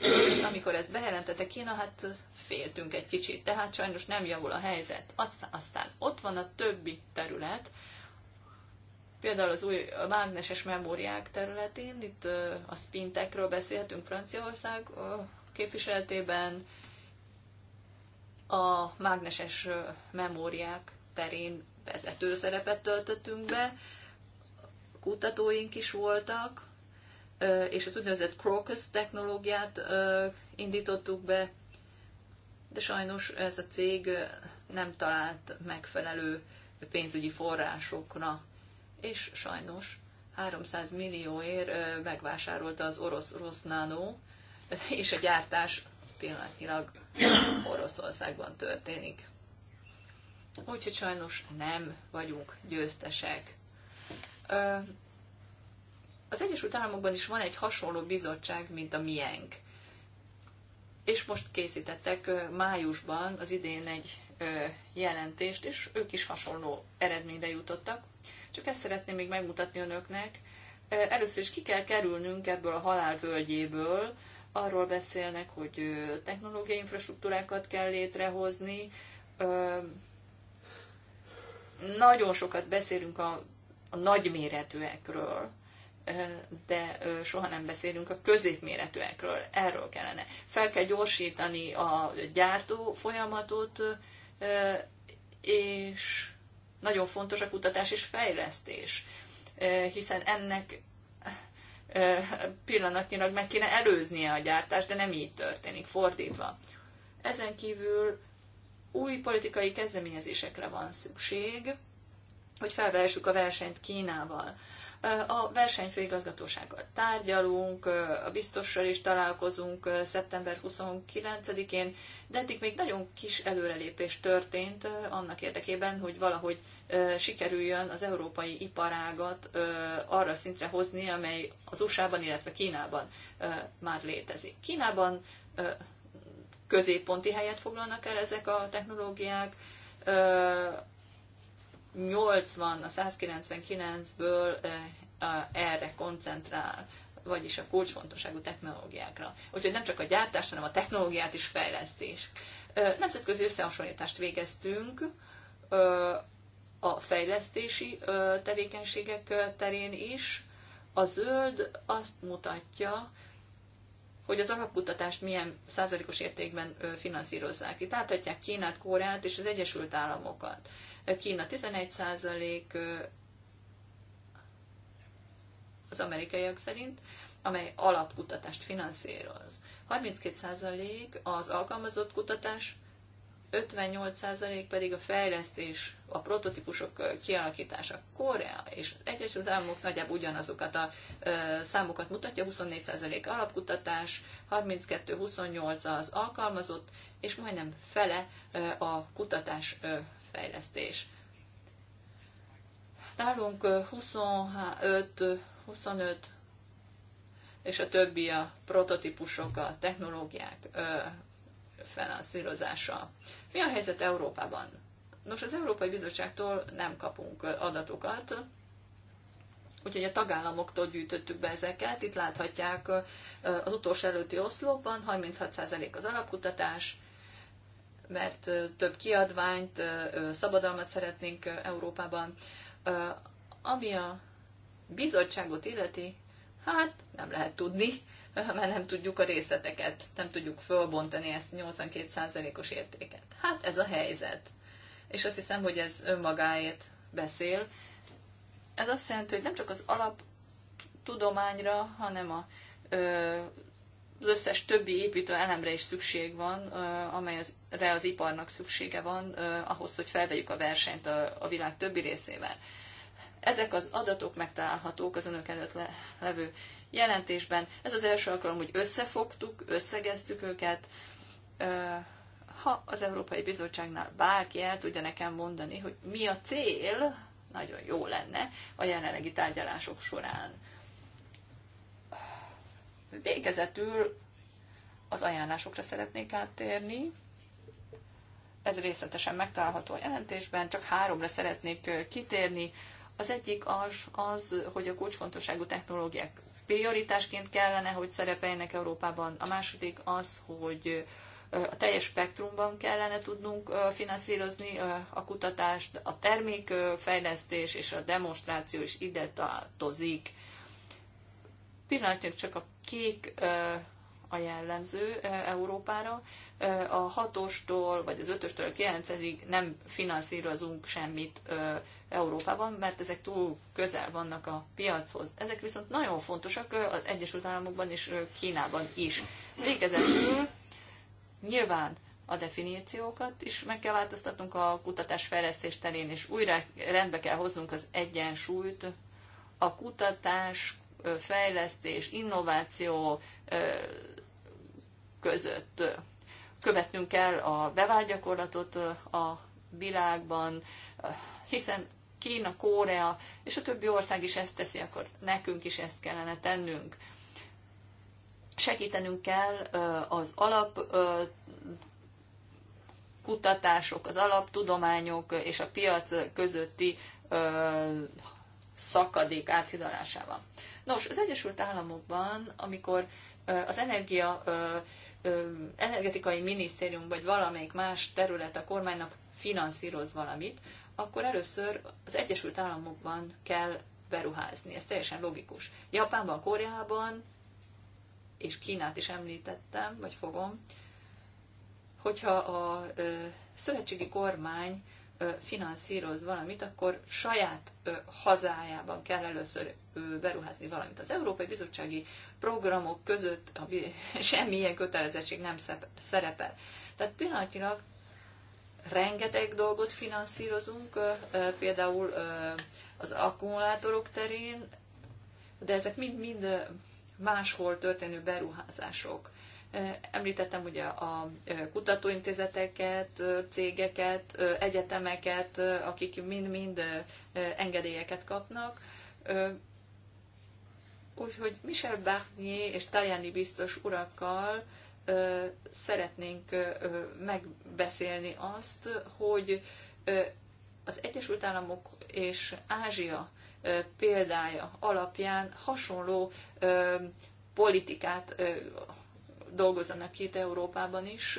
És amikor ezt bejelentette Kína, hát féltünk egy kicsit, tehát sajnos nem javul a helyzet. Aztán, aztán ott van a többi terület, például az új mágneses memóriák területén, itt a spintekről beszélhetünk Franciaország képviseletében, a mágneses memóriák terén vezető szerepet töltöttünk be, kutatóink is voltak, és az úgynevezett Crocus technológiát indítottuk be, de sajnos ez a cég nem talált megfelelő pénzügyi forrásokra, és sajnos 300 millióért megvásárolta az orosz Rosnano, és a gyártás pillanatnyilag Oroszországban történik. Úgyhogy sajnos nem vagyunk győztesek. Az Egyesült Államokban is van egy hasonló bizottság, mint a miénk. És most készítettek májusban az idén egy jelentést, és ők is hasonló eredményre jutottak. Csak ezt szeretném még megmutatni önöknek. Először is ki kell kerülnünk ebből a halálvölgyéből, arról beszélnek, hogy technológiai infrastruktúrákat kell létrehozni. Nagyon sokat beszélünk a, a nagyméretűekről, de soha nem beszélünk a középméretűekről. Erről kellene. Fel kell gyorsítani a gyártó folyamatot, és nagyon fontos a kutatás és fejlesztés, hiszen ennek pillanatnyilag meg kéne előznie a gyártást, de nem így történik, fordítva. Ezen kívül új politikai kezdeményezésekre van szükség, hogy felvehessük a versenyt Kínával. A versenyfőigazgatósággal tárgyalunk, a biztossal is találkozunk szeptember 29-én, de eddig még nagyon kis előrelépés történt annak érdekében, hogy valahogy sikerüljön az európai iparágat arra szintre hozni, amely az USA-ban, illetve Kínában már létezik. Kínában középponti helyet foglalnak el ezek a technológiák, 80, a 199-ből eh, erre koncentrál, vagyis a kulcsfontosságú technológiákra. Úgyhogy nem csak a gyártás, hanem a technológiát is fejlesztés. Eh, nemzetközi összehasonlítást végeztünk eh, a fejlesztési tevékenységek terén is. A zöld azt mutatja, hogy az alapkutatást milyen százalékos értékben finanszírozzák. Itt láthatják Kínát, Kóreát és az Egyesült Államokat. Kína 11 százalék az amerikaiak szerint, amely alapkutatást finanszíroz. 32% az alkalmazott kutatás, 58% százalék pedig a fejlesztés, a prototípusok kialakítása. Korea és az Egyesült Államok nagyjából ugyanazokat a számokat mutatja, 24% százalék alapkutatás, 32-28 az alkalmazott, és majdnem fele a kutatás fejlesztés. Nálunk 25, 25 és a többi a prototípusok, a technológiák finanszírozása. Mi a helyzet Európában? Nos, az Európai Bizottságtól nem kapunk adatokat, úgyhogy a tagállamoktól gyűjtöttük be ezeket. Itt láthatják az utolsó előtti oszlopban 36% az alapkutatás, mert több kiadványt, szabadalmat szeretnénk Európában. Ami a bizottságot illeti, hát nem lehet tudni, [laughs] mert nem tudjuk a részleteket, nem tudjuk fölbontani ezt a 82%-os értéket. Hát ez a helyzet. És azt hiszem, hogy ez önmagáért beszél. Ez azt jelenti, hogy nem csak az alap tudományra, hanem a az összes többi építő elemre is szükség van, amelyre az iparnak szüksége van ahhoz, hogy felvegyük a versenyt a világ többi részével. Ezek az adatok megtalálhatók az önök előtt le, levő jelentésben. Ez az első alkalom, hogy összefogtuk, összegeztük őket. Ha az Európai Bizottságnál bárki el tudja nekem mondani, hogy mi a cél, nagyon jó lenne a jelenlegi tárgyalások során Végezetül az ajánlásokra szeretnék áttérni. Ez részletesen megtalálható a jelentésben, csak háromra szeretnék kitérni. Az egyik az, az hogy a kulcsfontosságú technológiák prioritásként kellene, hogy szerepeljenek Európában. A második az, hogy a teljes spektrumban kellene tudnunk finanszírozni a kutatást, a termékfejlesztés és a demonstráció is ide tartozik. Pillanatnyilag csak a kék a jellemző Európára. A hatostól, vagy az ötöstől a kilencedig nem finanszírozunk semmit Európában, mert ezek túl közel vannak a piachoz. Ezek viszont nagyon fontosak az Egyesült Államokban és Kínában is. Végezetül nyilván a definíciókat is meg kell változtatnunk a kutatás fejlesztés terén, és újra rendbe kell hoznunk az egyensúlyt a kutatás, fejlesztés, innováció között. Követnünk kell a bevált gyakorlatot a világban, hiszen Kína, Korea és a többi ország is ezt teszi, akkor nekünk is ezt kellene tennünk. Segítenünk kell az alap kutatások, az alaptudományok és a piac közötti szakadék áthidalásával. Nos, az Egyesült Államokban, amikor az energia, energetikai minisztérium vagy valamelyik más terület a kormánynak finanszíroz valamit, akkor először az Egyesült Államokban kell beruházni. Ez teljesen logikus. Japánban, Koreában, és Kínát is említettem, vagy fogom, hogyha a szövetségi kormány finanszíroz valamit, akkor saját hazájában kell először beruházni valamit. Az Európai Bizottsági programok között [laughs] semmilyen kötelezettség nem szerepel. Tehát pillanatilag rengeteg dolgot finanszírozunk, például az akkumulátorok terén, de ezek mind-mind máshol történő beruházások. Említettem ugye a kutatóintézeteket, cégeket, egyetemeket, akik mind-mind engedélyeket kapnak. Úgyhogy Michel Barnier és Tajani biztos urakkal szeretnénk megbeszélni azt, hogy az Egyesült Államok és Ázsia példája alapján hasonló politikát dolgozzanak itt Európában is,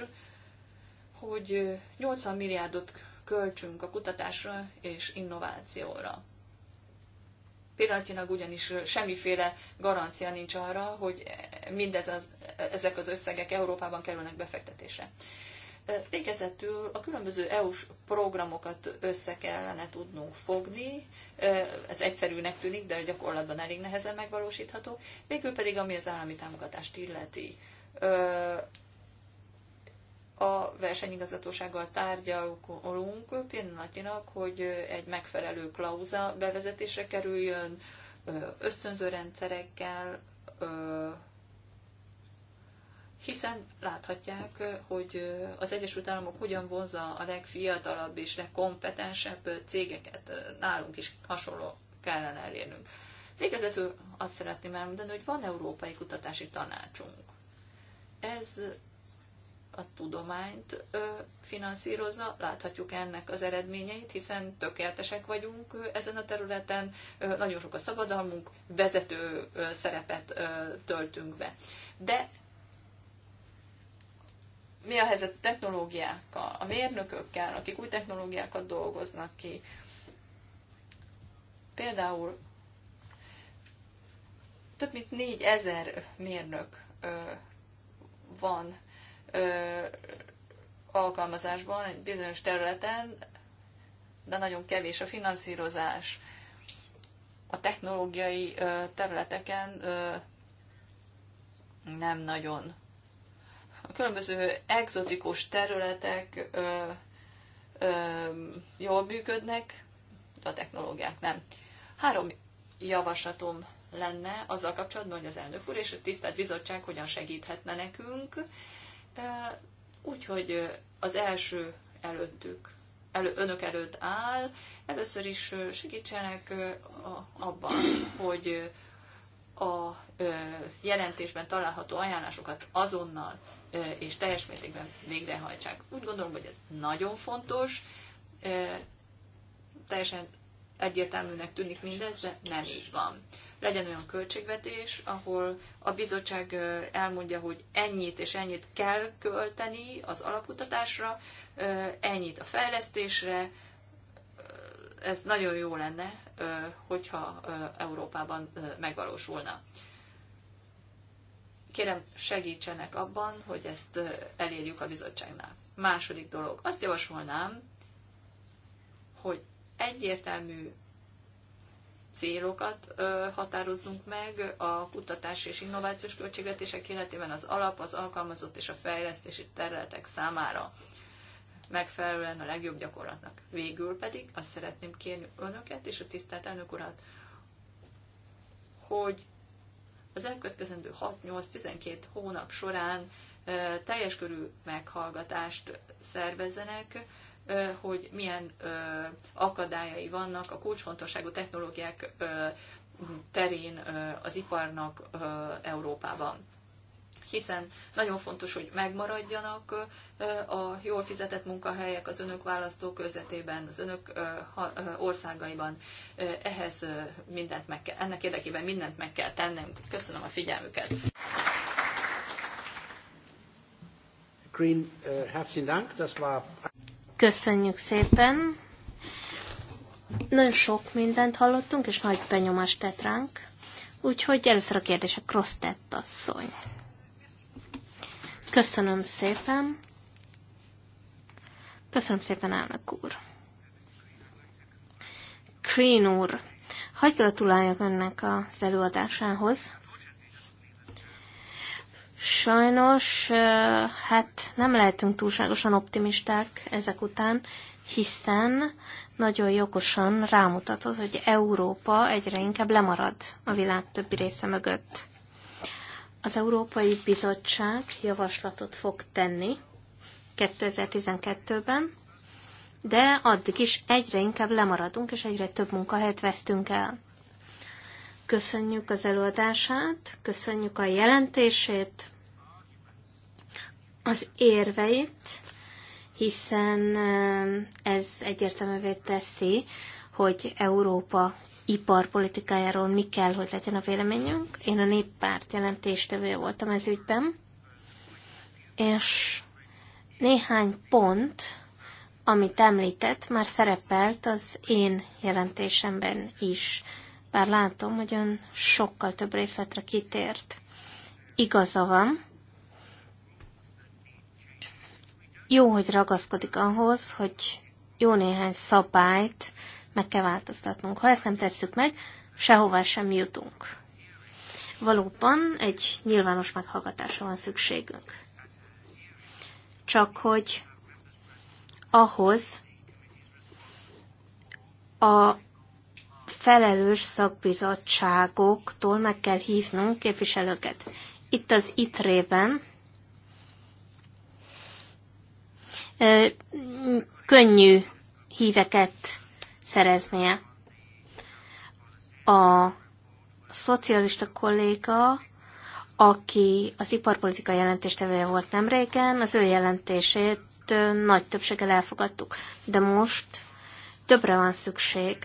hogy 80 milliárdot költsünk a kutatásra és innovációra. Pillanatilag ugyanis semmiféle garancia nincs arra, hogy mindez az, ezek az összegek Európában kerülnek befektetésre. Végezetül a különböző EU-s programokat össze kellene tudnunk fogni, ez egyszerűnek tűnik, de gyakorlatban elég nehezen megvalósítható. Végül pedig, ami az állami támogatást illeti, a versenyigazgatósággal tárgyalunk pillanatnyilag, hogy egy megfelelő klauza bevezetésre kerüljön, ösztönző rendszerekkel, hiszen láthatják, hogy az Egyesült Államok hogyan vonza a legfiatalabb és legkompetensebb cégeket, nálunk is hasonló kellene elérnünk. Végezetül azt szeretném elmondani, hogy van európai kutatási tanácsunk ez a tudományt finanszírozza, láthatjuk ennek az eredményeit, hiszen tökéletesek vagyunk ezen a területen, nagyon sok a szabadalmunk, vezető szerepet töltünk be. De mi a helyzet a technológiákkal, a mérnökökkel, akik új technológiákat dolgoznak ki. Például több mint 4000 mérnök van ö, alkalmazásban egy bizonyos területen, de nagyon kevés a finanszírozás. A technológiai ö, területeken ö, nem nagyon. A különböző exotikus területek ö, ö, jól működnek, de a technológiák nem. Három javaslatom lenne azzal kapcsolatban, hogy az elnök úr és a tisztelt bizottság hogyan segíthetne nekünk. Úgyhogy az első előttük, elő, önök előtt áll. Először is segítsenek abban, hogy a jelentésben található ajánlásokat azonnal és teljes mértékben végrehajtsák. Úgy gondolom, hogy ez nagyon fontos, teljesen egyértelműnek tűnik mindez, de nem így van legyen olyan költségvetés, ahol a bizottság elmondja, hogy ennyit és ennyit kell költeni az alapkutatásra, ennyit a fejlesztésre. Ez nagyon jó lenne, hogyha Európában megvalósulna. Kérem, segítsenek abban, hogy ezt elérjük a bizottságnál. Második dolog. Azt javasolnám, hogy egyértelmű célokat határozzunk meg a kutatás és innovációs költségvetések életében az alap, az alkalmazott és a fejlesztési területek számára megfelelően a legjobb gyakorlatnak. Végül pedig azt szeretném kérni önöket és a tisztelt elnök urat, hogy az elkövetkezendő 6-8-12 hónap során teljes körű meghallgatást szervezzenek hogy milyen akadályai vannak a kulcsfontosságú technológiák terén az iparnak Európában hiszen nagyon fontos, hogy megmaradjanak a jól fizetett munkahelyek az önök választó közvetében, az önök országaiban. Ehhez mindent meg kell, ennek érdekében mindent meg kell tennünk. Köszönöm a figyelmüket. Green, herzlichen Dank. Das war Köszönjük szépen! Nagyon sok mindent hallottunk, és nagy benyomást tett ránk. Úgyhogy először a kérdés a Krosztett asszony. Köszönöm szépen. Köszönöm szépen, elnök úr. Kreen úr, hagyj gratuláljak önnek az előadásához. Sajnos, hát nem lehetünk túlságosan optimisták ezek után, hiszen nagyon jogosan rámutatott, hogy Európa egyre inkább lemarad a világ többi része mögött. Az Európai Bizottság javaslatot fog tenni 2012-ben, de addig is egyre inkább lemaradunk, és egyre több munkahelyet vesztünk el. Köszönjük az előadását, köszönjük a jelentését, az érveit, hiszen um, ez egyértelművé teszi, hogy Európa iparpolitikájáról mi kell, hogy legyen a véleményünk. Én a néppárt jelentéstevője voltam ez ügyben, és néhány pont, amit említett, már szerepelt az én jelentésemben is. Bár látom, hogy ön sokkal több részletre kitért. Igaza van, Jó, hogy ragaszkodik ahhoz, hogy jó néhány szabályt meg kell változtatnunk. Ha ezt nem tesszük meg, sehová sem jutunk. Valóban egy nyilvános meghallgatásra van szükségünk. Csak hogy ahhoz a felelős szakbizottságoktól meg kell hívnunk képviselőket. Itt az ITRE-ben könnyű híveket szereznie. A szocialista kolléga, aki az iparpolitika jelentéstevője volt nem régen, az ő jelentését nagy többséggel elfogadtuk. De most többre van szükség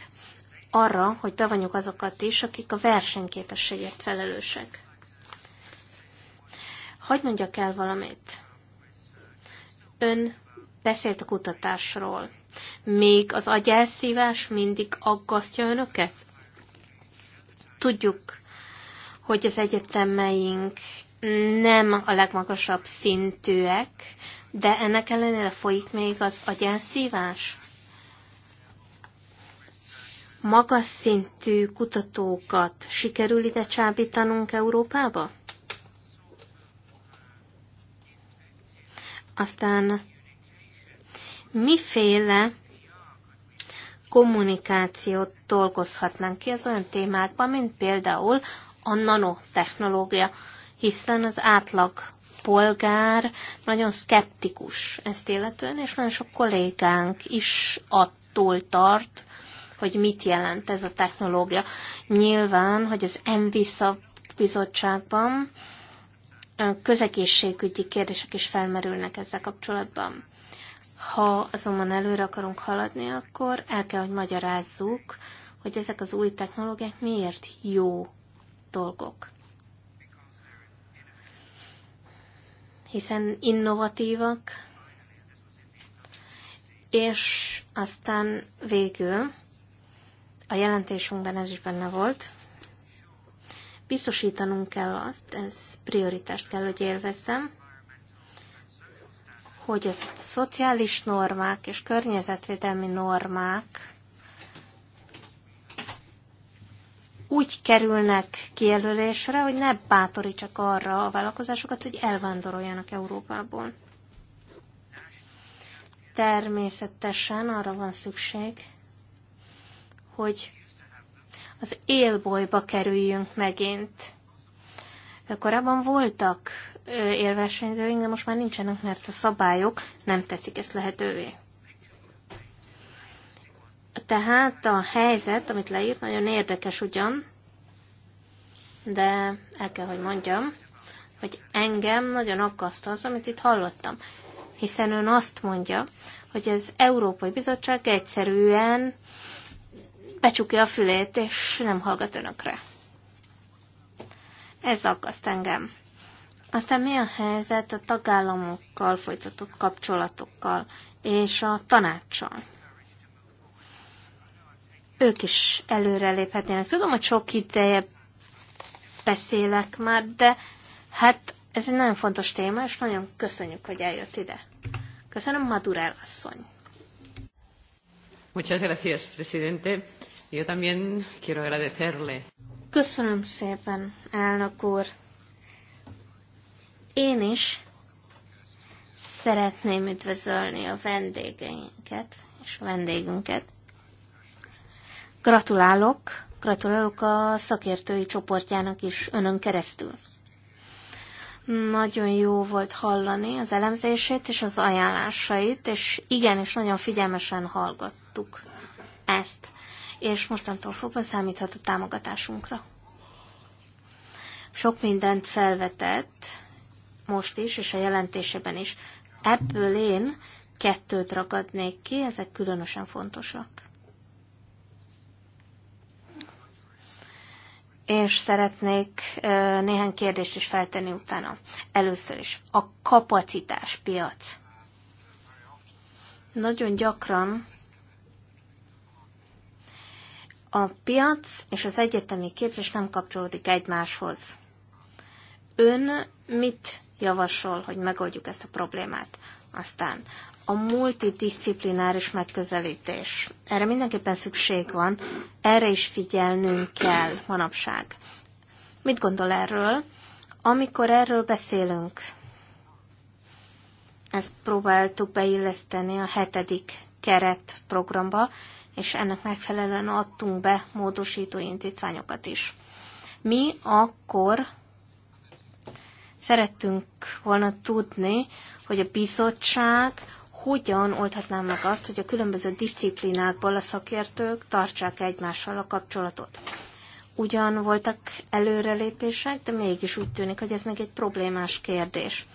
arra, hogy bevonjuk azokat is, akik a versenyképességért felelősek. Hogy mondjak el valamit? Ön Beszélt a kutatásról. Még az agyelszívás mindig aggasztja önöket? Tudjuk, hogy az egyetemeink nem a legmagasabb szintűek, de ennek ellenére folyik még az agyelszívás. Magas szintű kutatókat sikerül ide csábítanunk Európába? Aztán miféle kommunikációt dolgozhatnánk ki az olyan témákban, mint például a nanotechnológia, hiszen az átlag polgár nagyon szkeptikus ezt illetően, és nagyon sok kollégánk is attól tart, hogy mit jelent ez a technológia. Nyilván, hogy az MVISA bizottságban közegészségügyi kérdések is felmerülnek ezzel kapcsolatban. Ha azonban előre akarunk haladni, akkor el kell, hogy magyarázzuk, hogy ezek az új technológiák miért jó dolgok. Hiszen innovatívak, és aztán végül a jelentésünkben ez is benne volt, biztosítanunk kell azt, ez prioritást kell, hogy élvezzem, hogy a szociális normák és környezetvédelmi normák úgy kerülnek kijelölésre, hogy ne bátorítsak arra a vállalkozásokat, hogy elvándoroljanak Európából. Természetesen arra van szükség, hogy az élbolyba kerüljünk megint. Korábban voltak élversenyzőink, de most már nincsenek, mert a szabályok nem teszik ezt lehetővé. Tehát a helyzet, amit leírt, nagyon érdekes ugyan, de el kell, hogy mondjam, hogy engem nagyon aggaszt az, amit itt hallottam. Hiszen ön azt mondja, hogy az Európai Bizottság egyszerűen becsukja a fülét, és nem hallgat önökre. Ez aggaszt engem. Aztán mi a helyzet a tagállamokkal folytatott kapcsolatokkal és a tanácssal? Ők is előreléphetnének. Tudom, hogy sok ideje beszélek már, de hát ez egy nagyon fontos téma, és nagyon köszönjük, hogy eljött ide. Köszönöm, Madurel asszony. Muchas gracias, presidente. Yo también quiero agradecerle. Köszönöm szépen, elnök úr. Én is szeretném üdvözölni a vendégeinket és a vendégünket. Gratulálok, gratulálok a szakértői csoportjának is önön keresztül. Nagyon jó volt hallani az elemzését és az ajánlásait, és igen, és nagyon figyelmesen hallgattuk ezt. És mostantól fogva számíthat a támogatásunkra. Sok mindent felvetett, most is, és a jelentésében is. Ebből én kettőt ragadnék ki, ezek különösen fontosak. és szeretnék néhány kérdést is feltenni utána. Először is a kapacitás piac. Nagyon gyakran a piac és az egyetemi képzés nem kapcsolódik egymáshoz. Ön mit javasol, hogy megoldjuk ezt a problémát? Aztán a multidisciplináris megközelítés. Erre mindenképpen szükség van, erre is figyelnünk kell manapság. Mit gondol erről? Amikor erről beszélünk, ezt próbáltuk beilleszteni a hetedik keretprogramba, és ennek megfelelően adtunk be módosító indítványokat is. Mi akkor Szerettünk volna tudni, hogy a bizottság hogyan oldhatná meg azt, hogy a különböző disziplinákból a szakértők tartsák egymással a kapcsolatot. Ugyan voltak előrelépések, de mégis úgy tűnik, hogy ez még egy problémás kérdés.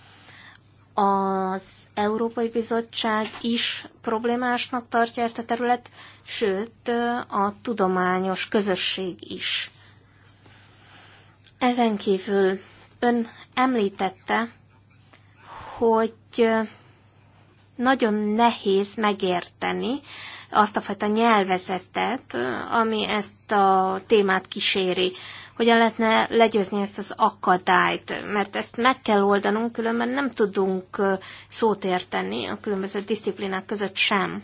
Az Európai Bizottság is problémásnak tartja ezt a terület, sőt a tudományos közösség is. Ezen kívül ön említette, hogy nagyon nehéz megérteni azt a fajta nyelvezetet, ami ezt a témát kíséri. Hogyan lehetne legyőzni ezt az akadályt? Mert ezt meg kell oldanunk, különben nem tudunk szót érteni a különböző disziplinák között sem.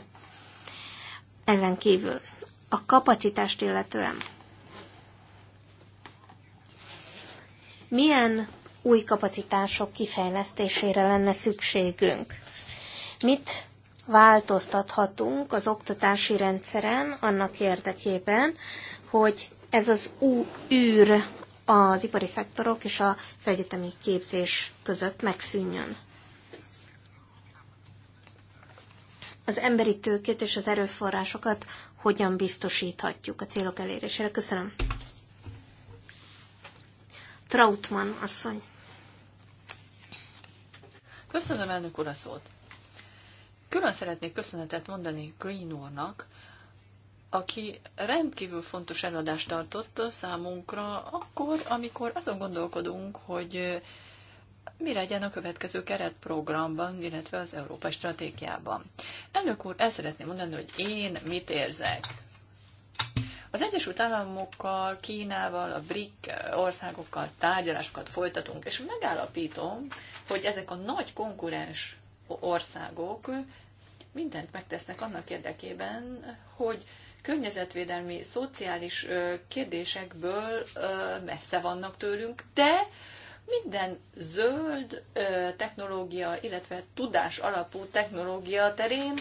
Ezen kívül a kapacitást illetően. Milyen új kapacitások kifejlesztésére lenne szükségünk. Mit változtathatunk az oktatási rendszeren annak érdekében, hogy ez az új űr az ipari szektorok és az egyetemi képzés között megszűnjön. Az emberi tőkét és az erőforrásokat hogyan biztosíthatjuk a célok elérésére. Köszönöm. Trautmann asszony. Köszönöm, elnök úr, a szót. Külön szeretnék köszönetet mondani Green úrnak, aki rendkívül fontos előadást tartott a számunkra akkor, amikor azon gondolkodunk, hogy mi legyen a következő keretprogramban, illetve az Európai Stratégiában. Elnök úr, el szeretném mondani, hogy én mit érzek. Az Egyesült Államokkal, Kínával, a BRIC országokkal tárgyalásokat folytatunk, és megállapítom, hogy ezek a nagy konkurens országok mindent megtesznek annak érdekében, hogy környezetvédelmi, szociális kérdésekből messze vannak tőlünk, de minden zöld technológia, illetve tudás alapú technológia terén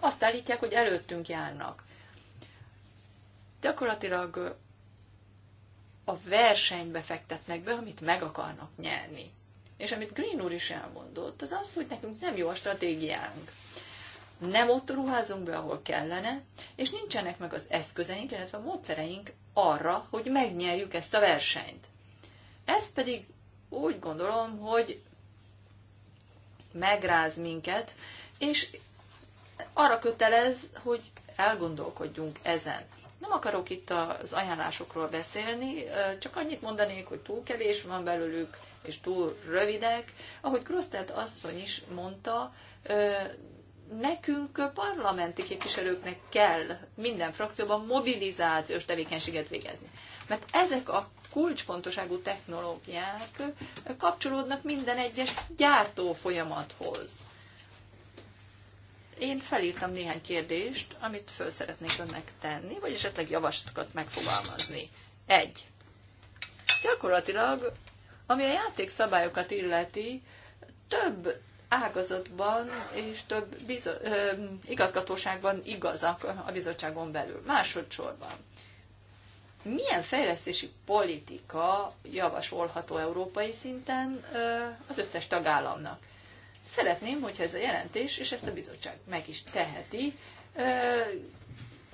azt állítják, hogy előttünk járnak. Gyakorlatilag a versenybe fektetnek be, amit meg akarnak nyerni és amit Green úr is elmondott, az az, hogy nekünk nem jó a stratégiánk. Nem ott ruházunk be, ahol kellene, és nincsenek meg az eszközeink, illetve a módszereink arra, hogy megnyerjük ezt a versenyt. Ez pedig úgy gondolom, hogy megráz minket, és arra kötelez, hogy elgondolkodjunk ezen. Nem akarok itt az ajánlásokról beszélni, csak annyit mondanék, hogy túl kevés van belőlük, és túl rövidek. Ahogy Grosztelt asszony is mondta, nekünk parlamenti képviselőknek kell minden frakcióban mobilizációs tevékenységet végezni. Mert ezek a kulcsfontosságú technológiák kapcsolódnak minden egyes gyártó folyamathoz. Én felírtam néhány kérdést, amit föl szeretnék önnek tenni, vagy esetleg javaslatokat megfogalmazni. Egy. Gyakorlatilag ami a játékszabályokat illeti, több ágazatban és több bizo- ö, igazgatóságban igazak a bizottságon belül. Másodszorban. Milyen fejlesztési politika javasolható európai szinten ö, az összes tagállamnak? Szeretném, hogyha ez a jelentés, és ezt a bizottság meg is teheti, ö,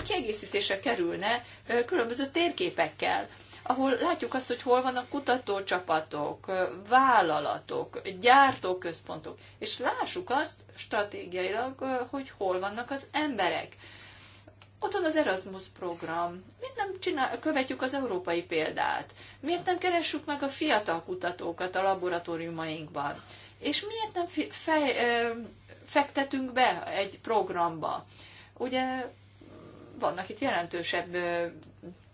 kiegészítése kerülne ö, különböző térképekkel, ahol látjuk azt, hogy hol vannak kutatócsapatok, vállalatok, gyártóközpontok, és lássuk azt stratégiailag, hogy hol vannak az emberek. Ott van az Erasmus program. Miért nem csinál, követjük az európai példát? Miért nem keressük meg a fiatal kutatókat a laboratóriumainkban? És miért nem fej, fektetünk be egy programba? Ugye vannak itt jelentősebb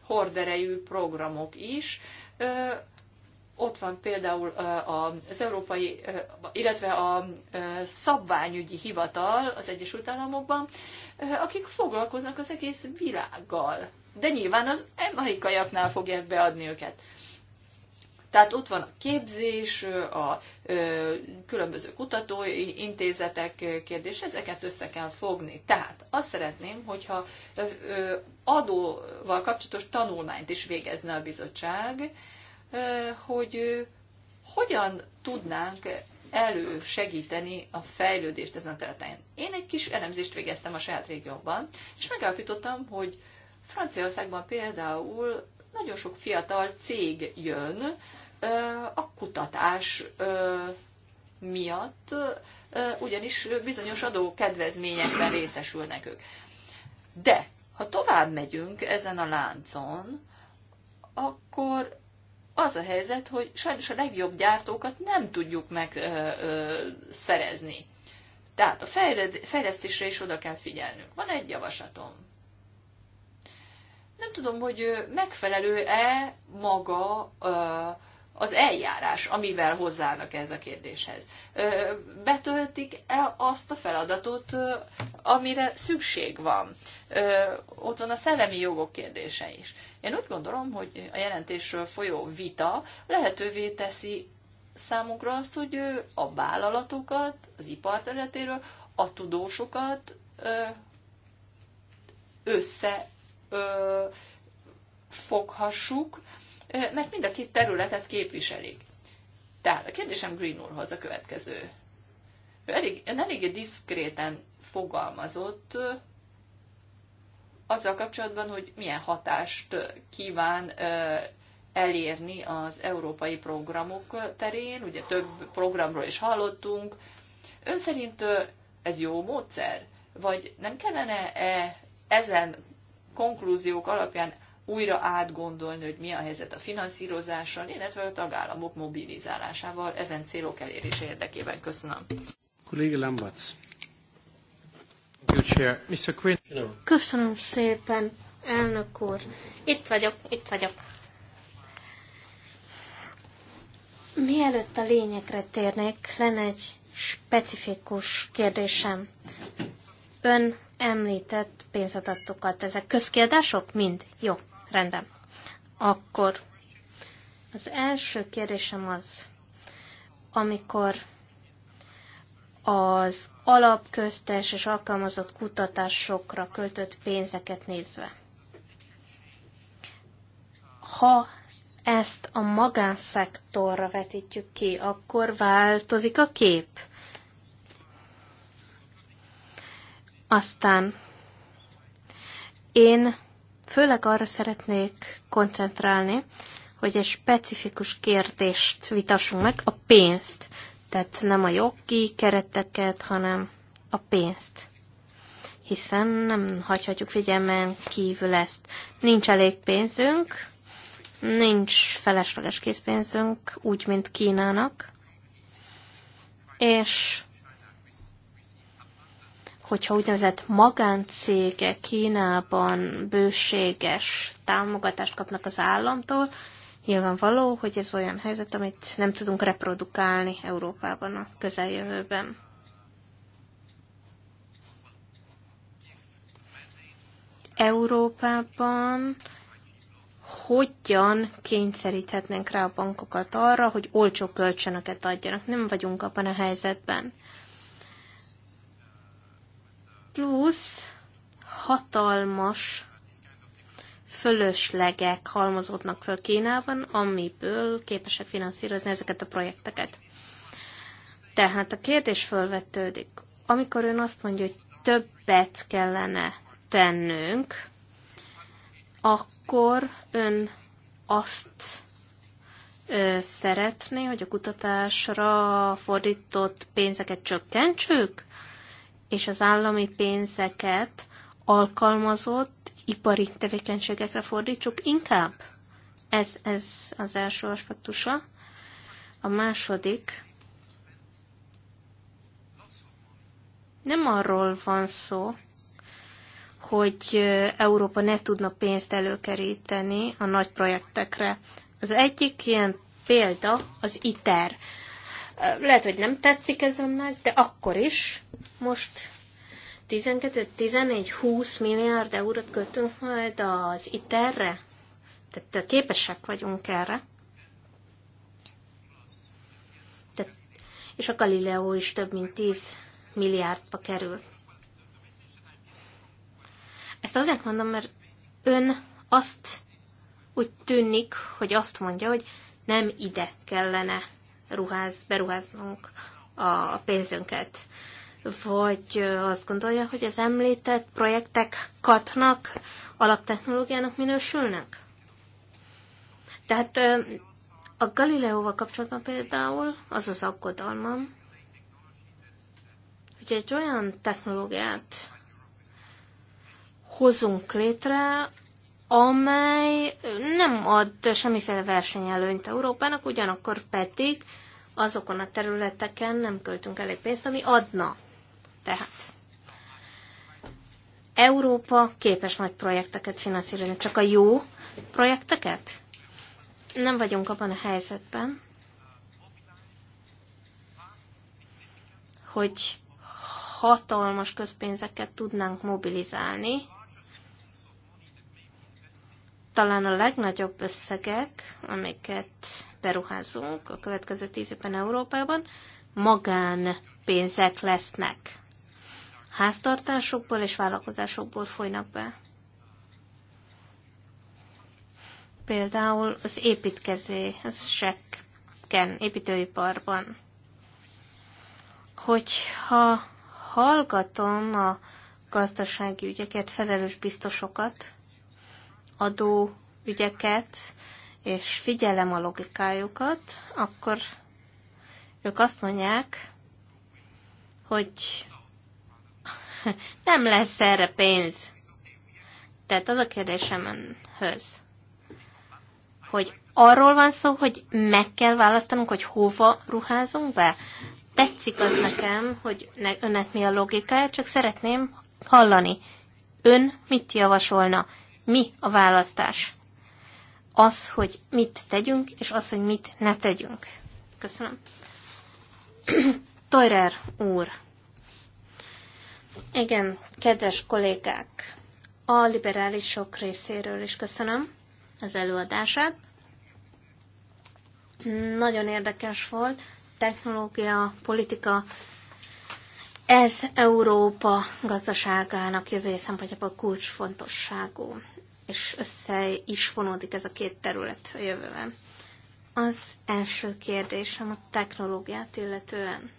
horderejű programok is. Ott van például az európai, illetve a szabványügyi hivatal az Egyesült Államokban, akik foglalkoznak az egész világgal. De nyilván az amerikaiaknál fogják beadni őket. Tehát ott van a képzés, a különböző kutatói intézetek kérdés, ezeket össze kell fogni. Tehát azt szeretném, hogyha adóval kapcsolatos tanulmányt is végezne a bizottság, hogy hogyan tudnánk elősegíteni a fejlődést ezen a területen. Én egy kis elemzést végeztem a saját régióban, és megállapítottam, hogy Franciaországban például nagyon sok fiatal cég jön, a kutatás miatt, ugyanis bizonyos adó kedvezményekben részesülnek ők. De ha tovább megyünk ezen a láncon, akkor az a helyzet, hogy sajnos a legjobb gyártókat nem tudjuk megszerezni. Tehát a fejlesztésre is oda kell figyelnünk. Van egy javaslatom. Nem tudom, hogy megfelelő-e maga az eljárás, amivel hozzáállnak ez a kérdéshez. Betöltik el azt a feladatot, amire szükség van. Ott van a szellemi jogok kérdése is. Én úgy gondolom, hogy a jelentésről folyó vita lehetővé teszi számunkra azt, hogy a vállalatokat, az ipar területéről, a tudósokat összefoghassuk, mert mind a két területet képviselik. Tehát a kérdésem Green úrhoz a következő. Ő elég, eléggé diszkréten fogalmazott azzal kapcsolatban, hogy milyen hatást kíván elérni az európai programok terén. Ugye több programról is hallottunk. Ön szerint ez jó módszer? Vagy nem kellene -e ezen konklúziók alapján újra átgondolni, hogy mi a helyzet a finanszírozással, illetve a tagállamok mobilizálásával ezen célok elérése érdekében. Köszönöm. Köszönöm szépen, elnök úr. Itt vagyok, itt vagyok. Mielőtt a lényegre térnék, lenne egy specifikus kérdésem. Ön említett pénzadatokat, ezek közkiadások? Mind? Jó. Rendben. Akkor az első kérdésem az, amikor az alapköztes és alkalmazott kutatásokra költött pénzeket nézve. Ha ezt a magánszektorra vetítjük ki, akkor változik a kép. Aztán én Főleg arra szeretnék koncentrálni, hogy egy specifikus kérdést vitassunk meg, a pénzt. Tehát nem a jogi kereteket, hanem a pénzt. Hiszen nem hagyhatjuk figyelmen kívül ezt. Nincs elég pénzünk, nincs felesleges készpénzünk, úgy, mint Kínának, és hogyha úgynevezett magáncégek Kínában bőséges támogatást kapnak az államtól, nyilvánvaló, hogy ez olyan helyzet, amit nem tudunk reprodukálni Európában a közeljövőben. Európában hogyan kényszeríthetnénk rá a bankokat arra, hogy olcsó kölcsönöket adjanak. Nem vagyunk abban a helyzetben plusz hatalmas fölöslegek halmozódnak föl Kínában, amiből képesek finanszírozni ezeket a projekteket. Tehát a kérdés felvetődik, amikor ön azt mondja, hogy többet kellene tennünk, akkor ön azt ö, szeretné, hogy a kutatásra fordított pénzeket csökkentsük? és az állami pénzeket alkalmazott ipari tevékenységekre fordítsuk inkább. Ez, ez az első aspektusa. A második, nem arról van szó, hogy Európa ne tudna pénzt előkeríteni a nagy projektekre. Az egyik ilyen példa az ITER, lehet, hogy nem tetszik ez önnek, de akkor is most 12-14-20 milliárd eurót kötünk majd az ITER-re? Tehát képesek vagyunk erre. Tehát, és a Galileo is több mint 10 milliárdba kerül. Ezt azért mondom, mert ön azt úgy tűnik, hogy azt mondja, hogy nem ide kellene ruház, beruháznunk a pénzünket. Vagy azt gondolja, hogy az említett projektek katnak, alaptechnológiának minősülnek? Tehát a Galileóval kapcsolatban például az az aggodalmam, hogy egy olyan technológiát hozunk létre, amely nem ad semmiféle versenyelőnyt Európának, ugyanakkor pedig azokon a területeken nem költünk elég pénzt, ami adna. Tehát Európa képes nagy projekteket finanszírozni, csak a jó projekteket? Nem vagyunk abban a helyzetben, hogy hatalmas közpénzeket tudnánk mobilizálni, talán a legnagyobb összegek, amiket beruházunk a következő tíz évben Európában, magánpénzek lesznek. Háztartásokból és vállalkozásokból folynak be. Például az építkezéseken, építőiparban. Hogyha hallgatom a gazdasági ügyeket, felelős biztosokat, adóügyeket, és figyelem a logikájukat, akkor ők azt mondják, hogy [laughs] nem lesz erre pénz. Tehát az a kérdésem önhöz, hogy arról van szó, hogy meg kell választanunk, hogy hova ruházunk be. Tetszik az nekem, hogy ne, önnek mi a logikája, csak szeretném hallani. Ön mit javasolna? mi a választás. Az, hogy mit tegyünk, és az, hogy mit ne tegyünk. Köszönöm. Toirer úr. Igen, kedves kollégák, a liberálisok részéről is köszönöm az előadását. Nagyon érdekes volt, technológia, politika, ez Európa gazdaságának jövő szempontjából kulcsfontosságú és össze is vonódik ez a két terület a jövőben. Az első kérdésem a technológiát illetően.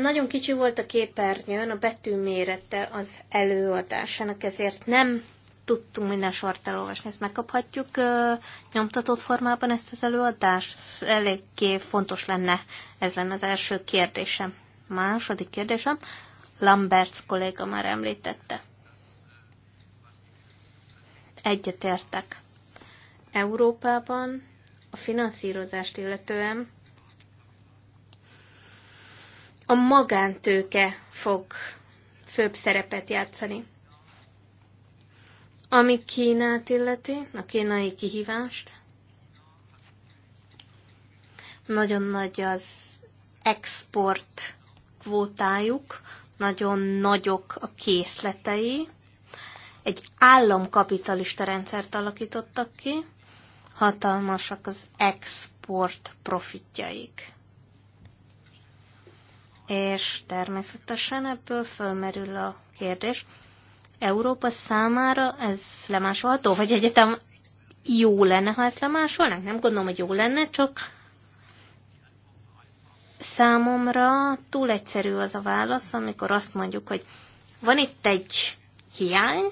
Nagyon kicsi volt a képernyőn, a betű mérete az előadásának, ezért nem tudtunk minden sort elolvasni. Ezt megkaphatjuk nyomtatott formában ezt az előadást? Ez eléggé fontos lenne, ez lenne az első kérdésem. Második kérdésem, Lamberts kolléga már említette. Egyetértek. Európában a finanszírozást illetően a magántőke fog főbb szerepet játszani. Ami Kínát illeti, a kínai kihívást, nagyon nagy az export kvótájuk, nagyon nagyok a készletei, egy államkapitalista rendszert alakítottak ki, hatalmasak az export profitjaik. És természetesen ebből fölmerül a kérdés, Európa számára ez lemásolható, vagy egyetem jó lenne, ha ezt lemásolnánk? Nem gondolom, hogy jó lenne, csak számomra túl egyszerű az a válasz, amikor azt mondjuk, hogy van itt egy hiány,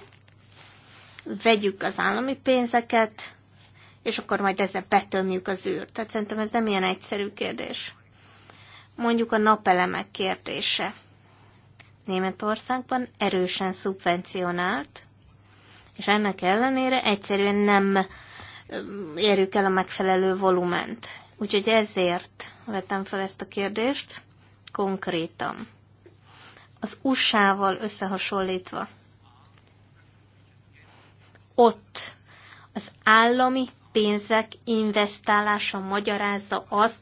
vegyük az állami pénzeket, és akkor majd ezzel betömjük az űrt. Tehát szerintem ez nem ilyen egyszerű kérdés. Mondjuk a napelemek kérdése. Németországban erősen szubvencionált, és ennek ellenére egyszerűen nem érjük el a megfelelő volument. Úgyhogy ezért vettem fel ezt a kérdést konkrétan. Az USA-val összehasonlítva ott az állami pénzek investálása magyarázza azt,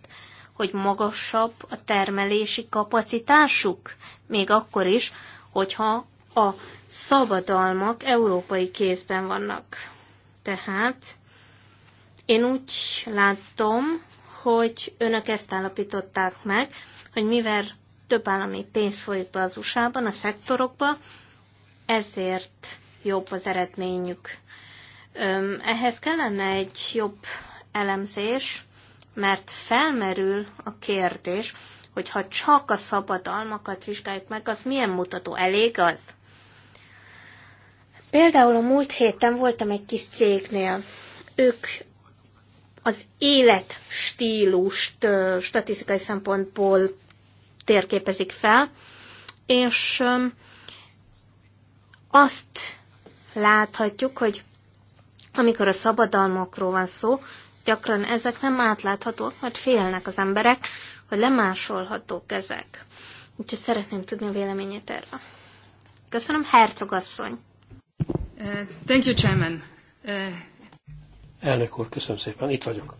hogy magasabb a termelési kapacitásuk, még akkor is, hogyha a szabadalmak európai kézben vannak. Tehát én úgy látom, hogy önök ezt állapították meg, hogy mivel több állami pénz folyik be az USA-ban, a szektorokba, ezért jobb az eredményük. Ehhez kellene egy jobb elemzés, mert felmerül a kérdés, hogy ha csak a szabadalmakat vizsgáljuk meg, az milyen mutató elég az? Például a múlt héten voltam egy kis cégnél. Ők az életstílust statisztikai szempontból térképezik fel, és azt láthatjuk, hogy amikor a szabadalmakról van szó, gyakran ezek nem átláthatók, mert félnek az emberek, hogy lemásolhatók ezek. Úgyhogy szeretném tudni a véleményét erről. Köszönöm, asszony! Uh, thank you, Chairman. Uh... Elnök úr, köszönöm szépen, itt vagyok.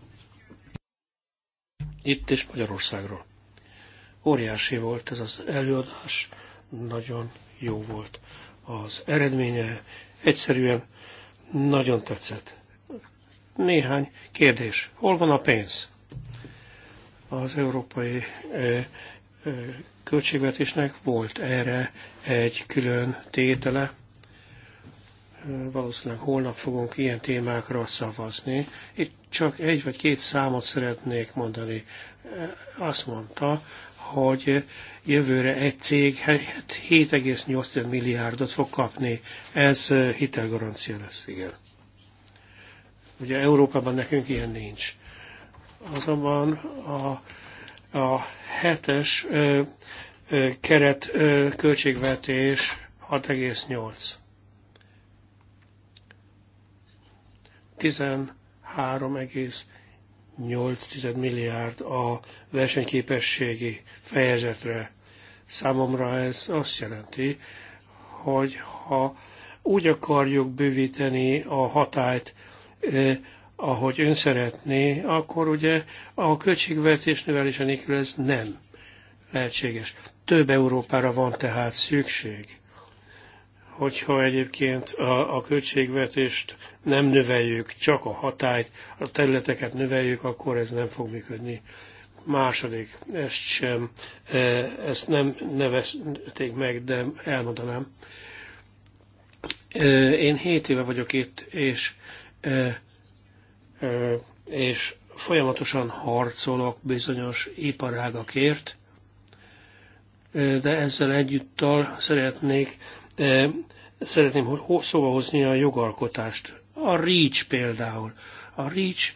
Itt és Magyarországról. Óriási volt ez az előadás, nagyon jó volt az eredménye. Egyszerűen nagyon tetszett. Néhány kérdés. Hol van a pénz? Az európai költségvetésnek volt erre egy külön tétele. Valószínűleg holnap fogunk ilyen témákra szavazni. Itt csak egy vagy két számot szeretnék mondani. Azt mondta, hogy jövőre egy cég 7,8 milliárdot fog kapni. Ez hitelgarancia lesz, igen. Ugye Európában nekünk ilyen nincs. Azonban a, a hetes ö, ö, keret ö, költségvetés 6,8. 13,8 milliárd a versenyképességi fejezetre Számomra ez azt jelenti, hogy ha úgy akarjuk bővíteni a hatályt, eh, ahogy ön szeretné, akkor ugye a költségvetés növelése nélkül ez nem lehetséges. Több Európára van tehát szükség. Hogyha egyébként a, a költségvetést nem növeljük, csak a hatályt, a területeket növeljük, akkor ez nem fog működni. Második, ezt sem, e, ezt nem nevezték meg, de elmondanám. E, én 7 éve vagyok itt, és, e, és folyamatosan harcolok bizonyos iparágakért, de ezzel együttal szeretnék, szeretném szóba hozni a jogalkotást. A REACH például. A REACH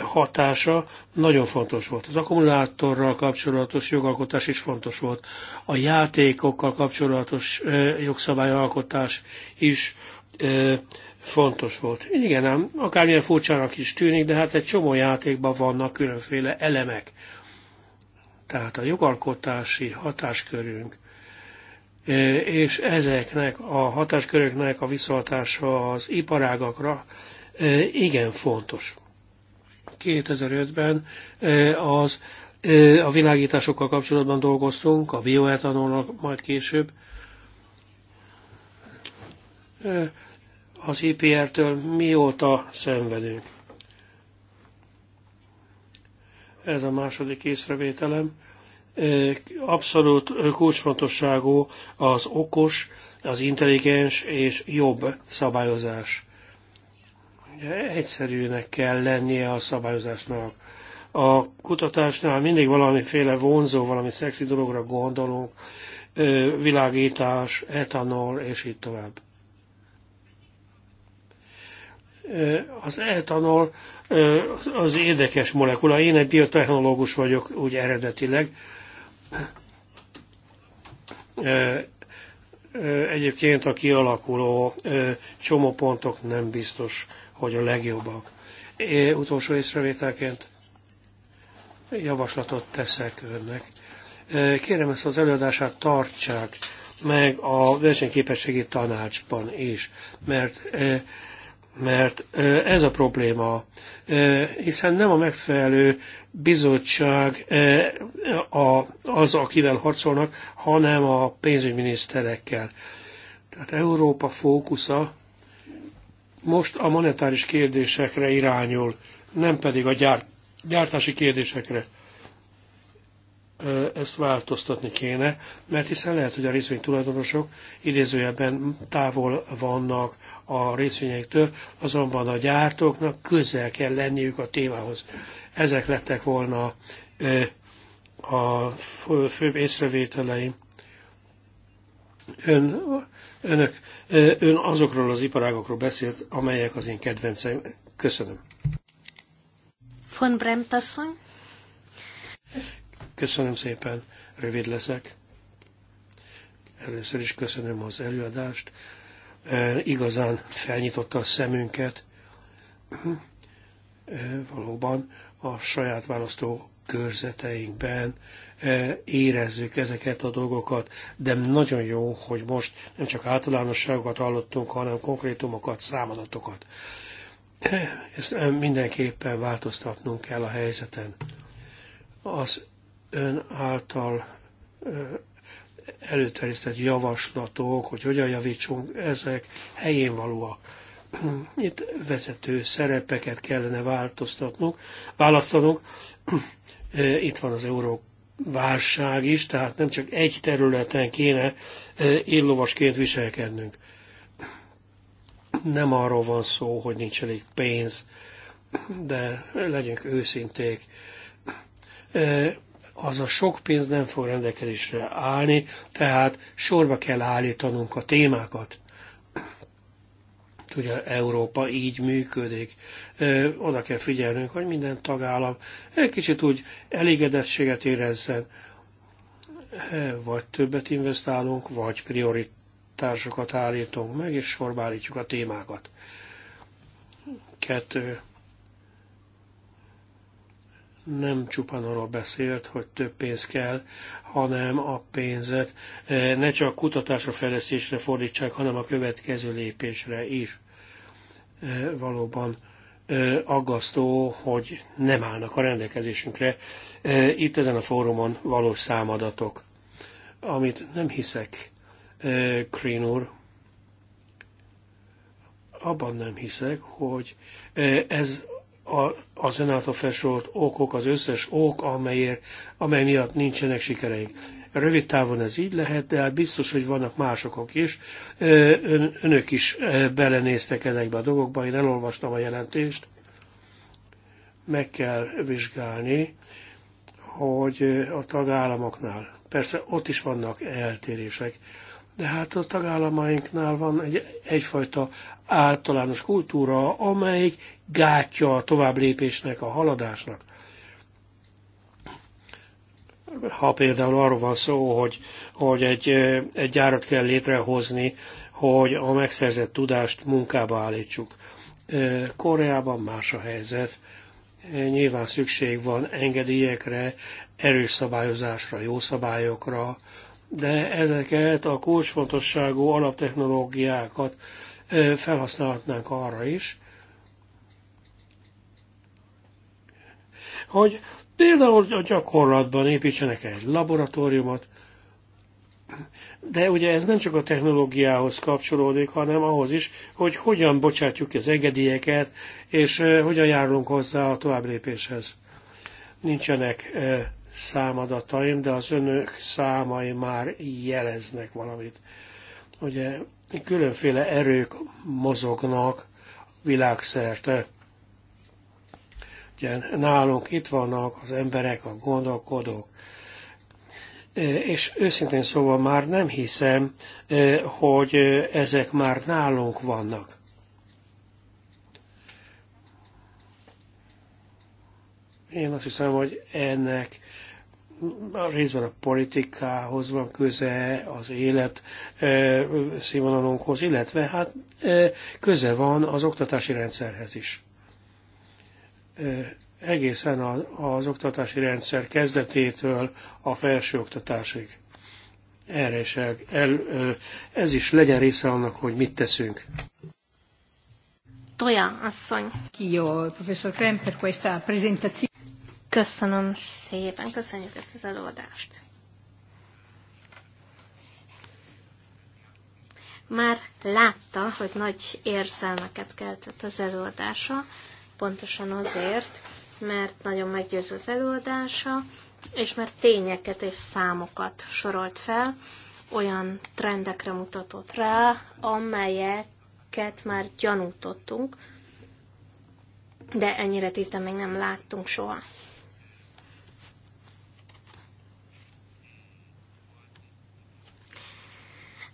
hatása nagyon fontos volt. Az akkumulátorral kapcsolatos jogalkotás is fontos volt. A játékokkal kapcsolatos jogszabályalkotás is fontos volt. Igen, ám, akármilyen furcsának is tűnik, de hát egy csomó játékban vannak különféle elemek. Tehát a jogalkotási hatáskörünk, és ezeknek a hatásköröknek a visszahatása az iparágakra igen fontos. 2005-ben az a világításokkal kapcsolatban dolgoztunk, a bioetanolnak majd később. Az IPR-től mióta szenvedünk? Ez a második észrevételem. Abszolút kulcsfontosságú az okos, az intelligens és jobb szabályozás egyszerűnek kell lennie a szabályozásnak. A kutatásnál mindig valamiféle vonzó, valami szexi dologra gondolunk, világítás, etanol, és így tovább. Az etanol az érdekes molekula. Én egy biotechnológus vagyok, úgy eredetileg. Egyébként a kialakuló csomópontok nem biztos hogy a legjobbak. É, utolsó észrevételként javaslatot teszek önnek. Kérem ezt az előadását tartsák meg a versenyképességi tanácsban is, mert mert ez a probléma, hiszen nem a megfelelő bizottság az, akivel harcolnak, hanem a pénzügyminiszterekkel. Tehát Európa fókusza most a monetáris kérdésekre irányul, nem pedig a gyár, gyártási kérdésekre. Ezt változtatni kéne, mert hiszen lehet, hogy a részvénytulajdonosok idézőjelben távol vannak a részvényektől, azonban a gyártóknak közel kell lenniük a témához. Ezek lettek volna a főbb észrevételeim. Ön Önök, ön azokról az iparágokról beszélt, amelyek az én kedvenceim. Köszönöm. Von Bremtasson. Köszönöm szépen, rövid leszek. Először is köszönöm az előadást. E, igazán felnyitotta a szemünket. E, valóban a saját választó körzeteinkben e, érezzük ezeket a dolgokat, de nagyon jó, hogy most nem csak általánosságokat hallottunk, hanem konkrétumokat, számadatokat. E, ezt mindenképpen változtatnunk kell a helyzeten. Az ön által e, előterjesztett javaslatok, hogy hogyan javítsunk, ezek helyén valóak. Itt vezető szerepeket kellene változtatnunk, választanunk, itt van az euró válság is, tehát nem csak egy területen kéne illovasként viselkednünk. Nem arról van szó, hogy nincs elég pénz, de legyünk őszinték. Az a sok pénz nem fog rendelkezésre állni, tehát sorba kell állítanunk a témákat. Ugye Európa így működik oda kell figyelnünk, hogy minden tagállam egy kicsit úgy elégedettséget érezzen, vagy többet investálunk, vagy prioritásokat állítunk meg, és állítjuk a témákat. Kettő. Nem csupán arról beszélt, hogy több pénz kell, hanem a pénzet ne csak kutatásra, fejlesztésre fordítsák, hanem a következő lépésre is valóban aggasztó, hogy nem állnak a rendelkezésünkre itt ezen a fórumon valós számadatok, amit nem hiszek, Krén úr, abban nem hiszek, hogy ez a, az ön által felsorolt okok, az összes ok, amelyért, amely miatt nincsenek sikereink. Rövid távon ez így lehet, de hát biztos, hogy vannak másokok is. Ön, önök is belenéztek ezekbe a dolgokba, én elolvastam a jelentést. Meg kell vizsgálni, hogy a tagállamoknál, persze ott is vannak eltérések, de hát a tagállamainknál van egy, egyfajta általános kultúra, amelyik gátja a tovább lépésnek, a haladásnak ha például arról van szó, hogy, hogy egy, egy gyárat kell létrehozni, hogy a megszerzett tudást munkába állítsuk. Koreában más a helyzet. Nyilván szükség van engedélyekre, erős szabályozásra, jó szabályokra, de ezeket a kulcsfontosságú alaptechnológiákat felhasználhatnánk arra is, hogy Például a gyakorlatban építsenek egy laboratóriumot, de ugye ez nem csak a technológiához kapcsolódik, hanem ahhoz is, hogy hogyan bocsátjuk az engedélyeket, és hogyan járunk hozzá a tovább lépéshez. Nincsenek számadataim, de az önök számai már jeleznek valamit. Ugye különféle erők mozognak világszerte nálunk itt vannak az emberek, a gondolkodók. És őszintén szóval már nem hiszem, hogy ezek már nálunk vannak. Én azt hiszem, hogy ennek a részben a politikához van köze, az élet színvonalunkhoz, illetve hát köze van az oktatási rendszerhez is egészen az oktatási rendszer kezdetétől a felsőoktatásig. Erre is el, el, ez is legyen része annak, hogy mit teszünk. Toja asszony. Kio, professzor Krem, per questa presentazione. Köszönöm szépen, köszönjük ezt az előadást. Már látta, hogy nagy érzelmeket keltett az előadása, pontosan azért, mert nagyon meggyőző az előadása, és mert tényeket és számokat sorolt fel, olyan trendekre mutatott rá, amelyeket már gyanútottunk, de ennyire tisztán még nem láttunk soha.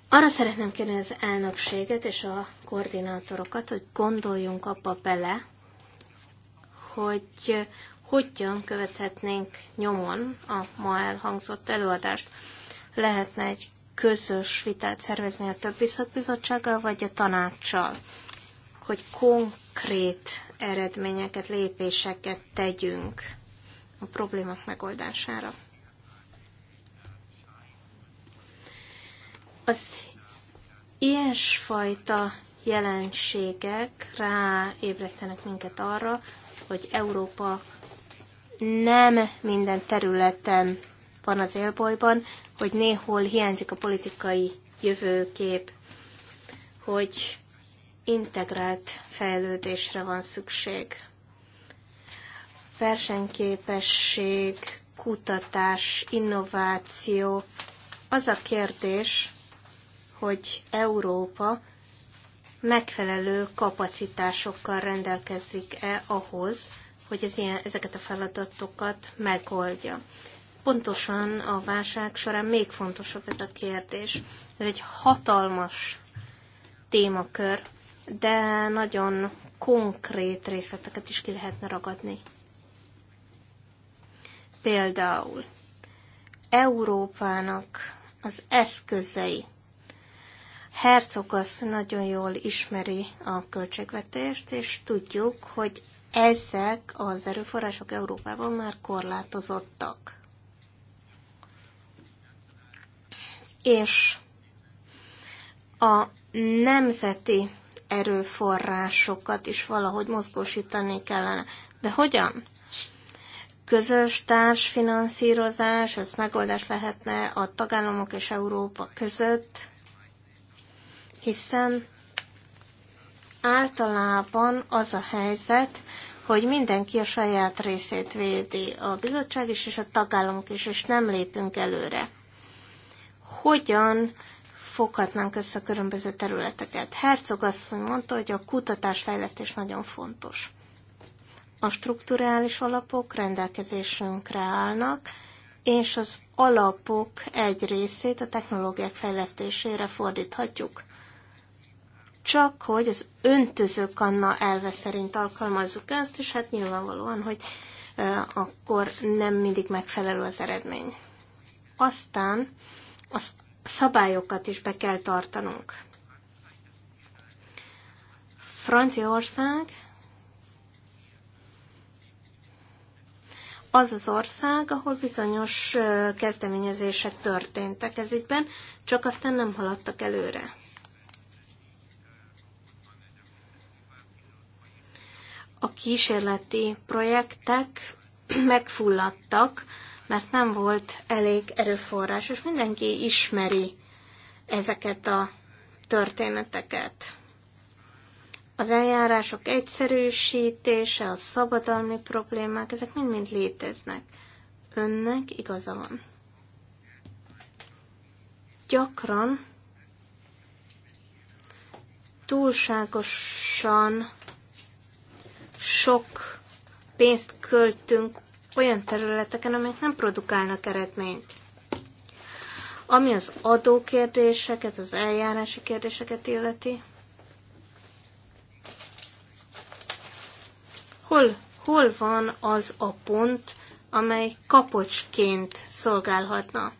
Arra szeretném kérni az elnökséget és a koordinátorokat, hogy gondoljunk abba bele, hogy hogyan követhetnénk nyomon a ma elhangzott előadást. Lehetne egy közös vitát szervezni a többi bizottsággal, vagy a tanácssal, hogy konkrét eredményeket, lépéseket tegyünk a problémák megoldására. Az ilyesfajta jelenségek ráébresztenek minket arra, hogy Európa nem minden területen van az élbolyban, hogy néhol hiányzik a politikai jövőkép, hogy integrált fejlődésre van szükség. Versenyképesség, kutatás, innováció. Az a kérdés, hogy Európa megfelelő kapacitásokkal rendelkezik-e ahhoz, hogy ez ilyen, ezeket a feladatokat megoldja. Pontosan a válság során még fontosabb ez a kérdés. Ez egy hatalmas témakör, de nagyon konkrét részleteket is ki lehetne ragadni. Például Európának az eszközei, Herzog az nagyon jól ismeri a költségvetést, és tudjuk, hogy ezek az erőforrások Európában már korlátozottak. És a nemzeti erőforrásokat is valahogy mozgósítani kellene. De hogyan? Közös társfinanszírozás, ez megoldás lehetne a tagállamok és Európa között hiszen általában az a helyzet, hogy mindenki a saját részét védi, a bizottság is, és a tagállamok is, és nem lépünk előre. Hogyan foghatnánk össze a különböző területeket? Herzog asszony mondta, hogy a kutatásfejlesztés nagyon fontos. A strukturális alapok rendelkezésünkre állnak, és az alapok egy részét a technológiák fejlesztésére fordíthatjuk csak hogy az öntöző kanna elve szerint alkalmazzuk ezt, és hát nyilvánvalóan, hogy akkor nem mindig megfelelő az eredmény. Aztán a szabályokat is be kell tartanunk. Franciaország az az ország, ahol bizonyos kezdeményezések történtek ez ügyben, csak aztán nem haladtak előre. a kísérleti projektek [clears throat] megfulladtak, mert nem volt elég erőforrás, és mindenki ismeri ezeket a történeteket. Az eljárások egyszerűsítése, a szabadalmi problémák, ezek mind-mind léteznek. Önnek igaza van. Gyakran túlságosan sok pénzt költünk olyan területeken, amelyek nem produkálnak eredményt. Ami az adókérdéseket, az eljárási kérdéseket illeti, hol, hol van az a pont, amely kapocsként szolgálhatna?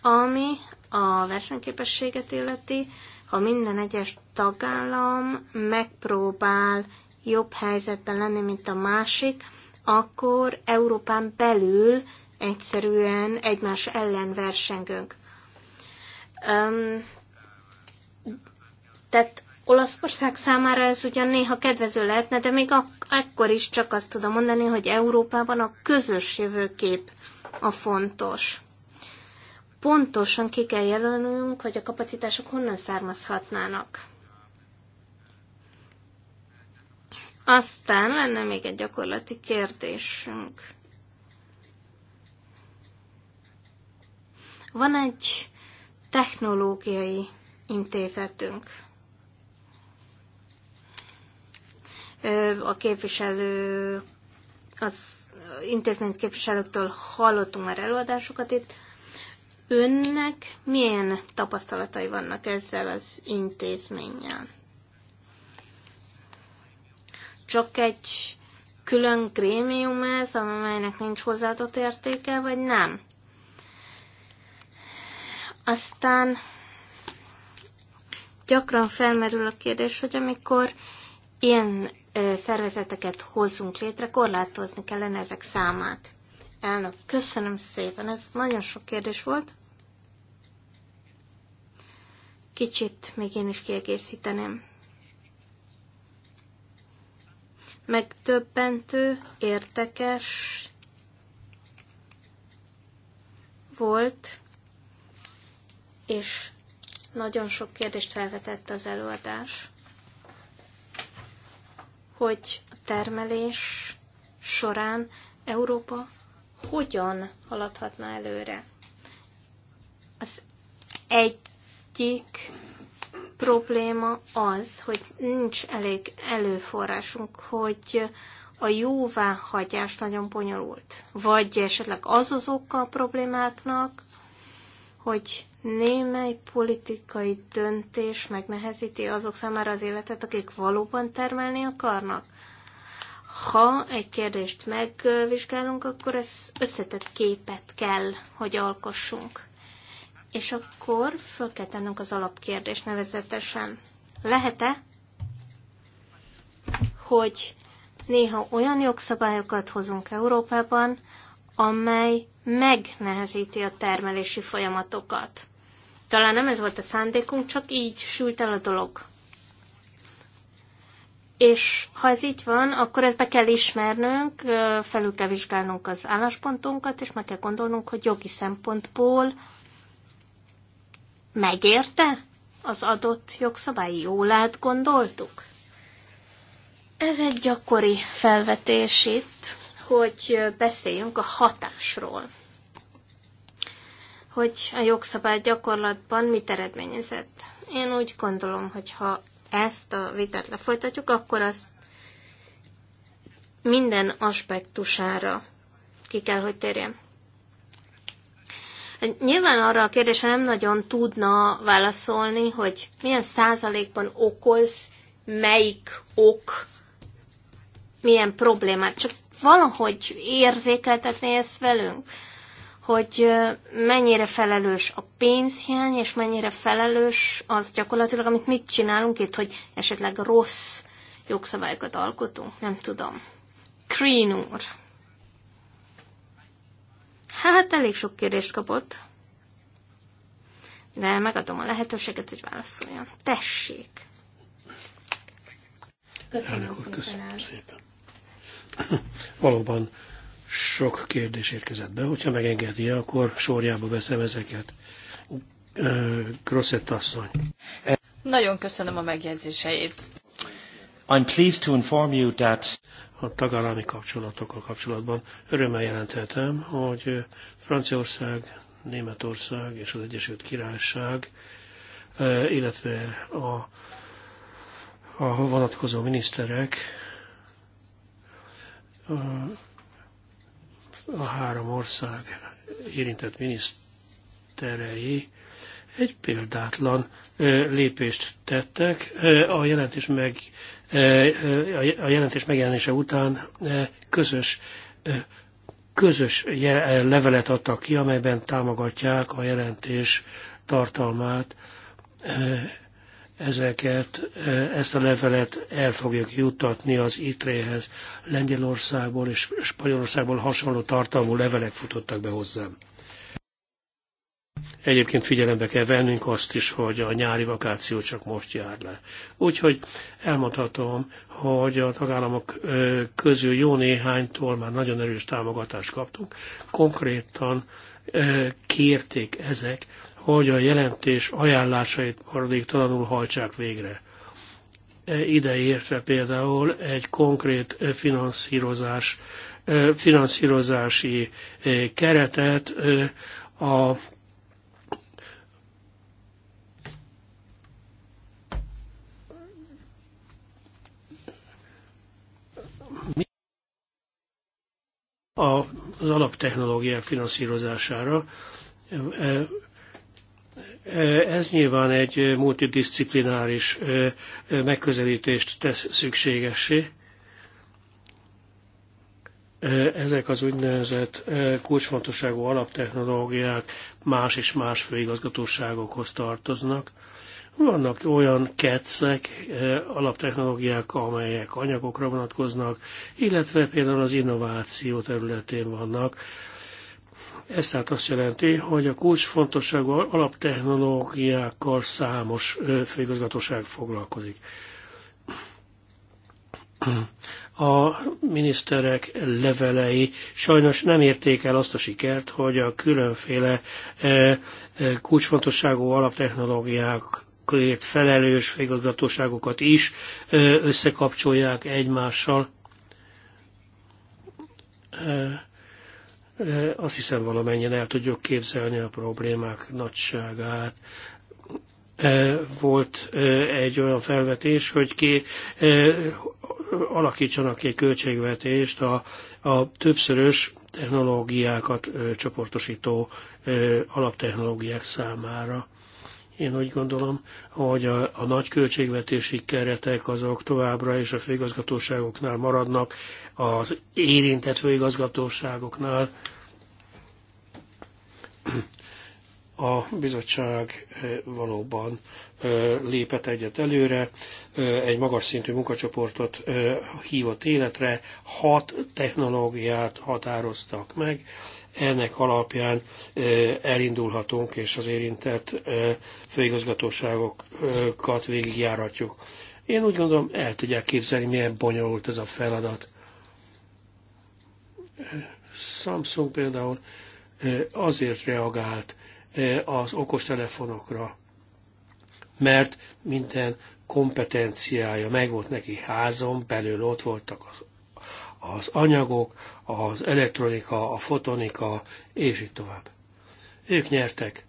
Ami a versenyképességet illeti, ha minden egyes tagállam megpróbál jobb helyzetben lenni, mint a másik, akkor Európán belül egyszerűen egymás ellen versengünk. Um, tehát Olaszország számára ez ugyan néha kedvező lehetne, de még ak- akkor is csak azt tudom mondani, hogy Európában a közös jövőkép a fontos pontosan ki kell jelölnünk, hogy a kapacitások honnan származhatnának. Aztán lenne még egy gyakorlati kérdésünk. Van egy technológiai intézetünk. A képviselő, az intézményt képviselőktől hallottunk már előadásokat itt. Önnek milyen tapasztalatai vannak ezzel az intézménnyel? Csak egy külön krémium ez, amelynek nincs hozzáadott értéke, vagy nem? Aztán gyakran felmerül a kérdés, hogy amikor ilyen szervezeteket hozzunk létre, korlátozni kellene ezek számát. Elnök, köszönöm szépen. Ez nagyon sok kérdés volt. Kicsit még én is kiegészíteném. Megtöbbentő, érdekes volt, és nagyon sok kérdést felvetett az előadás, hogy a termelés során Európa hogyan haladhatna előre. Az egyik probléma az, hogy nincs elég előforrásunk, hogy a jóváhagyás nagyon bonyolult. Vagy esetleg az az oka a problémáknak, hogy némely politikai döntés megnehezíti azok számára az életet, akik valóban termelni akarnak ha egy kérdést megvizsgálunk, akkor ez összetett képet kell, hogy alkossunk. És akkor föl kell tennünk az alapkérdést nevezetesen. Lehet-e, hogy néha olyan jogszabályokat hozunk Európában, amely megnehezíti a termelési folyamatokat? Talán nem ez volt a szándékunk, csak így sült el a dolog. És ha ez így van, akkor ezt be kell ismernünk, felül kell vizsgálnunk az álláspontunkat, és meg kell gondolnunk, hogy jogi szempontból megérte az adott jogszabály. Jól átgondoltuk? Ez egy gyakori felvetés itt, hogy beszéljünk a hatásról. Hogy a jogszabály gyakorlatban mit eredményezett. Én úgy gondolom, hogy ha ezt a vitát lefolytatjuk, akkor az minden aspektusára ki kell, hogy térjem. Nyilván arra a kérdésre nem nagyon tudna válaszolni, hogy milyen százalékban okoz, melyik ok, milyen problémát. Csak valahogy érzékeltetné ezt velünk hogy mennyire felelős a pénzhiány, és mennyire felelős az gyakorlatilag, amit mit csinálunk itt, hogy esetleg rossz jogszabályokat alkotunk, nem tudom. Kreen úr. Hát elég sok kérdést kapott, de megadom a lehetőséget, hogy válaszoljon. Tessék! Köszönöm, Elnök úr, köszönöm szépen. Valóban sok kérdés érkezett be, hogyha megengedi, akkor sorjába veszem ezeket. Grosszett asszony. Nagyon köszönöm a megjegyzéseit. I'm pleased to inform you that a tagállami kapcsolatokkal kapcsolatban örömmel jelenthetem, hogy Franciaország, Németország és az Egyesült Királyság, illetve a, a vonatkozó miniszterek a három ország érintett miniszterei egy példátlan lépést tettek. A jelentés, meg, a jelentés megjelenése után közös közös levelet adtak ki, amelyben támogatják a jelentés tartalmát ezeket, e, ezt a levelet el fogjuk juttatni az ITRE-hez. Lengyelországból és Spanyolországból hasonló tartalmú levelek futottak be hozzám. Egyébként figyelembe kell vennünk azt is, hogy a nyári vakáció csak most jár le. Úgyhogy elmondhatom, hogy a tagállamok e, közül jó néhánytól már nagyon erős támogatást kaptunk. Konkrétan e, kérték ezek, hogy a jelentés ajánlásait maradéktalanul hajtsák végre. E Ide értve például egy konkrét e, finanszírozás, e, finanszírozási keretet a az alaptechnológiák finanszírozására. Ez nyilván egy multidisciplináris megközelítést tesz szükségessé. Ezek az úgynevezett kulcsfontosságú alaptechnológiák más és más főigazgatóságokhoz tartoznak. Vannak olyan ketszek, alaptechnológiák, amelyek anyagokra vonatkoznak, illetve például az innováció területén vannak ez tehát azt jelenti, hogy a kulcsfontosságú alaptechnológiákkal számos főigazgatóság foglalkozik. A miniszterek levelei sajnos nem érték el azt a sikert, hogy a különféle kulcsfontosságú alaptechnológiák kért felelős főigazgatóságokat is összekapcsolják egymással azt hiszem valamennyien el tudjuk képzelni a problémák nagyságát. Volt egy olyan felvetés, hogy ki alakítsanak ki egy költségvetést a, a többszörös technológiákat csoportosító alaptechnológiák számára. Én úgy gondolom, hogy a, a nagy költségvetési keretek azok továbbra is a főigazgatóságoknál maradnak, az érintett főigazgatóságoknál. A bizottság eh, valóban eh, lépett egyet előre, eh, egy magas szintű munkacsoportot hívott életre, hat technológiát határoztak meg, ennek alapján elindulhatunk, és az érintett főigazgatóságokat végigjáratjuk. Én úgy gondolom, el tudják képzelni, milyen bonyolult ez a feladat. Samsung például eh, azért reagált eh, az okostelefonokra, mert minden kompetenciája megvolt neki házon, belül ott voltak az, az anyagok, az elektronika, a fotonika, és így tovább. Ők nyertek,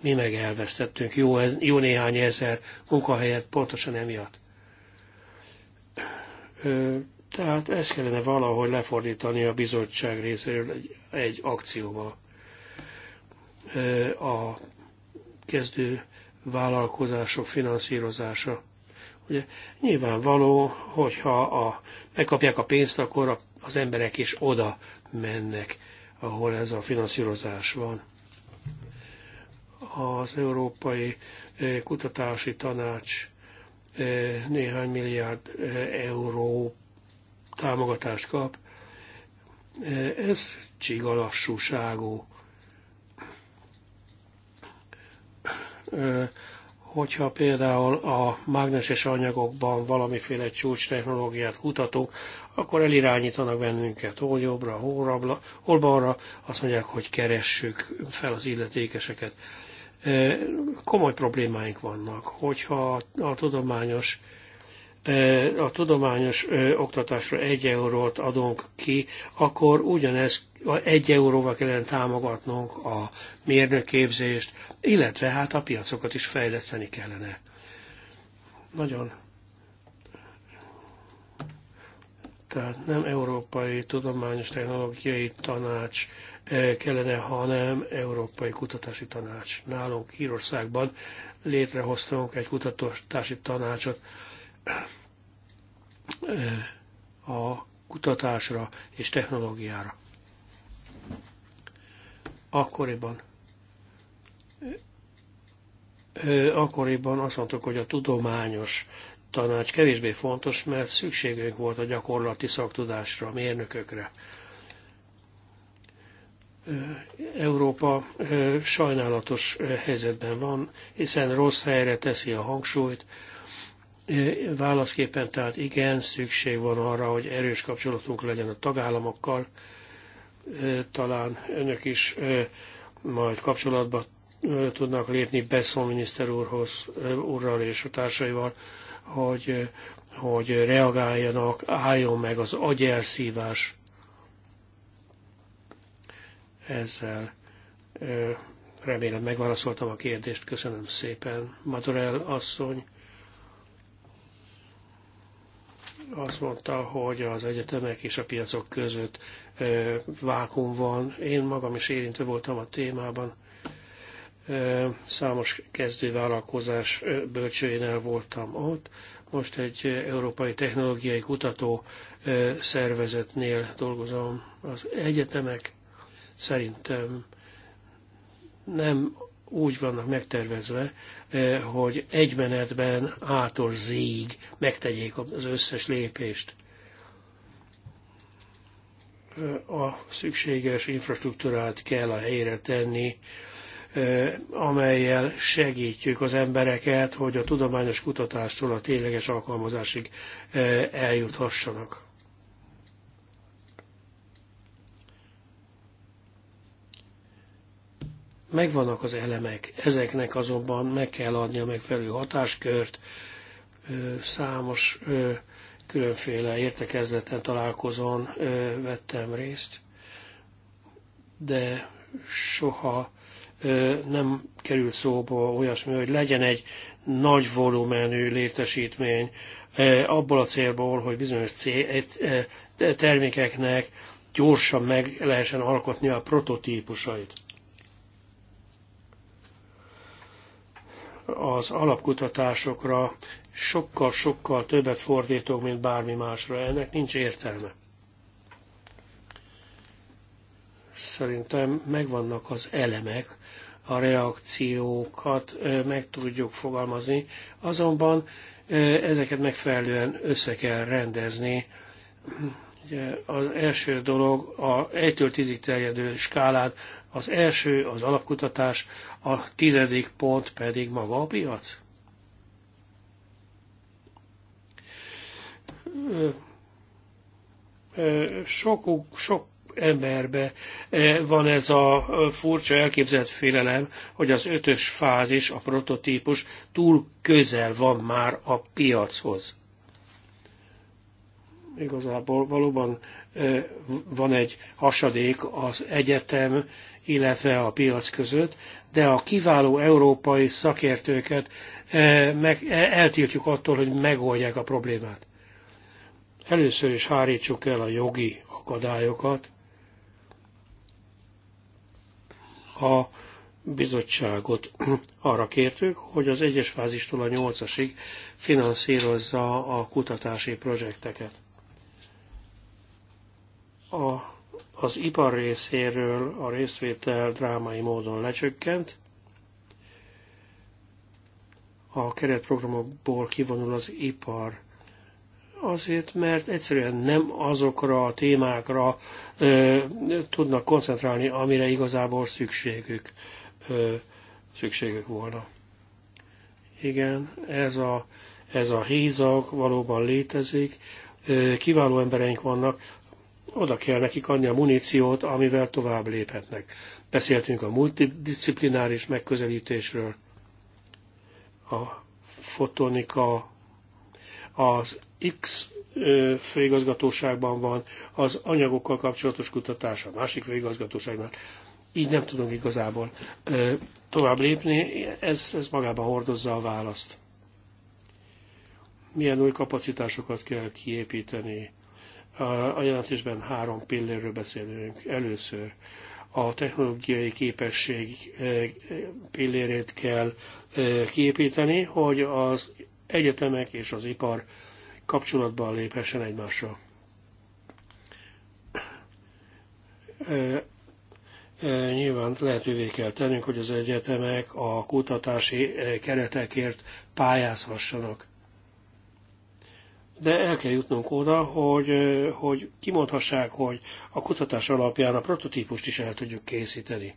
mi meg elvesztettünk jó, jó néhány ezer munkahelyet pontosan emiatt. Tehát ezt kellene valahogy lefordítani a bizottság részéről egy, egy akcióval. E, a kezdő vállalkozások finanszírozása. Ugye nyilvánvaló, hogyha a, megkapják a pénzt, akkor az emberek is oda mennek, ahol ez a finanszírozás van. Az Európai e, Kutatási Tanács e, néhány milliárd euró támogatást kap. Ez csigalassúságú. Hogyha például a mágneses anyagokban valamiféle csúcs technológiát kutatunk, akkor elirányítanak bennünket hol jobbra, hol, rabla, hol balra, azt mondják, hogy keressük fel az illetékeseket komoly problémáink vannak, hogyha a tudományos a tudományos oktatásra egy eurót adunk ki, akkor ugyanez egy euróval kellene támogatnunk a mérnökképzést, illetve hát a piacokat is fejleszteni kellene. Nagyon tehát nem Európai Tudományos Technológiai Tanács kellene, hanem Európai Kutatási Tanács. Nálunk Írországban létrehoztunk egy kutatási tanácsot a kutatásra és technológiára. Akkoriban akkoriban azt mondtuk, hogy a tudományos tanács kevésbé fontos, mert szükségünk volt a gyakorlati szaktudásra, a mérnökökre. Európa sajnálatos helyzetben van, hiszen rossz helyre teszi a hangsúlyt, Válaszképpen tehát igen, szükség van arra, hogy erős kapcsolatunk legyen a tagállamokkal. Talán önök is majd kapcsolatba tudnak lépni Besson miniszter úrhoz, úrral és a társaival, hogy, hogy reagáljanak, álljon meg az agyelszívás. Ezzel remélem megválaszoltam a kérdést, köszönöm szépen. Madurell asszony. azt mondta, hogy az egyetemek és a piacok között vákum van. Én magam is érintve voltam a témában. Számos kezdővállalkozás bölcsőjénél voltam ott. Most egy Európai Technológiai Kutató Szervezetnél dolgozom. Az egyetemek szerintem nem úgy vannak megtervezve, Eh, hogy egy menetben ától zéig megtegyék az összes lépést. Eh, a szükséges infrastruktúrát kell a helyre tenni, eh, amelyel segítjük az embereket, hogy a tudományos kutatástól a tényleges alkalmazásig eljuthassanak. Megvannak az elemek, ezeknek azonban meg kell adni a megfelelő hatáskört, számos különféle értekezleten találkozón vettem részt, de soha nem került szóba olyasmi, hogy legyen egy nagy volumenű létesítmény abból a célból, hogy bizonyos termékeknek gyorsan meg lehessen alkotni a prototípusait. az alapkutatásokra sokkal-sokkal többet fordítok, mint bármi másra. Ennek nincs értelme. Szerintem megvannak az elemek, a reakciókat meg tudjuk fogalmazni, azonban ezeket megfelelően össze kell rendezni. Ugye az első dolog a 1-től 10-ig terjedő skálát az első az alapkutatás, a tizedik pont pedig maga a piac. Sok, sok emberbe van ez a furcsa elképzelt félelem, hogy az ötös fázis, a prototípus túl közel van már a piachoz. Igazából valóban van egy hasadék az egyetem illetve a piac között, de a kiváló európai szakértőket eh, meg, eh, eltiltjuk attól, hogy megoldják a problémát. Először is hárítsuk el a jogi akadályokat. A bizottságot [clears throat] arra kértük, hogy az egyes fázistól a nyolcasig finanszírozza a kutatási projekteket. A az ipar részéről a részvétel drámai módon lecsökkent, a keretprogramokból kivonul az ipar. Azért, mert egyszerűen nem azokra a témákra ö, tudnak koncentrálni, amire igazából szükségük, ö, szükségük volna. Igen, ez a, ez a hízak valóban létezik. Ö, kiváló embereink vannak, oda kell nekik adni a muníciót, amivel tovább léphetnek. Beszéltünk a multidisciplináris megközelítésről, a fotonika, az X főigazgatóságban van, az anyagokkal kapcsolatos kutatás a másik főigazgatóságnál. Így nem tudunk igazából tovább lépni, ez, ez magában hordozza a választ. Milyen új kapacitásokat kell kiépíteni? A jelentésben három pillérről beszélünk. Először a technológiai képesség e, e, pillérét kell e, kiépíteni, hogy az egyetemek és az ipar kapcsolatban léphessen egymással. Nyilván lehetővé kell tennünk, hogy az egyetemek a kutatási keretekért pályázhassanak de el kell jutnunk oda, hogy, hogy kimondhassák, hogy a kutatás alapján a prototípust is el tudjuk készíteni.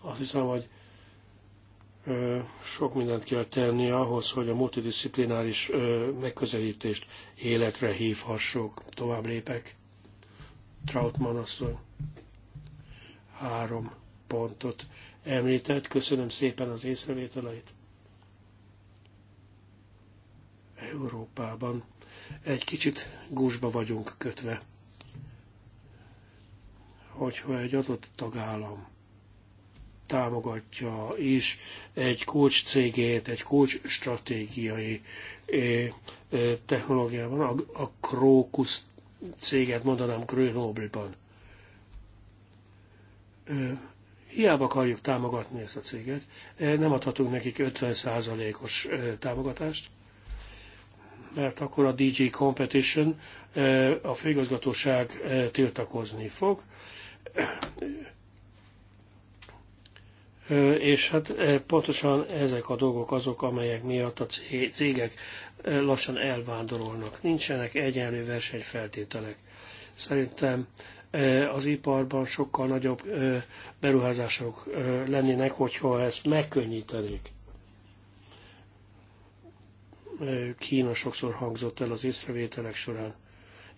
Azt hiszem, hogy sok mindent kell tenni ahhoz, hogy a multidisziplináris megközelítést életre hívhassuk. Tovább lépek. Trautmann asszony három pontot említett. Köszönöm szépen az észrevételeit. Európában. Egy kicsit gúzsba vagyunk kötve. Hogyha egy adott tagállam támogatja is egy kulcs cégét, egy kulcs stratégiai eh, eh, technológiában, a, a Krókusz céget mondanám grenoble eh, Hiába akarjuk támogatni ezt a céget, nem adhatunk nekik 50%-os támogatást, mert akkor a DG Competition, a főigazgatóság tiltakozni fog. És hát pontosan ezek a dolgok azok, amelyek miatt a cégek lassan elvándorolnak. Nincsenek egyenlő versenyfeltételek. Szerintem az iparban sokkal nagyobb beruházások lennének, hogyha ezt megkönnyítenék. Kína sokszor hangzott el az észrevételek során.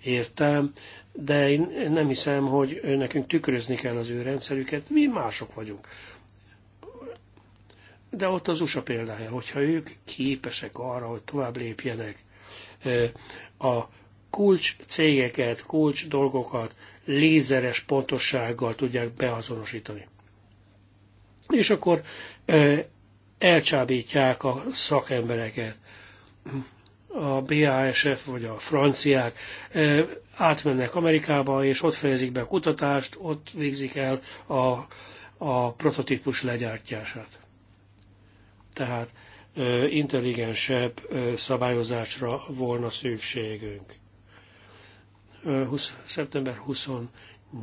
Értem, de én nem hiszem, hogy nekünk tükrözni kell az ő rendszerüket, mi mások vagyunk. De ott az USA példája, hogyha ők képesek arra, hogy tovább lépjenek, a kulcs cégeket, kulcs dolgokat lézeres pontossággal tudják beazonosítani. És akkor elcsábítják a szakembereket a BASF vagy a franciák átmennek Amerikába, és ott fejezik be a kutatást, ott végzik el a, a prototípus legyártását. Tehát intelligensebb szabályozásra volna szükségünk. 20, szeptember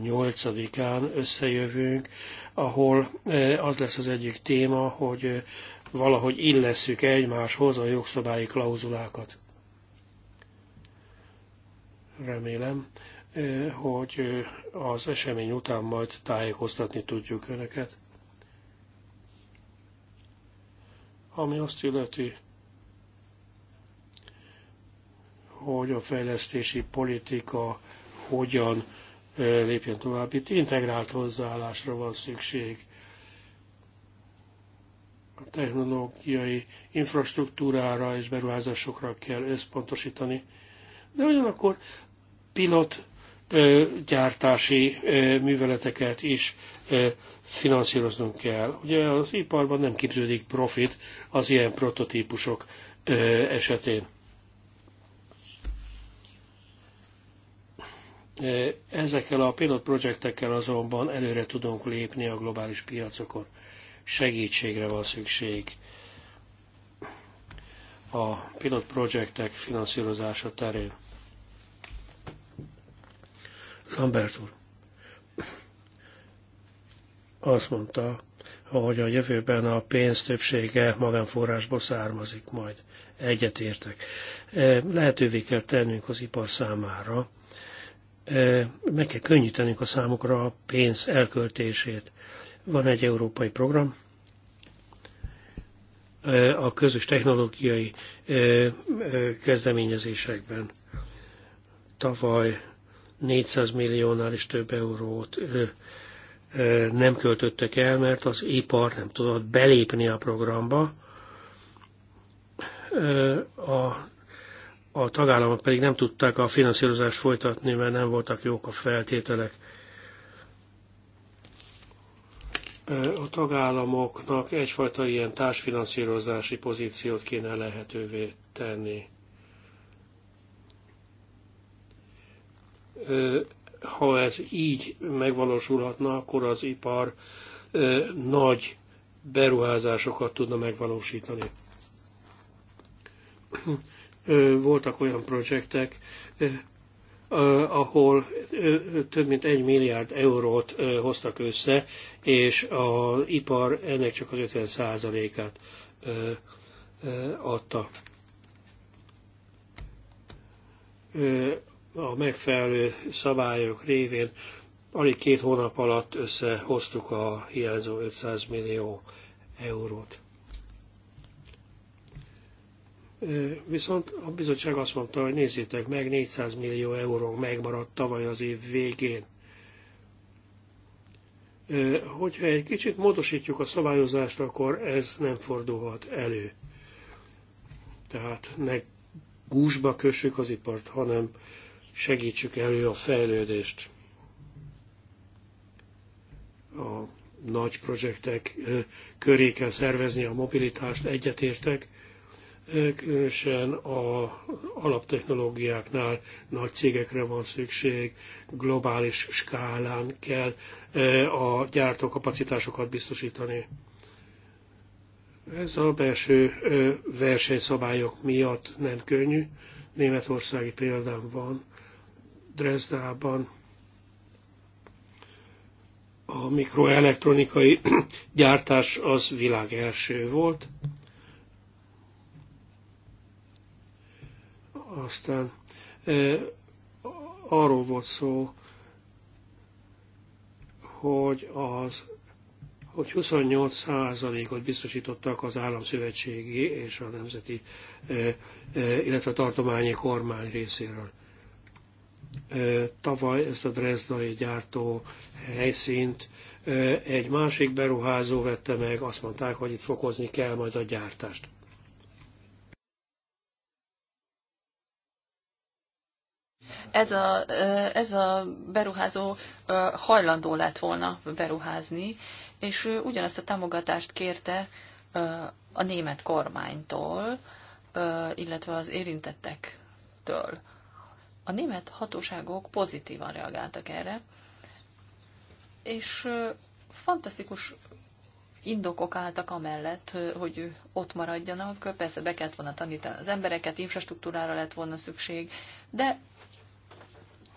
28-án összejövünk, ahol az lesz az egyik téma, hogy valahogy illesszük egymáshoz a jogszabályi klauzulákat. Remélem, hogy az esemény után majd tájékoztatni tudjuk Önöket. Ami azt illeti, hogy a fejlesztési politika hogyan lépjen tovább. Itt integrált hozzáállásra van szükség a technológiai infrastruktúrára és beruházásokra kell összpontosítani. De ugyanakkor pilot gyártási műveleteket is finanszíroznunk kell. Ugye az iparban nem képződik profit az ilyen prototípusok esetén. Ezekkel a pilot projektekkel azonban előre tudunk lépni a globális piacokon segítségre van szükség a pilot projektek finanszírozása terén. Lambert úr azt mondta, hogy a jövőben a pénz többsége magánforrásból származik majd. Egyetértek. E, lehetővé kell tennünk az ipar számára, e, meg kell könnyítenünk a számukra a pénz elköltését. Van egy európai program, a közös technológiai kezdeményezésekben. Tavaly 400 milliónál is több eurót nem költöttek el, mert az ipar nem tudott belépni a programba. A, a tagállamok pedig nem tudták a finanszírozást folytatni, mert nem voltak jók a feltételek. a tagállamoknak egyfajta ilyen társfinanszírozási pozíciót kéne lehetővé tenni. Ha ez így megvalósulhatna, akkor az ipar nagy beruházásokat tudna megvalósítani. Voltak olyan projektek, ahol több mint egy milliárd eurót hoztak össze, és az ipar ennek csak az 50 százalékát adta. A megfelelő szabályok révén alig két hónap alatt összehoztuk a hiányzó 500 millió eurót. Viszont a bizottság azt mondta, hogy nézzétek meg, 400 millió euró megmaradt tavaly az év végén. Hogyha egy kicsit módosítjuk a szabályozást, akkor ez nem fordulhat elő. Tehát ne gúzsba kössük az ipart, hanem segítsük elő a fejlődést. A nagy projektek köré kell szervezni a mobilitást, egyetértek, különösen a alaptechnológiáknál nagy cégekre van szükség, globális skálán kell e, a gyártókapacitásokat biztosítani. Ez a belső e, versenyszabályok miatt nem könnyű. Németországi példám van, Dresdában a mikroelektronikai [coughs] gyártás az világ első volt, Aztán arról volt szó, hogy az hogy 28%-ot biztosítottak az államszövetségi és a nemzeti, illetve a tartományi kormány részéről. Tavaly ezt a Dresdai gyártó helyszínt egy másik beruházó vette meg, azt mondták, hogy itt fokozni kell majd a gyártást. ez a, ez a beruházó hajlandó lett volna beruházni, és ugyanazt a támogatást kérte a német kormánytól, illetve az érintettektől. A német hatóságok pozitívan reagáltak erre, és fantasztikus indokok álltak amellett, hogy ott maradjanak. Persze be kellett volna tanítani az embereket, infrastruktúrára lett volna szükség, de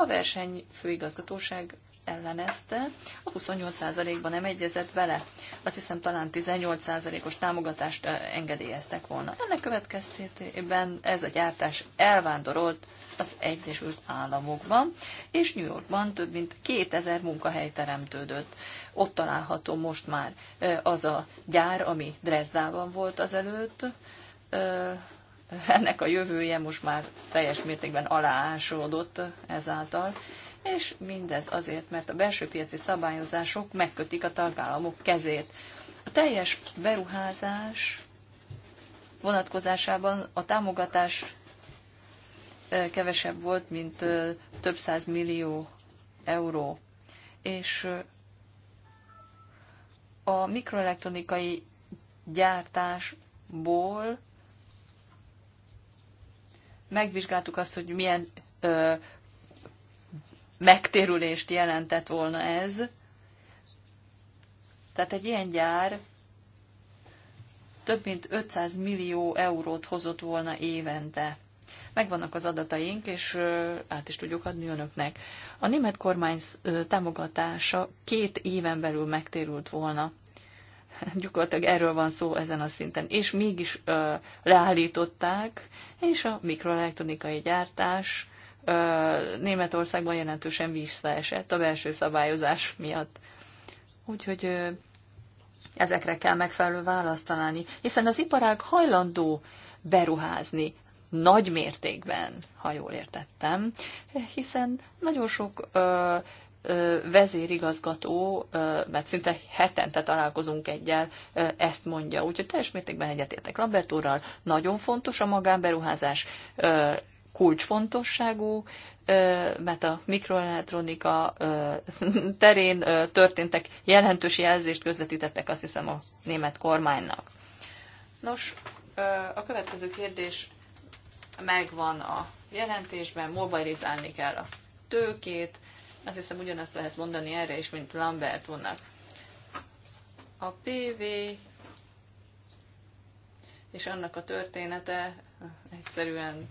a verseny főigazgatóság ellenezte, a 28%-ban nem egyezett vele. Azt hiszem talán 18%-os támogatást engedélyeztek volna. Ennek következtében ez a gyártás elvándorolt az Egyesült Államokban, és New Yorkban több mint 2000 munkahely teremtődött. Ott található most már az a gyár, ami Dresdában volt azelőtt, ennek a jövője most már teljes mértékben aláásódott ezáltal, és mindez azért, mert a belső piaci szabályozások megkötik a tagállamok kezét. A teljes beruházás vonatkozásában a támogatás kevesebb volt, mint több száz millió euró. És a mikroelektronikai gyártásból megvizsgáltuk azt, hogy milyen ö, megtérülést jelentett volna ez. Tehát egy ilyen gyár több mint 500 millió eurót hozott volna évente. Megvannak az adataink, és át is tudjuk adni önöknek. A német kormány támogatása két éven belül megtérült volna gyakorlatilag erről van szó ezen a szinten, és mégis ö, leállították, és a mikroelektronikai gyártás ö, Németországban jelentősen visszaesett a belső szabályozás miatt. Úgyhogy ö, ezekre kell megfelelő választ találni, hiszen az iparág hajlandó beruházni nagy mértékben, ha jól értettem, hiszen nagyon sok ö, vezérigazgató, mert szinte hetente találkozunk egyel, ezt mondja. Úgyhogy teljes mértékben egyetértek Lambert Nagyon fontos a magánberuházás, kulcsfontosságú, mert a mikroelektronika [laughs] terén történtek, jelentős jelzést közvetítettek azt hiszem a német kormánynak. Nos, a következő kérdés megvan a jelentésben, mobilizálni kell a tőkét, azt hiszem ugyanazt lehet mondani erre is, mint Lambert úrnak. A PV és annak a története egyszerűen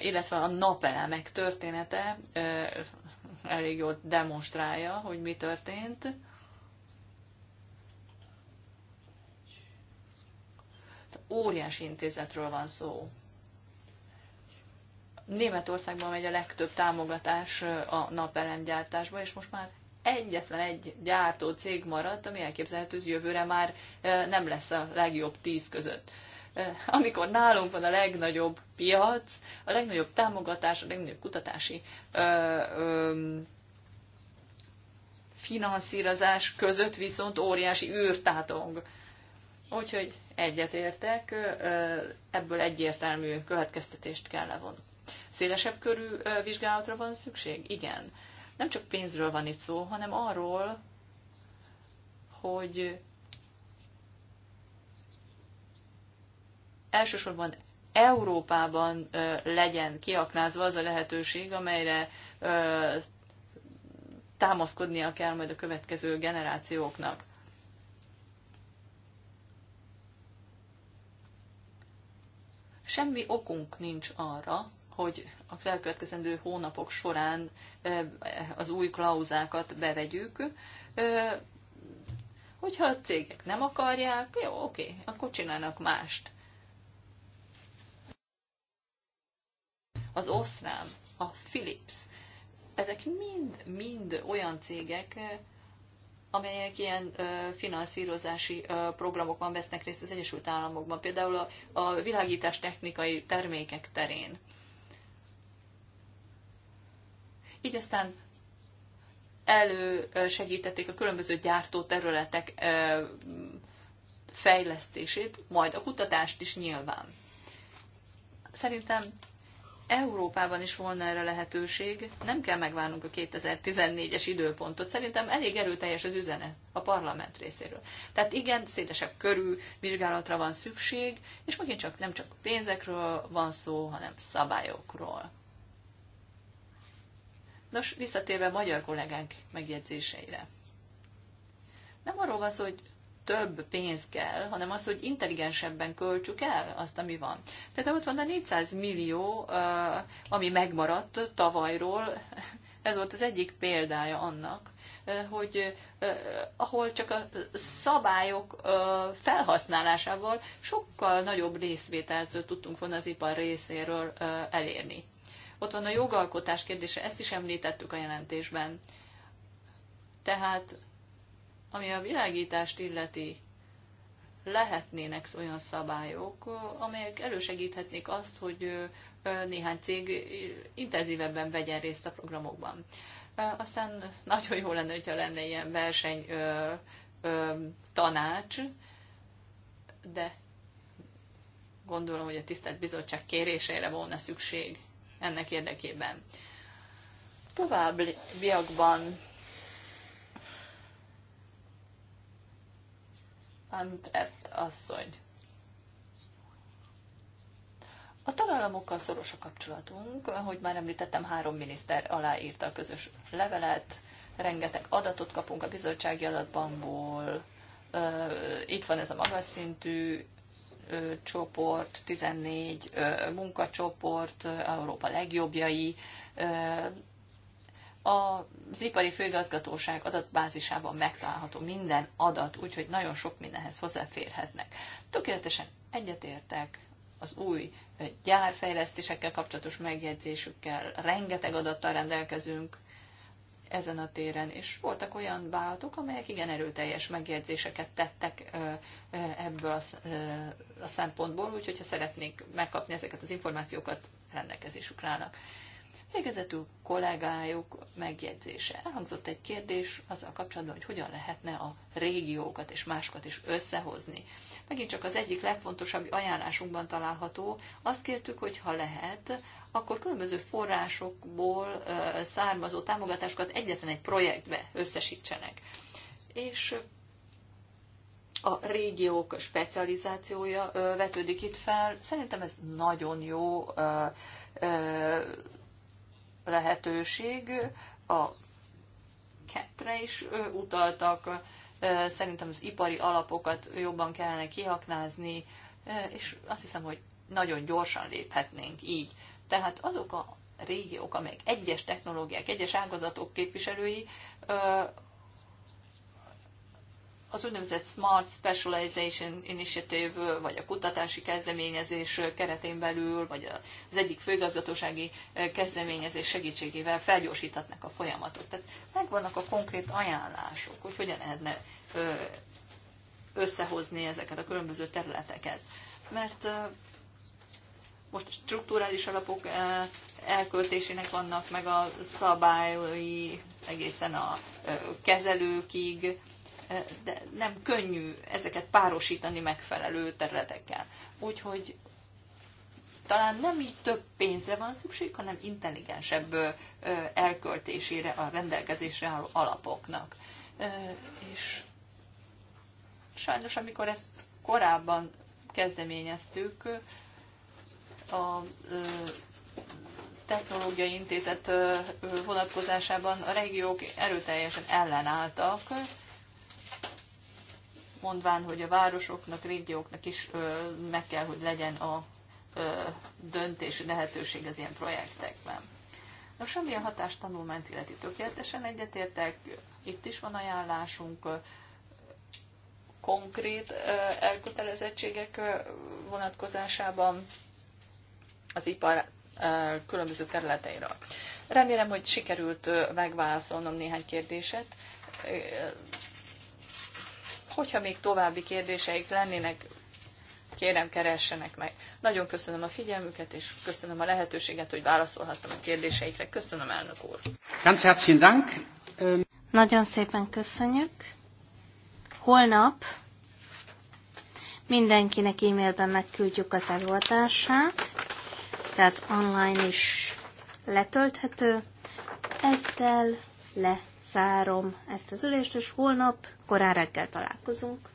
illetve a napelemek története elég jól demonstrálja, hogy mi történt. Óriási intézetről van szó. Németországban megy a legtöbb támogatás a napelemgyártásba, és most már egyetlen egy gyártó cég maradt, ami elképzelhető, hogy jövőre már nem lesz a legjobb tíz között. Amikor nálunk van a legnagyobb piac, a legnagyobb támogatás, a legnagyobb kutatási ö, ö, finanszírozás között viszont óriási űrtátong. Úgyhogy egyetértek, ebből egyértelmű következtetést kell levonni. Szélesebb körű vizsgálatra van szükség? Igen. Nem csak pénzről van itt szó, hanem arról, hogy elsősorban Európában legyen kiaknázva az a lehetőség, amelyre támaszkodnia kell majd a következő generációknak. Semmi okunk nincs arra, hogy a felkövetkezendő hónapok során az új klauzákat bevegyük. Hogyha a cégek nem akarják, jó, oké, akkor csinálnak mást. Az Osram, a Philips, ezek mind-mind olyan cégek, amelyek ilyen ö, finanszírozási ö, programokban vesznek részt az Egyesült Államokban, például a, a világítás technikai termékek terén. így aztán elősegítették a különböző gyártóterületek fejlesztését, majd a kutatást is nyilván. Szerintem Európában is volna erre lehetőség, nem kell megvárnunk a 2014-es időpontot, szerintem elég erőteljes az üzene a parlament részéről. Tehát igen, szélesebb körű vizsgálatra van szükség, és megint csak nem csak pénzekről van szó, hanem szabályokról. Nos, visszatérve a magyar kollégánk megjegyzéseire. Nem arról van szó, hogy több pénz kell, hanem az, hogy intelligensebben költsük el azt, ami van. Tehát ott van a 400 millió, ami megmaradt tavalyról, [laughs] ez volt az egyik példája annak, hogy ahol csak a szabályok felhasználásával sokkal nagyobb részvételt tudtunk volna az ipar részéről elérni. Ott van a jogalkotás kérdése, ezt is említettük a jelentésben. Tehát, ami a világítást illeti, lehetnének olyan szabályok, amelyek elősegíthetnék azt, hogy néhány cég intenzívebben vegyen részt a programokban. Aztán nagyon jó lenne, hogyha lenne ilyen verseny ö, ö, tanács, de gondolom, hogy a tisztelt bizottság kérésére volna szükség ennek érdekében. Továbbiakban Antrept asszony. A tagállamokkal szoros a kapcsolatunk, ahogy már említettem, három miniszter aláírta a közös levelet, rengeteg adatot kapunk a bizottsági adatbankból, itt van ez a magas szintű csoport, 14 munkacsoport, Európa legjobbjai, az ipari főigazgatóság adatbázisában megtalálható minden adat, úgyhogy nagyon sok mindenhez hozzáférhetnek. Tökéletesen egyetértek az új gyárfejlesztésekkel kapcsolatos megjegyzésükkel, rengeteg adattal rendelkezünk, ezen a téren. És voltak olyan vállalatok, amelyek igen erőteljes megjegyzéseket tettek ebből a szempontból, úgyhogy ha szeretnék megkapni ezeket az információkat, rendelkezésükre állnak. Végezetül kollégájuk megjegyzése. Elhangzott egy kérdés azzal kapcsolatban, hogy hogyan lehetne a régiókat és másokat is összehozni. Megint csak az egyik legfontosabb ajánlásunkban található. Azt kértük, hogy ha lehet, akkor különböző forrásokból származó támogatásokat egyetlen egy projektbe összesítsenek. És a régiók specializációja vetődik itt fel. Szerintem ez nagyon jó lehetőség, a kettre is utaltak, szerintem az ipari alapokat jobban kellene kihaknázni, és azt hiszem, hogy nagyon gyorsan léphetnénk így. Tehát azok a régiók, amelyek egyes technológiák, egyes ágazatok képviselői az úgynevezett Smart Specialization Initiative, vagy a kutatási kezdeményezés keretén belül, vagy az egyik főigazgatósági eh, kezdeményezés segítségével felgyorsíthatnak a folyamatot. Tehát megvannak a konkrét ajánlások, hogy hogyan lehetne összehozni ezeket a különböző területeket. Mert most strukturális alapok eh, elköltésének vannak meg a szabályai egészen a kezelőkig, de nem könnyű ezeket párosítani megfelelő területekkel. Úgyhogy talán nem így több pénzre van szükség, hanem intelligensebb elköltésére a rendelkezésre álló alapoknak. És sajnos, amikor ezt korábban kezdeményeztük, a Technológiai Intézet vonatkozásában a régiók erőteljesen ellenálltak, mondván, hogy a városoknak, régióknak is meg kell, hogy legyen a döntési lehetőség az ilyen projektekben. Nos, ami hatást hatástanulmányt illeti tökéletesen egyetértek, itt is van ajánlásunk, konkrét elkötelezettségek vonatkozásában az ipar különböző területeiről. Remélem, hogy sikerült megválaszolnom néhány kérdéset. Hogyha még további kérdéseik lennének, kérem, keressenek meg. Nagyon köszönöm a figyelmüket, és köszönöm a lehetőséget, hogy válaszolhattam a kérdéseikre. Köszönöm, elnök úr. Ganz herzlichen Dank. Nagyon szépen köszönjük. Holnap mindenkinek e-mailben megküldjük az előadását, tehát online is letölthető. Ezzel le lezárom ezt az ülést, és holnap korán reggel találkozunk.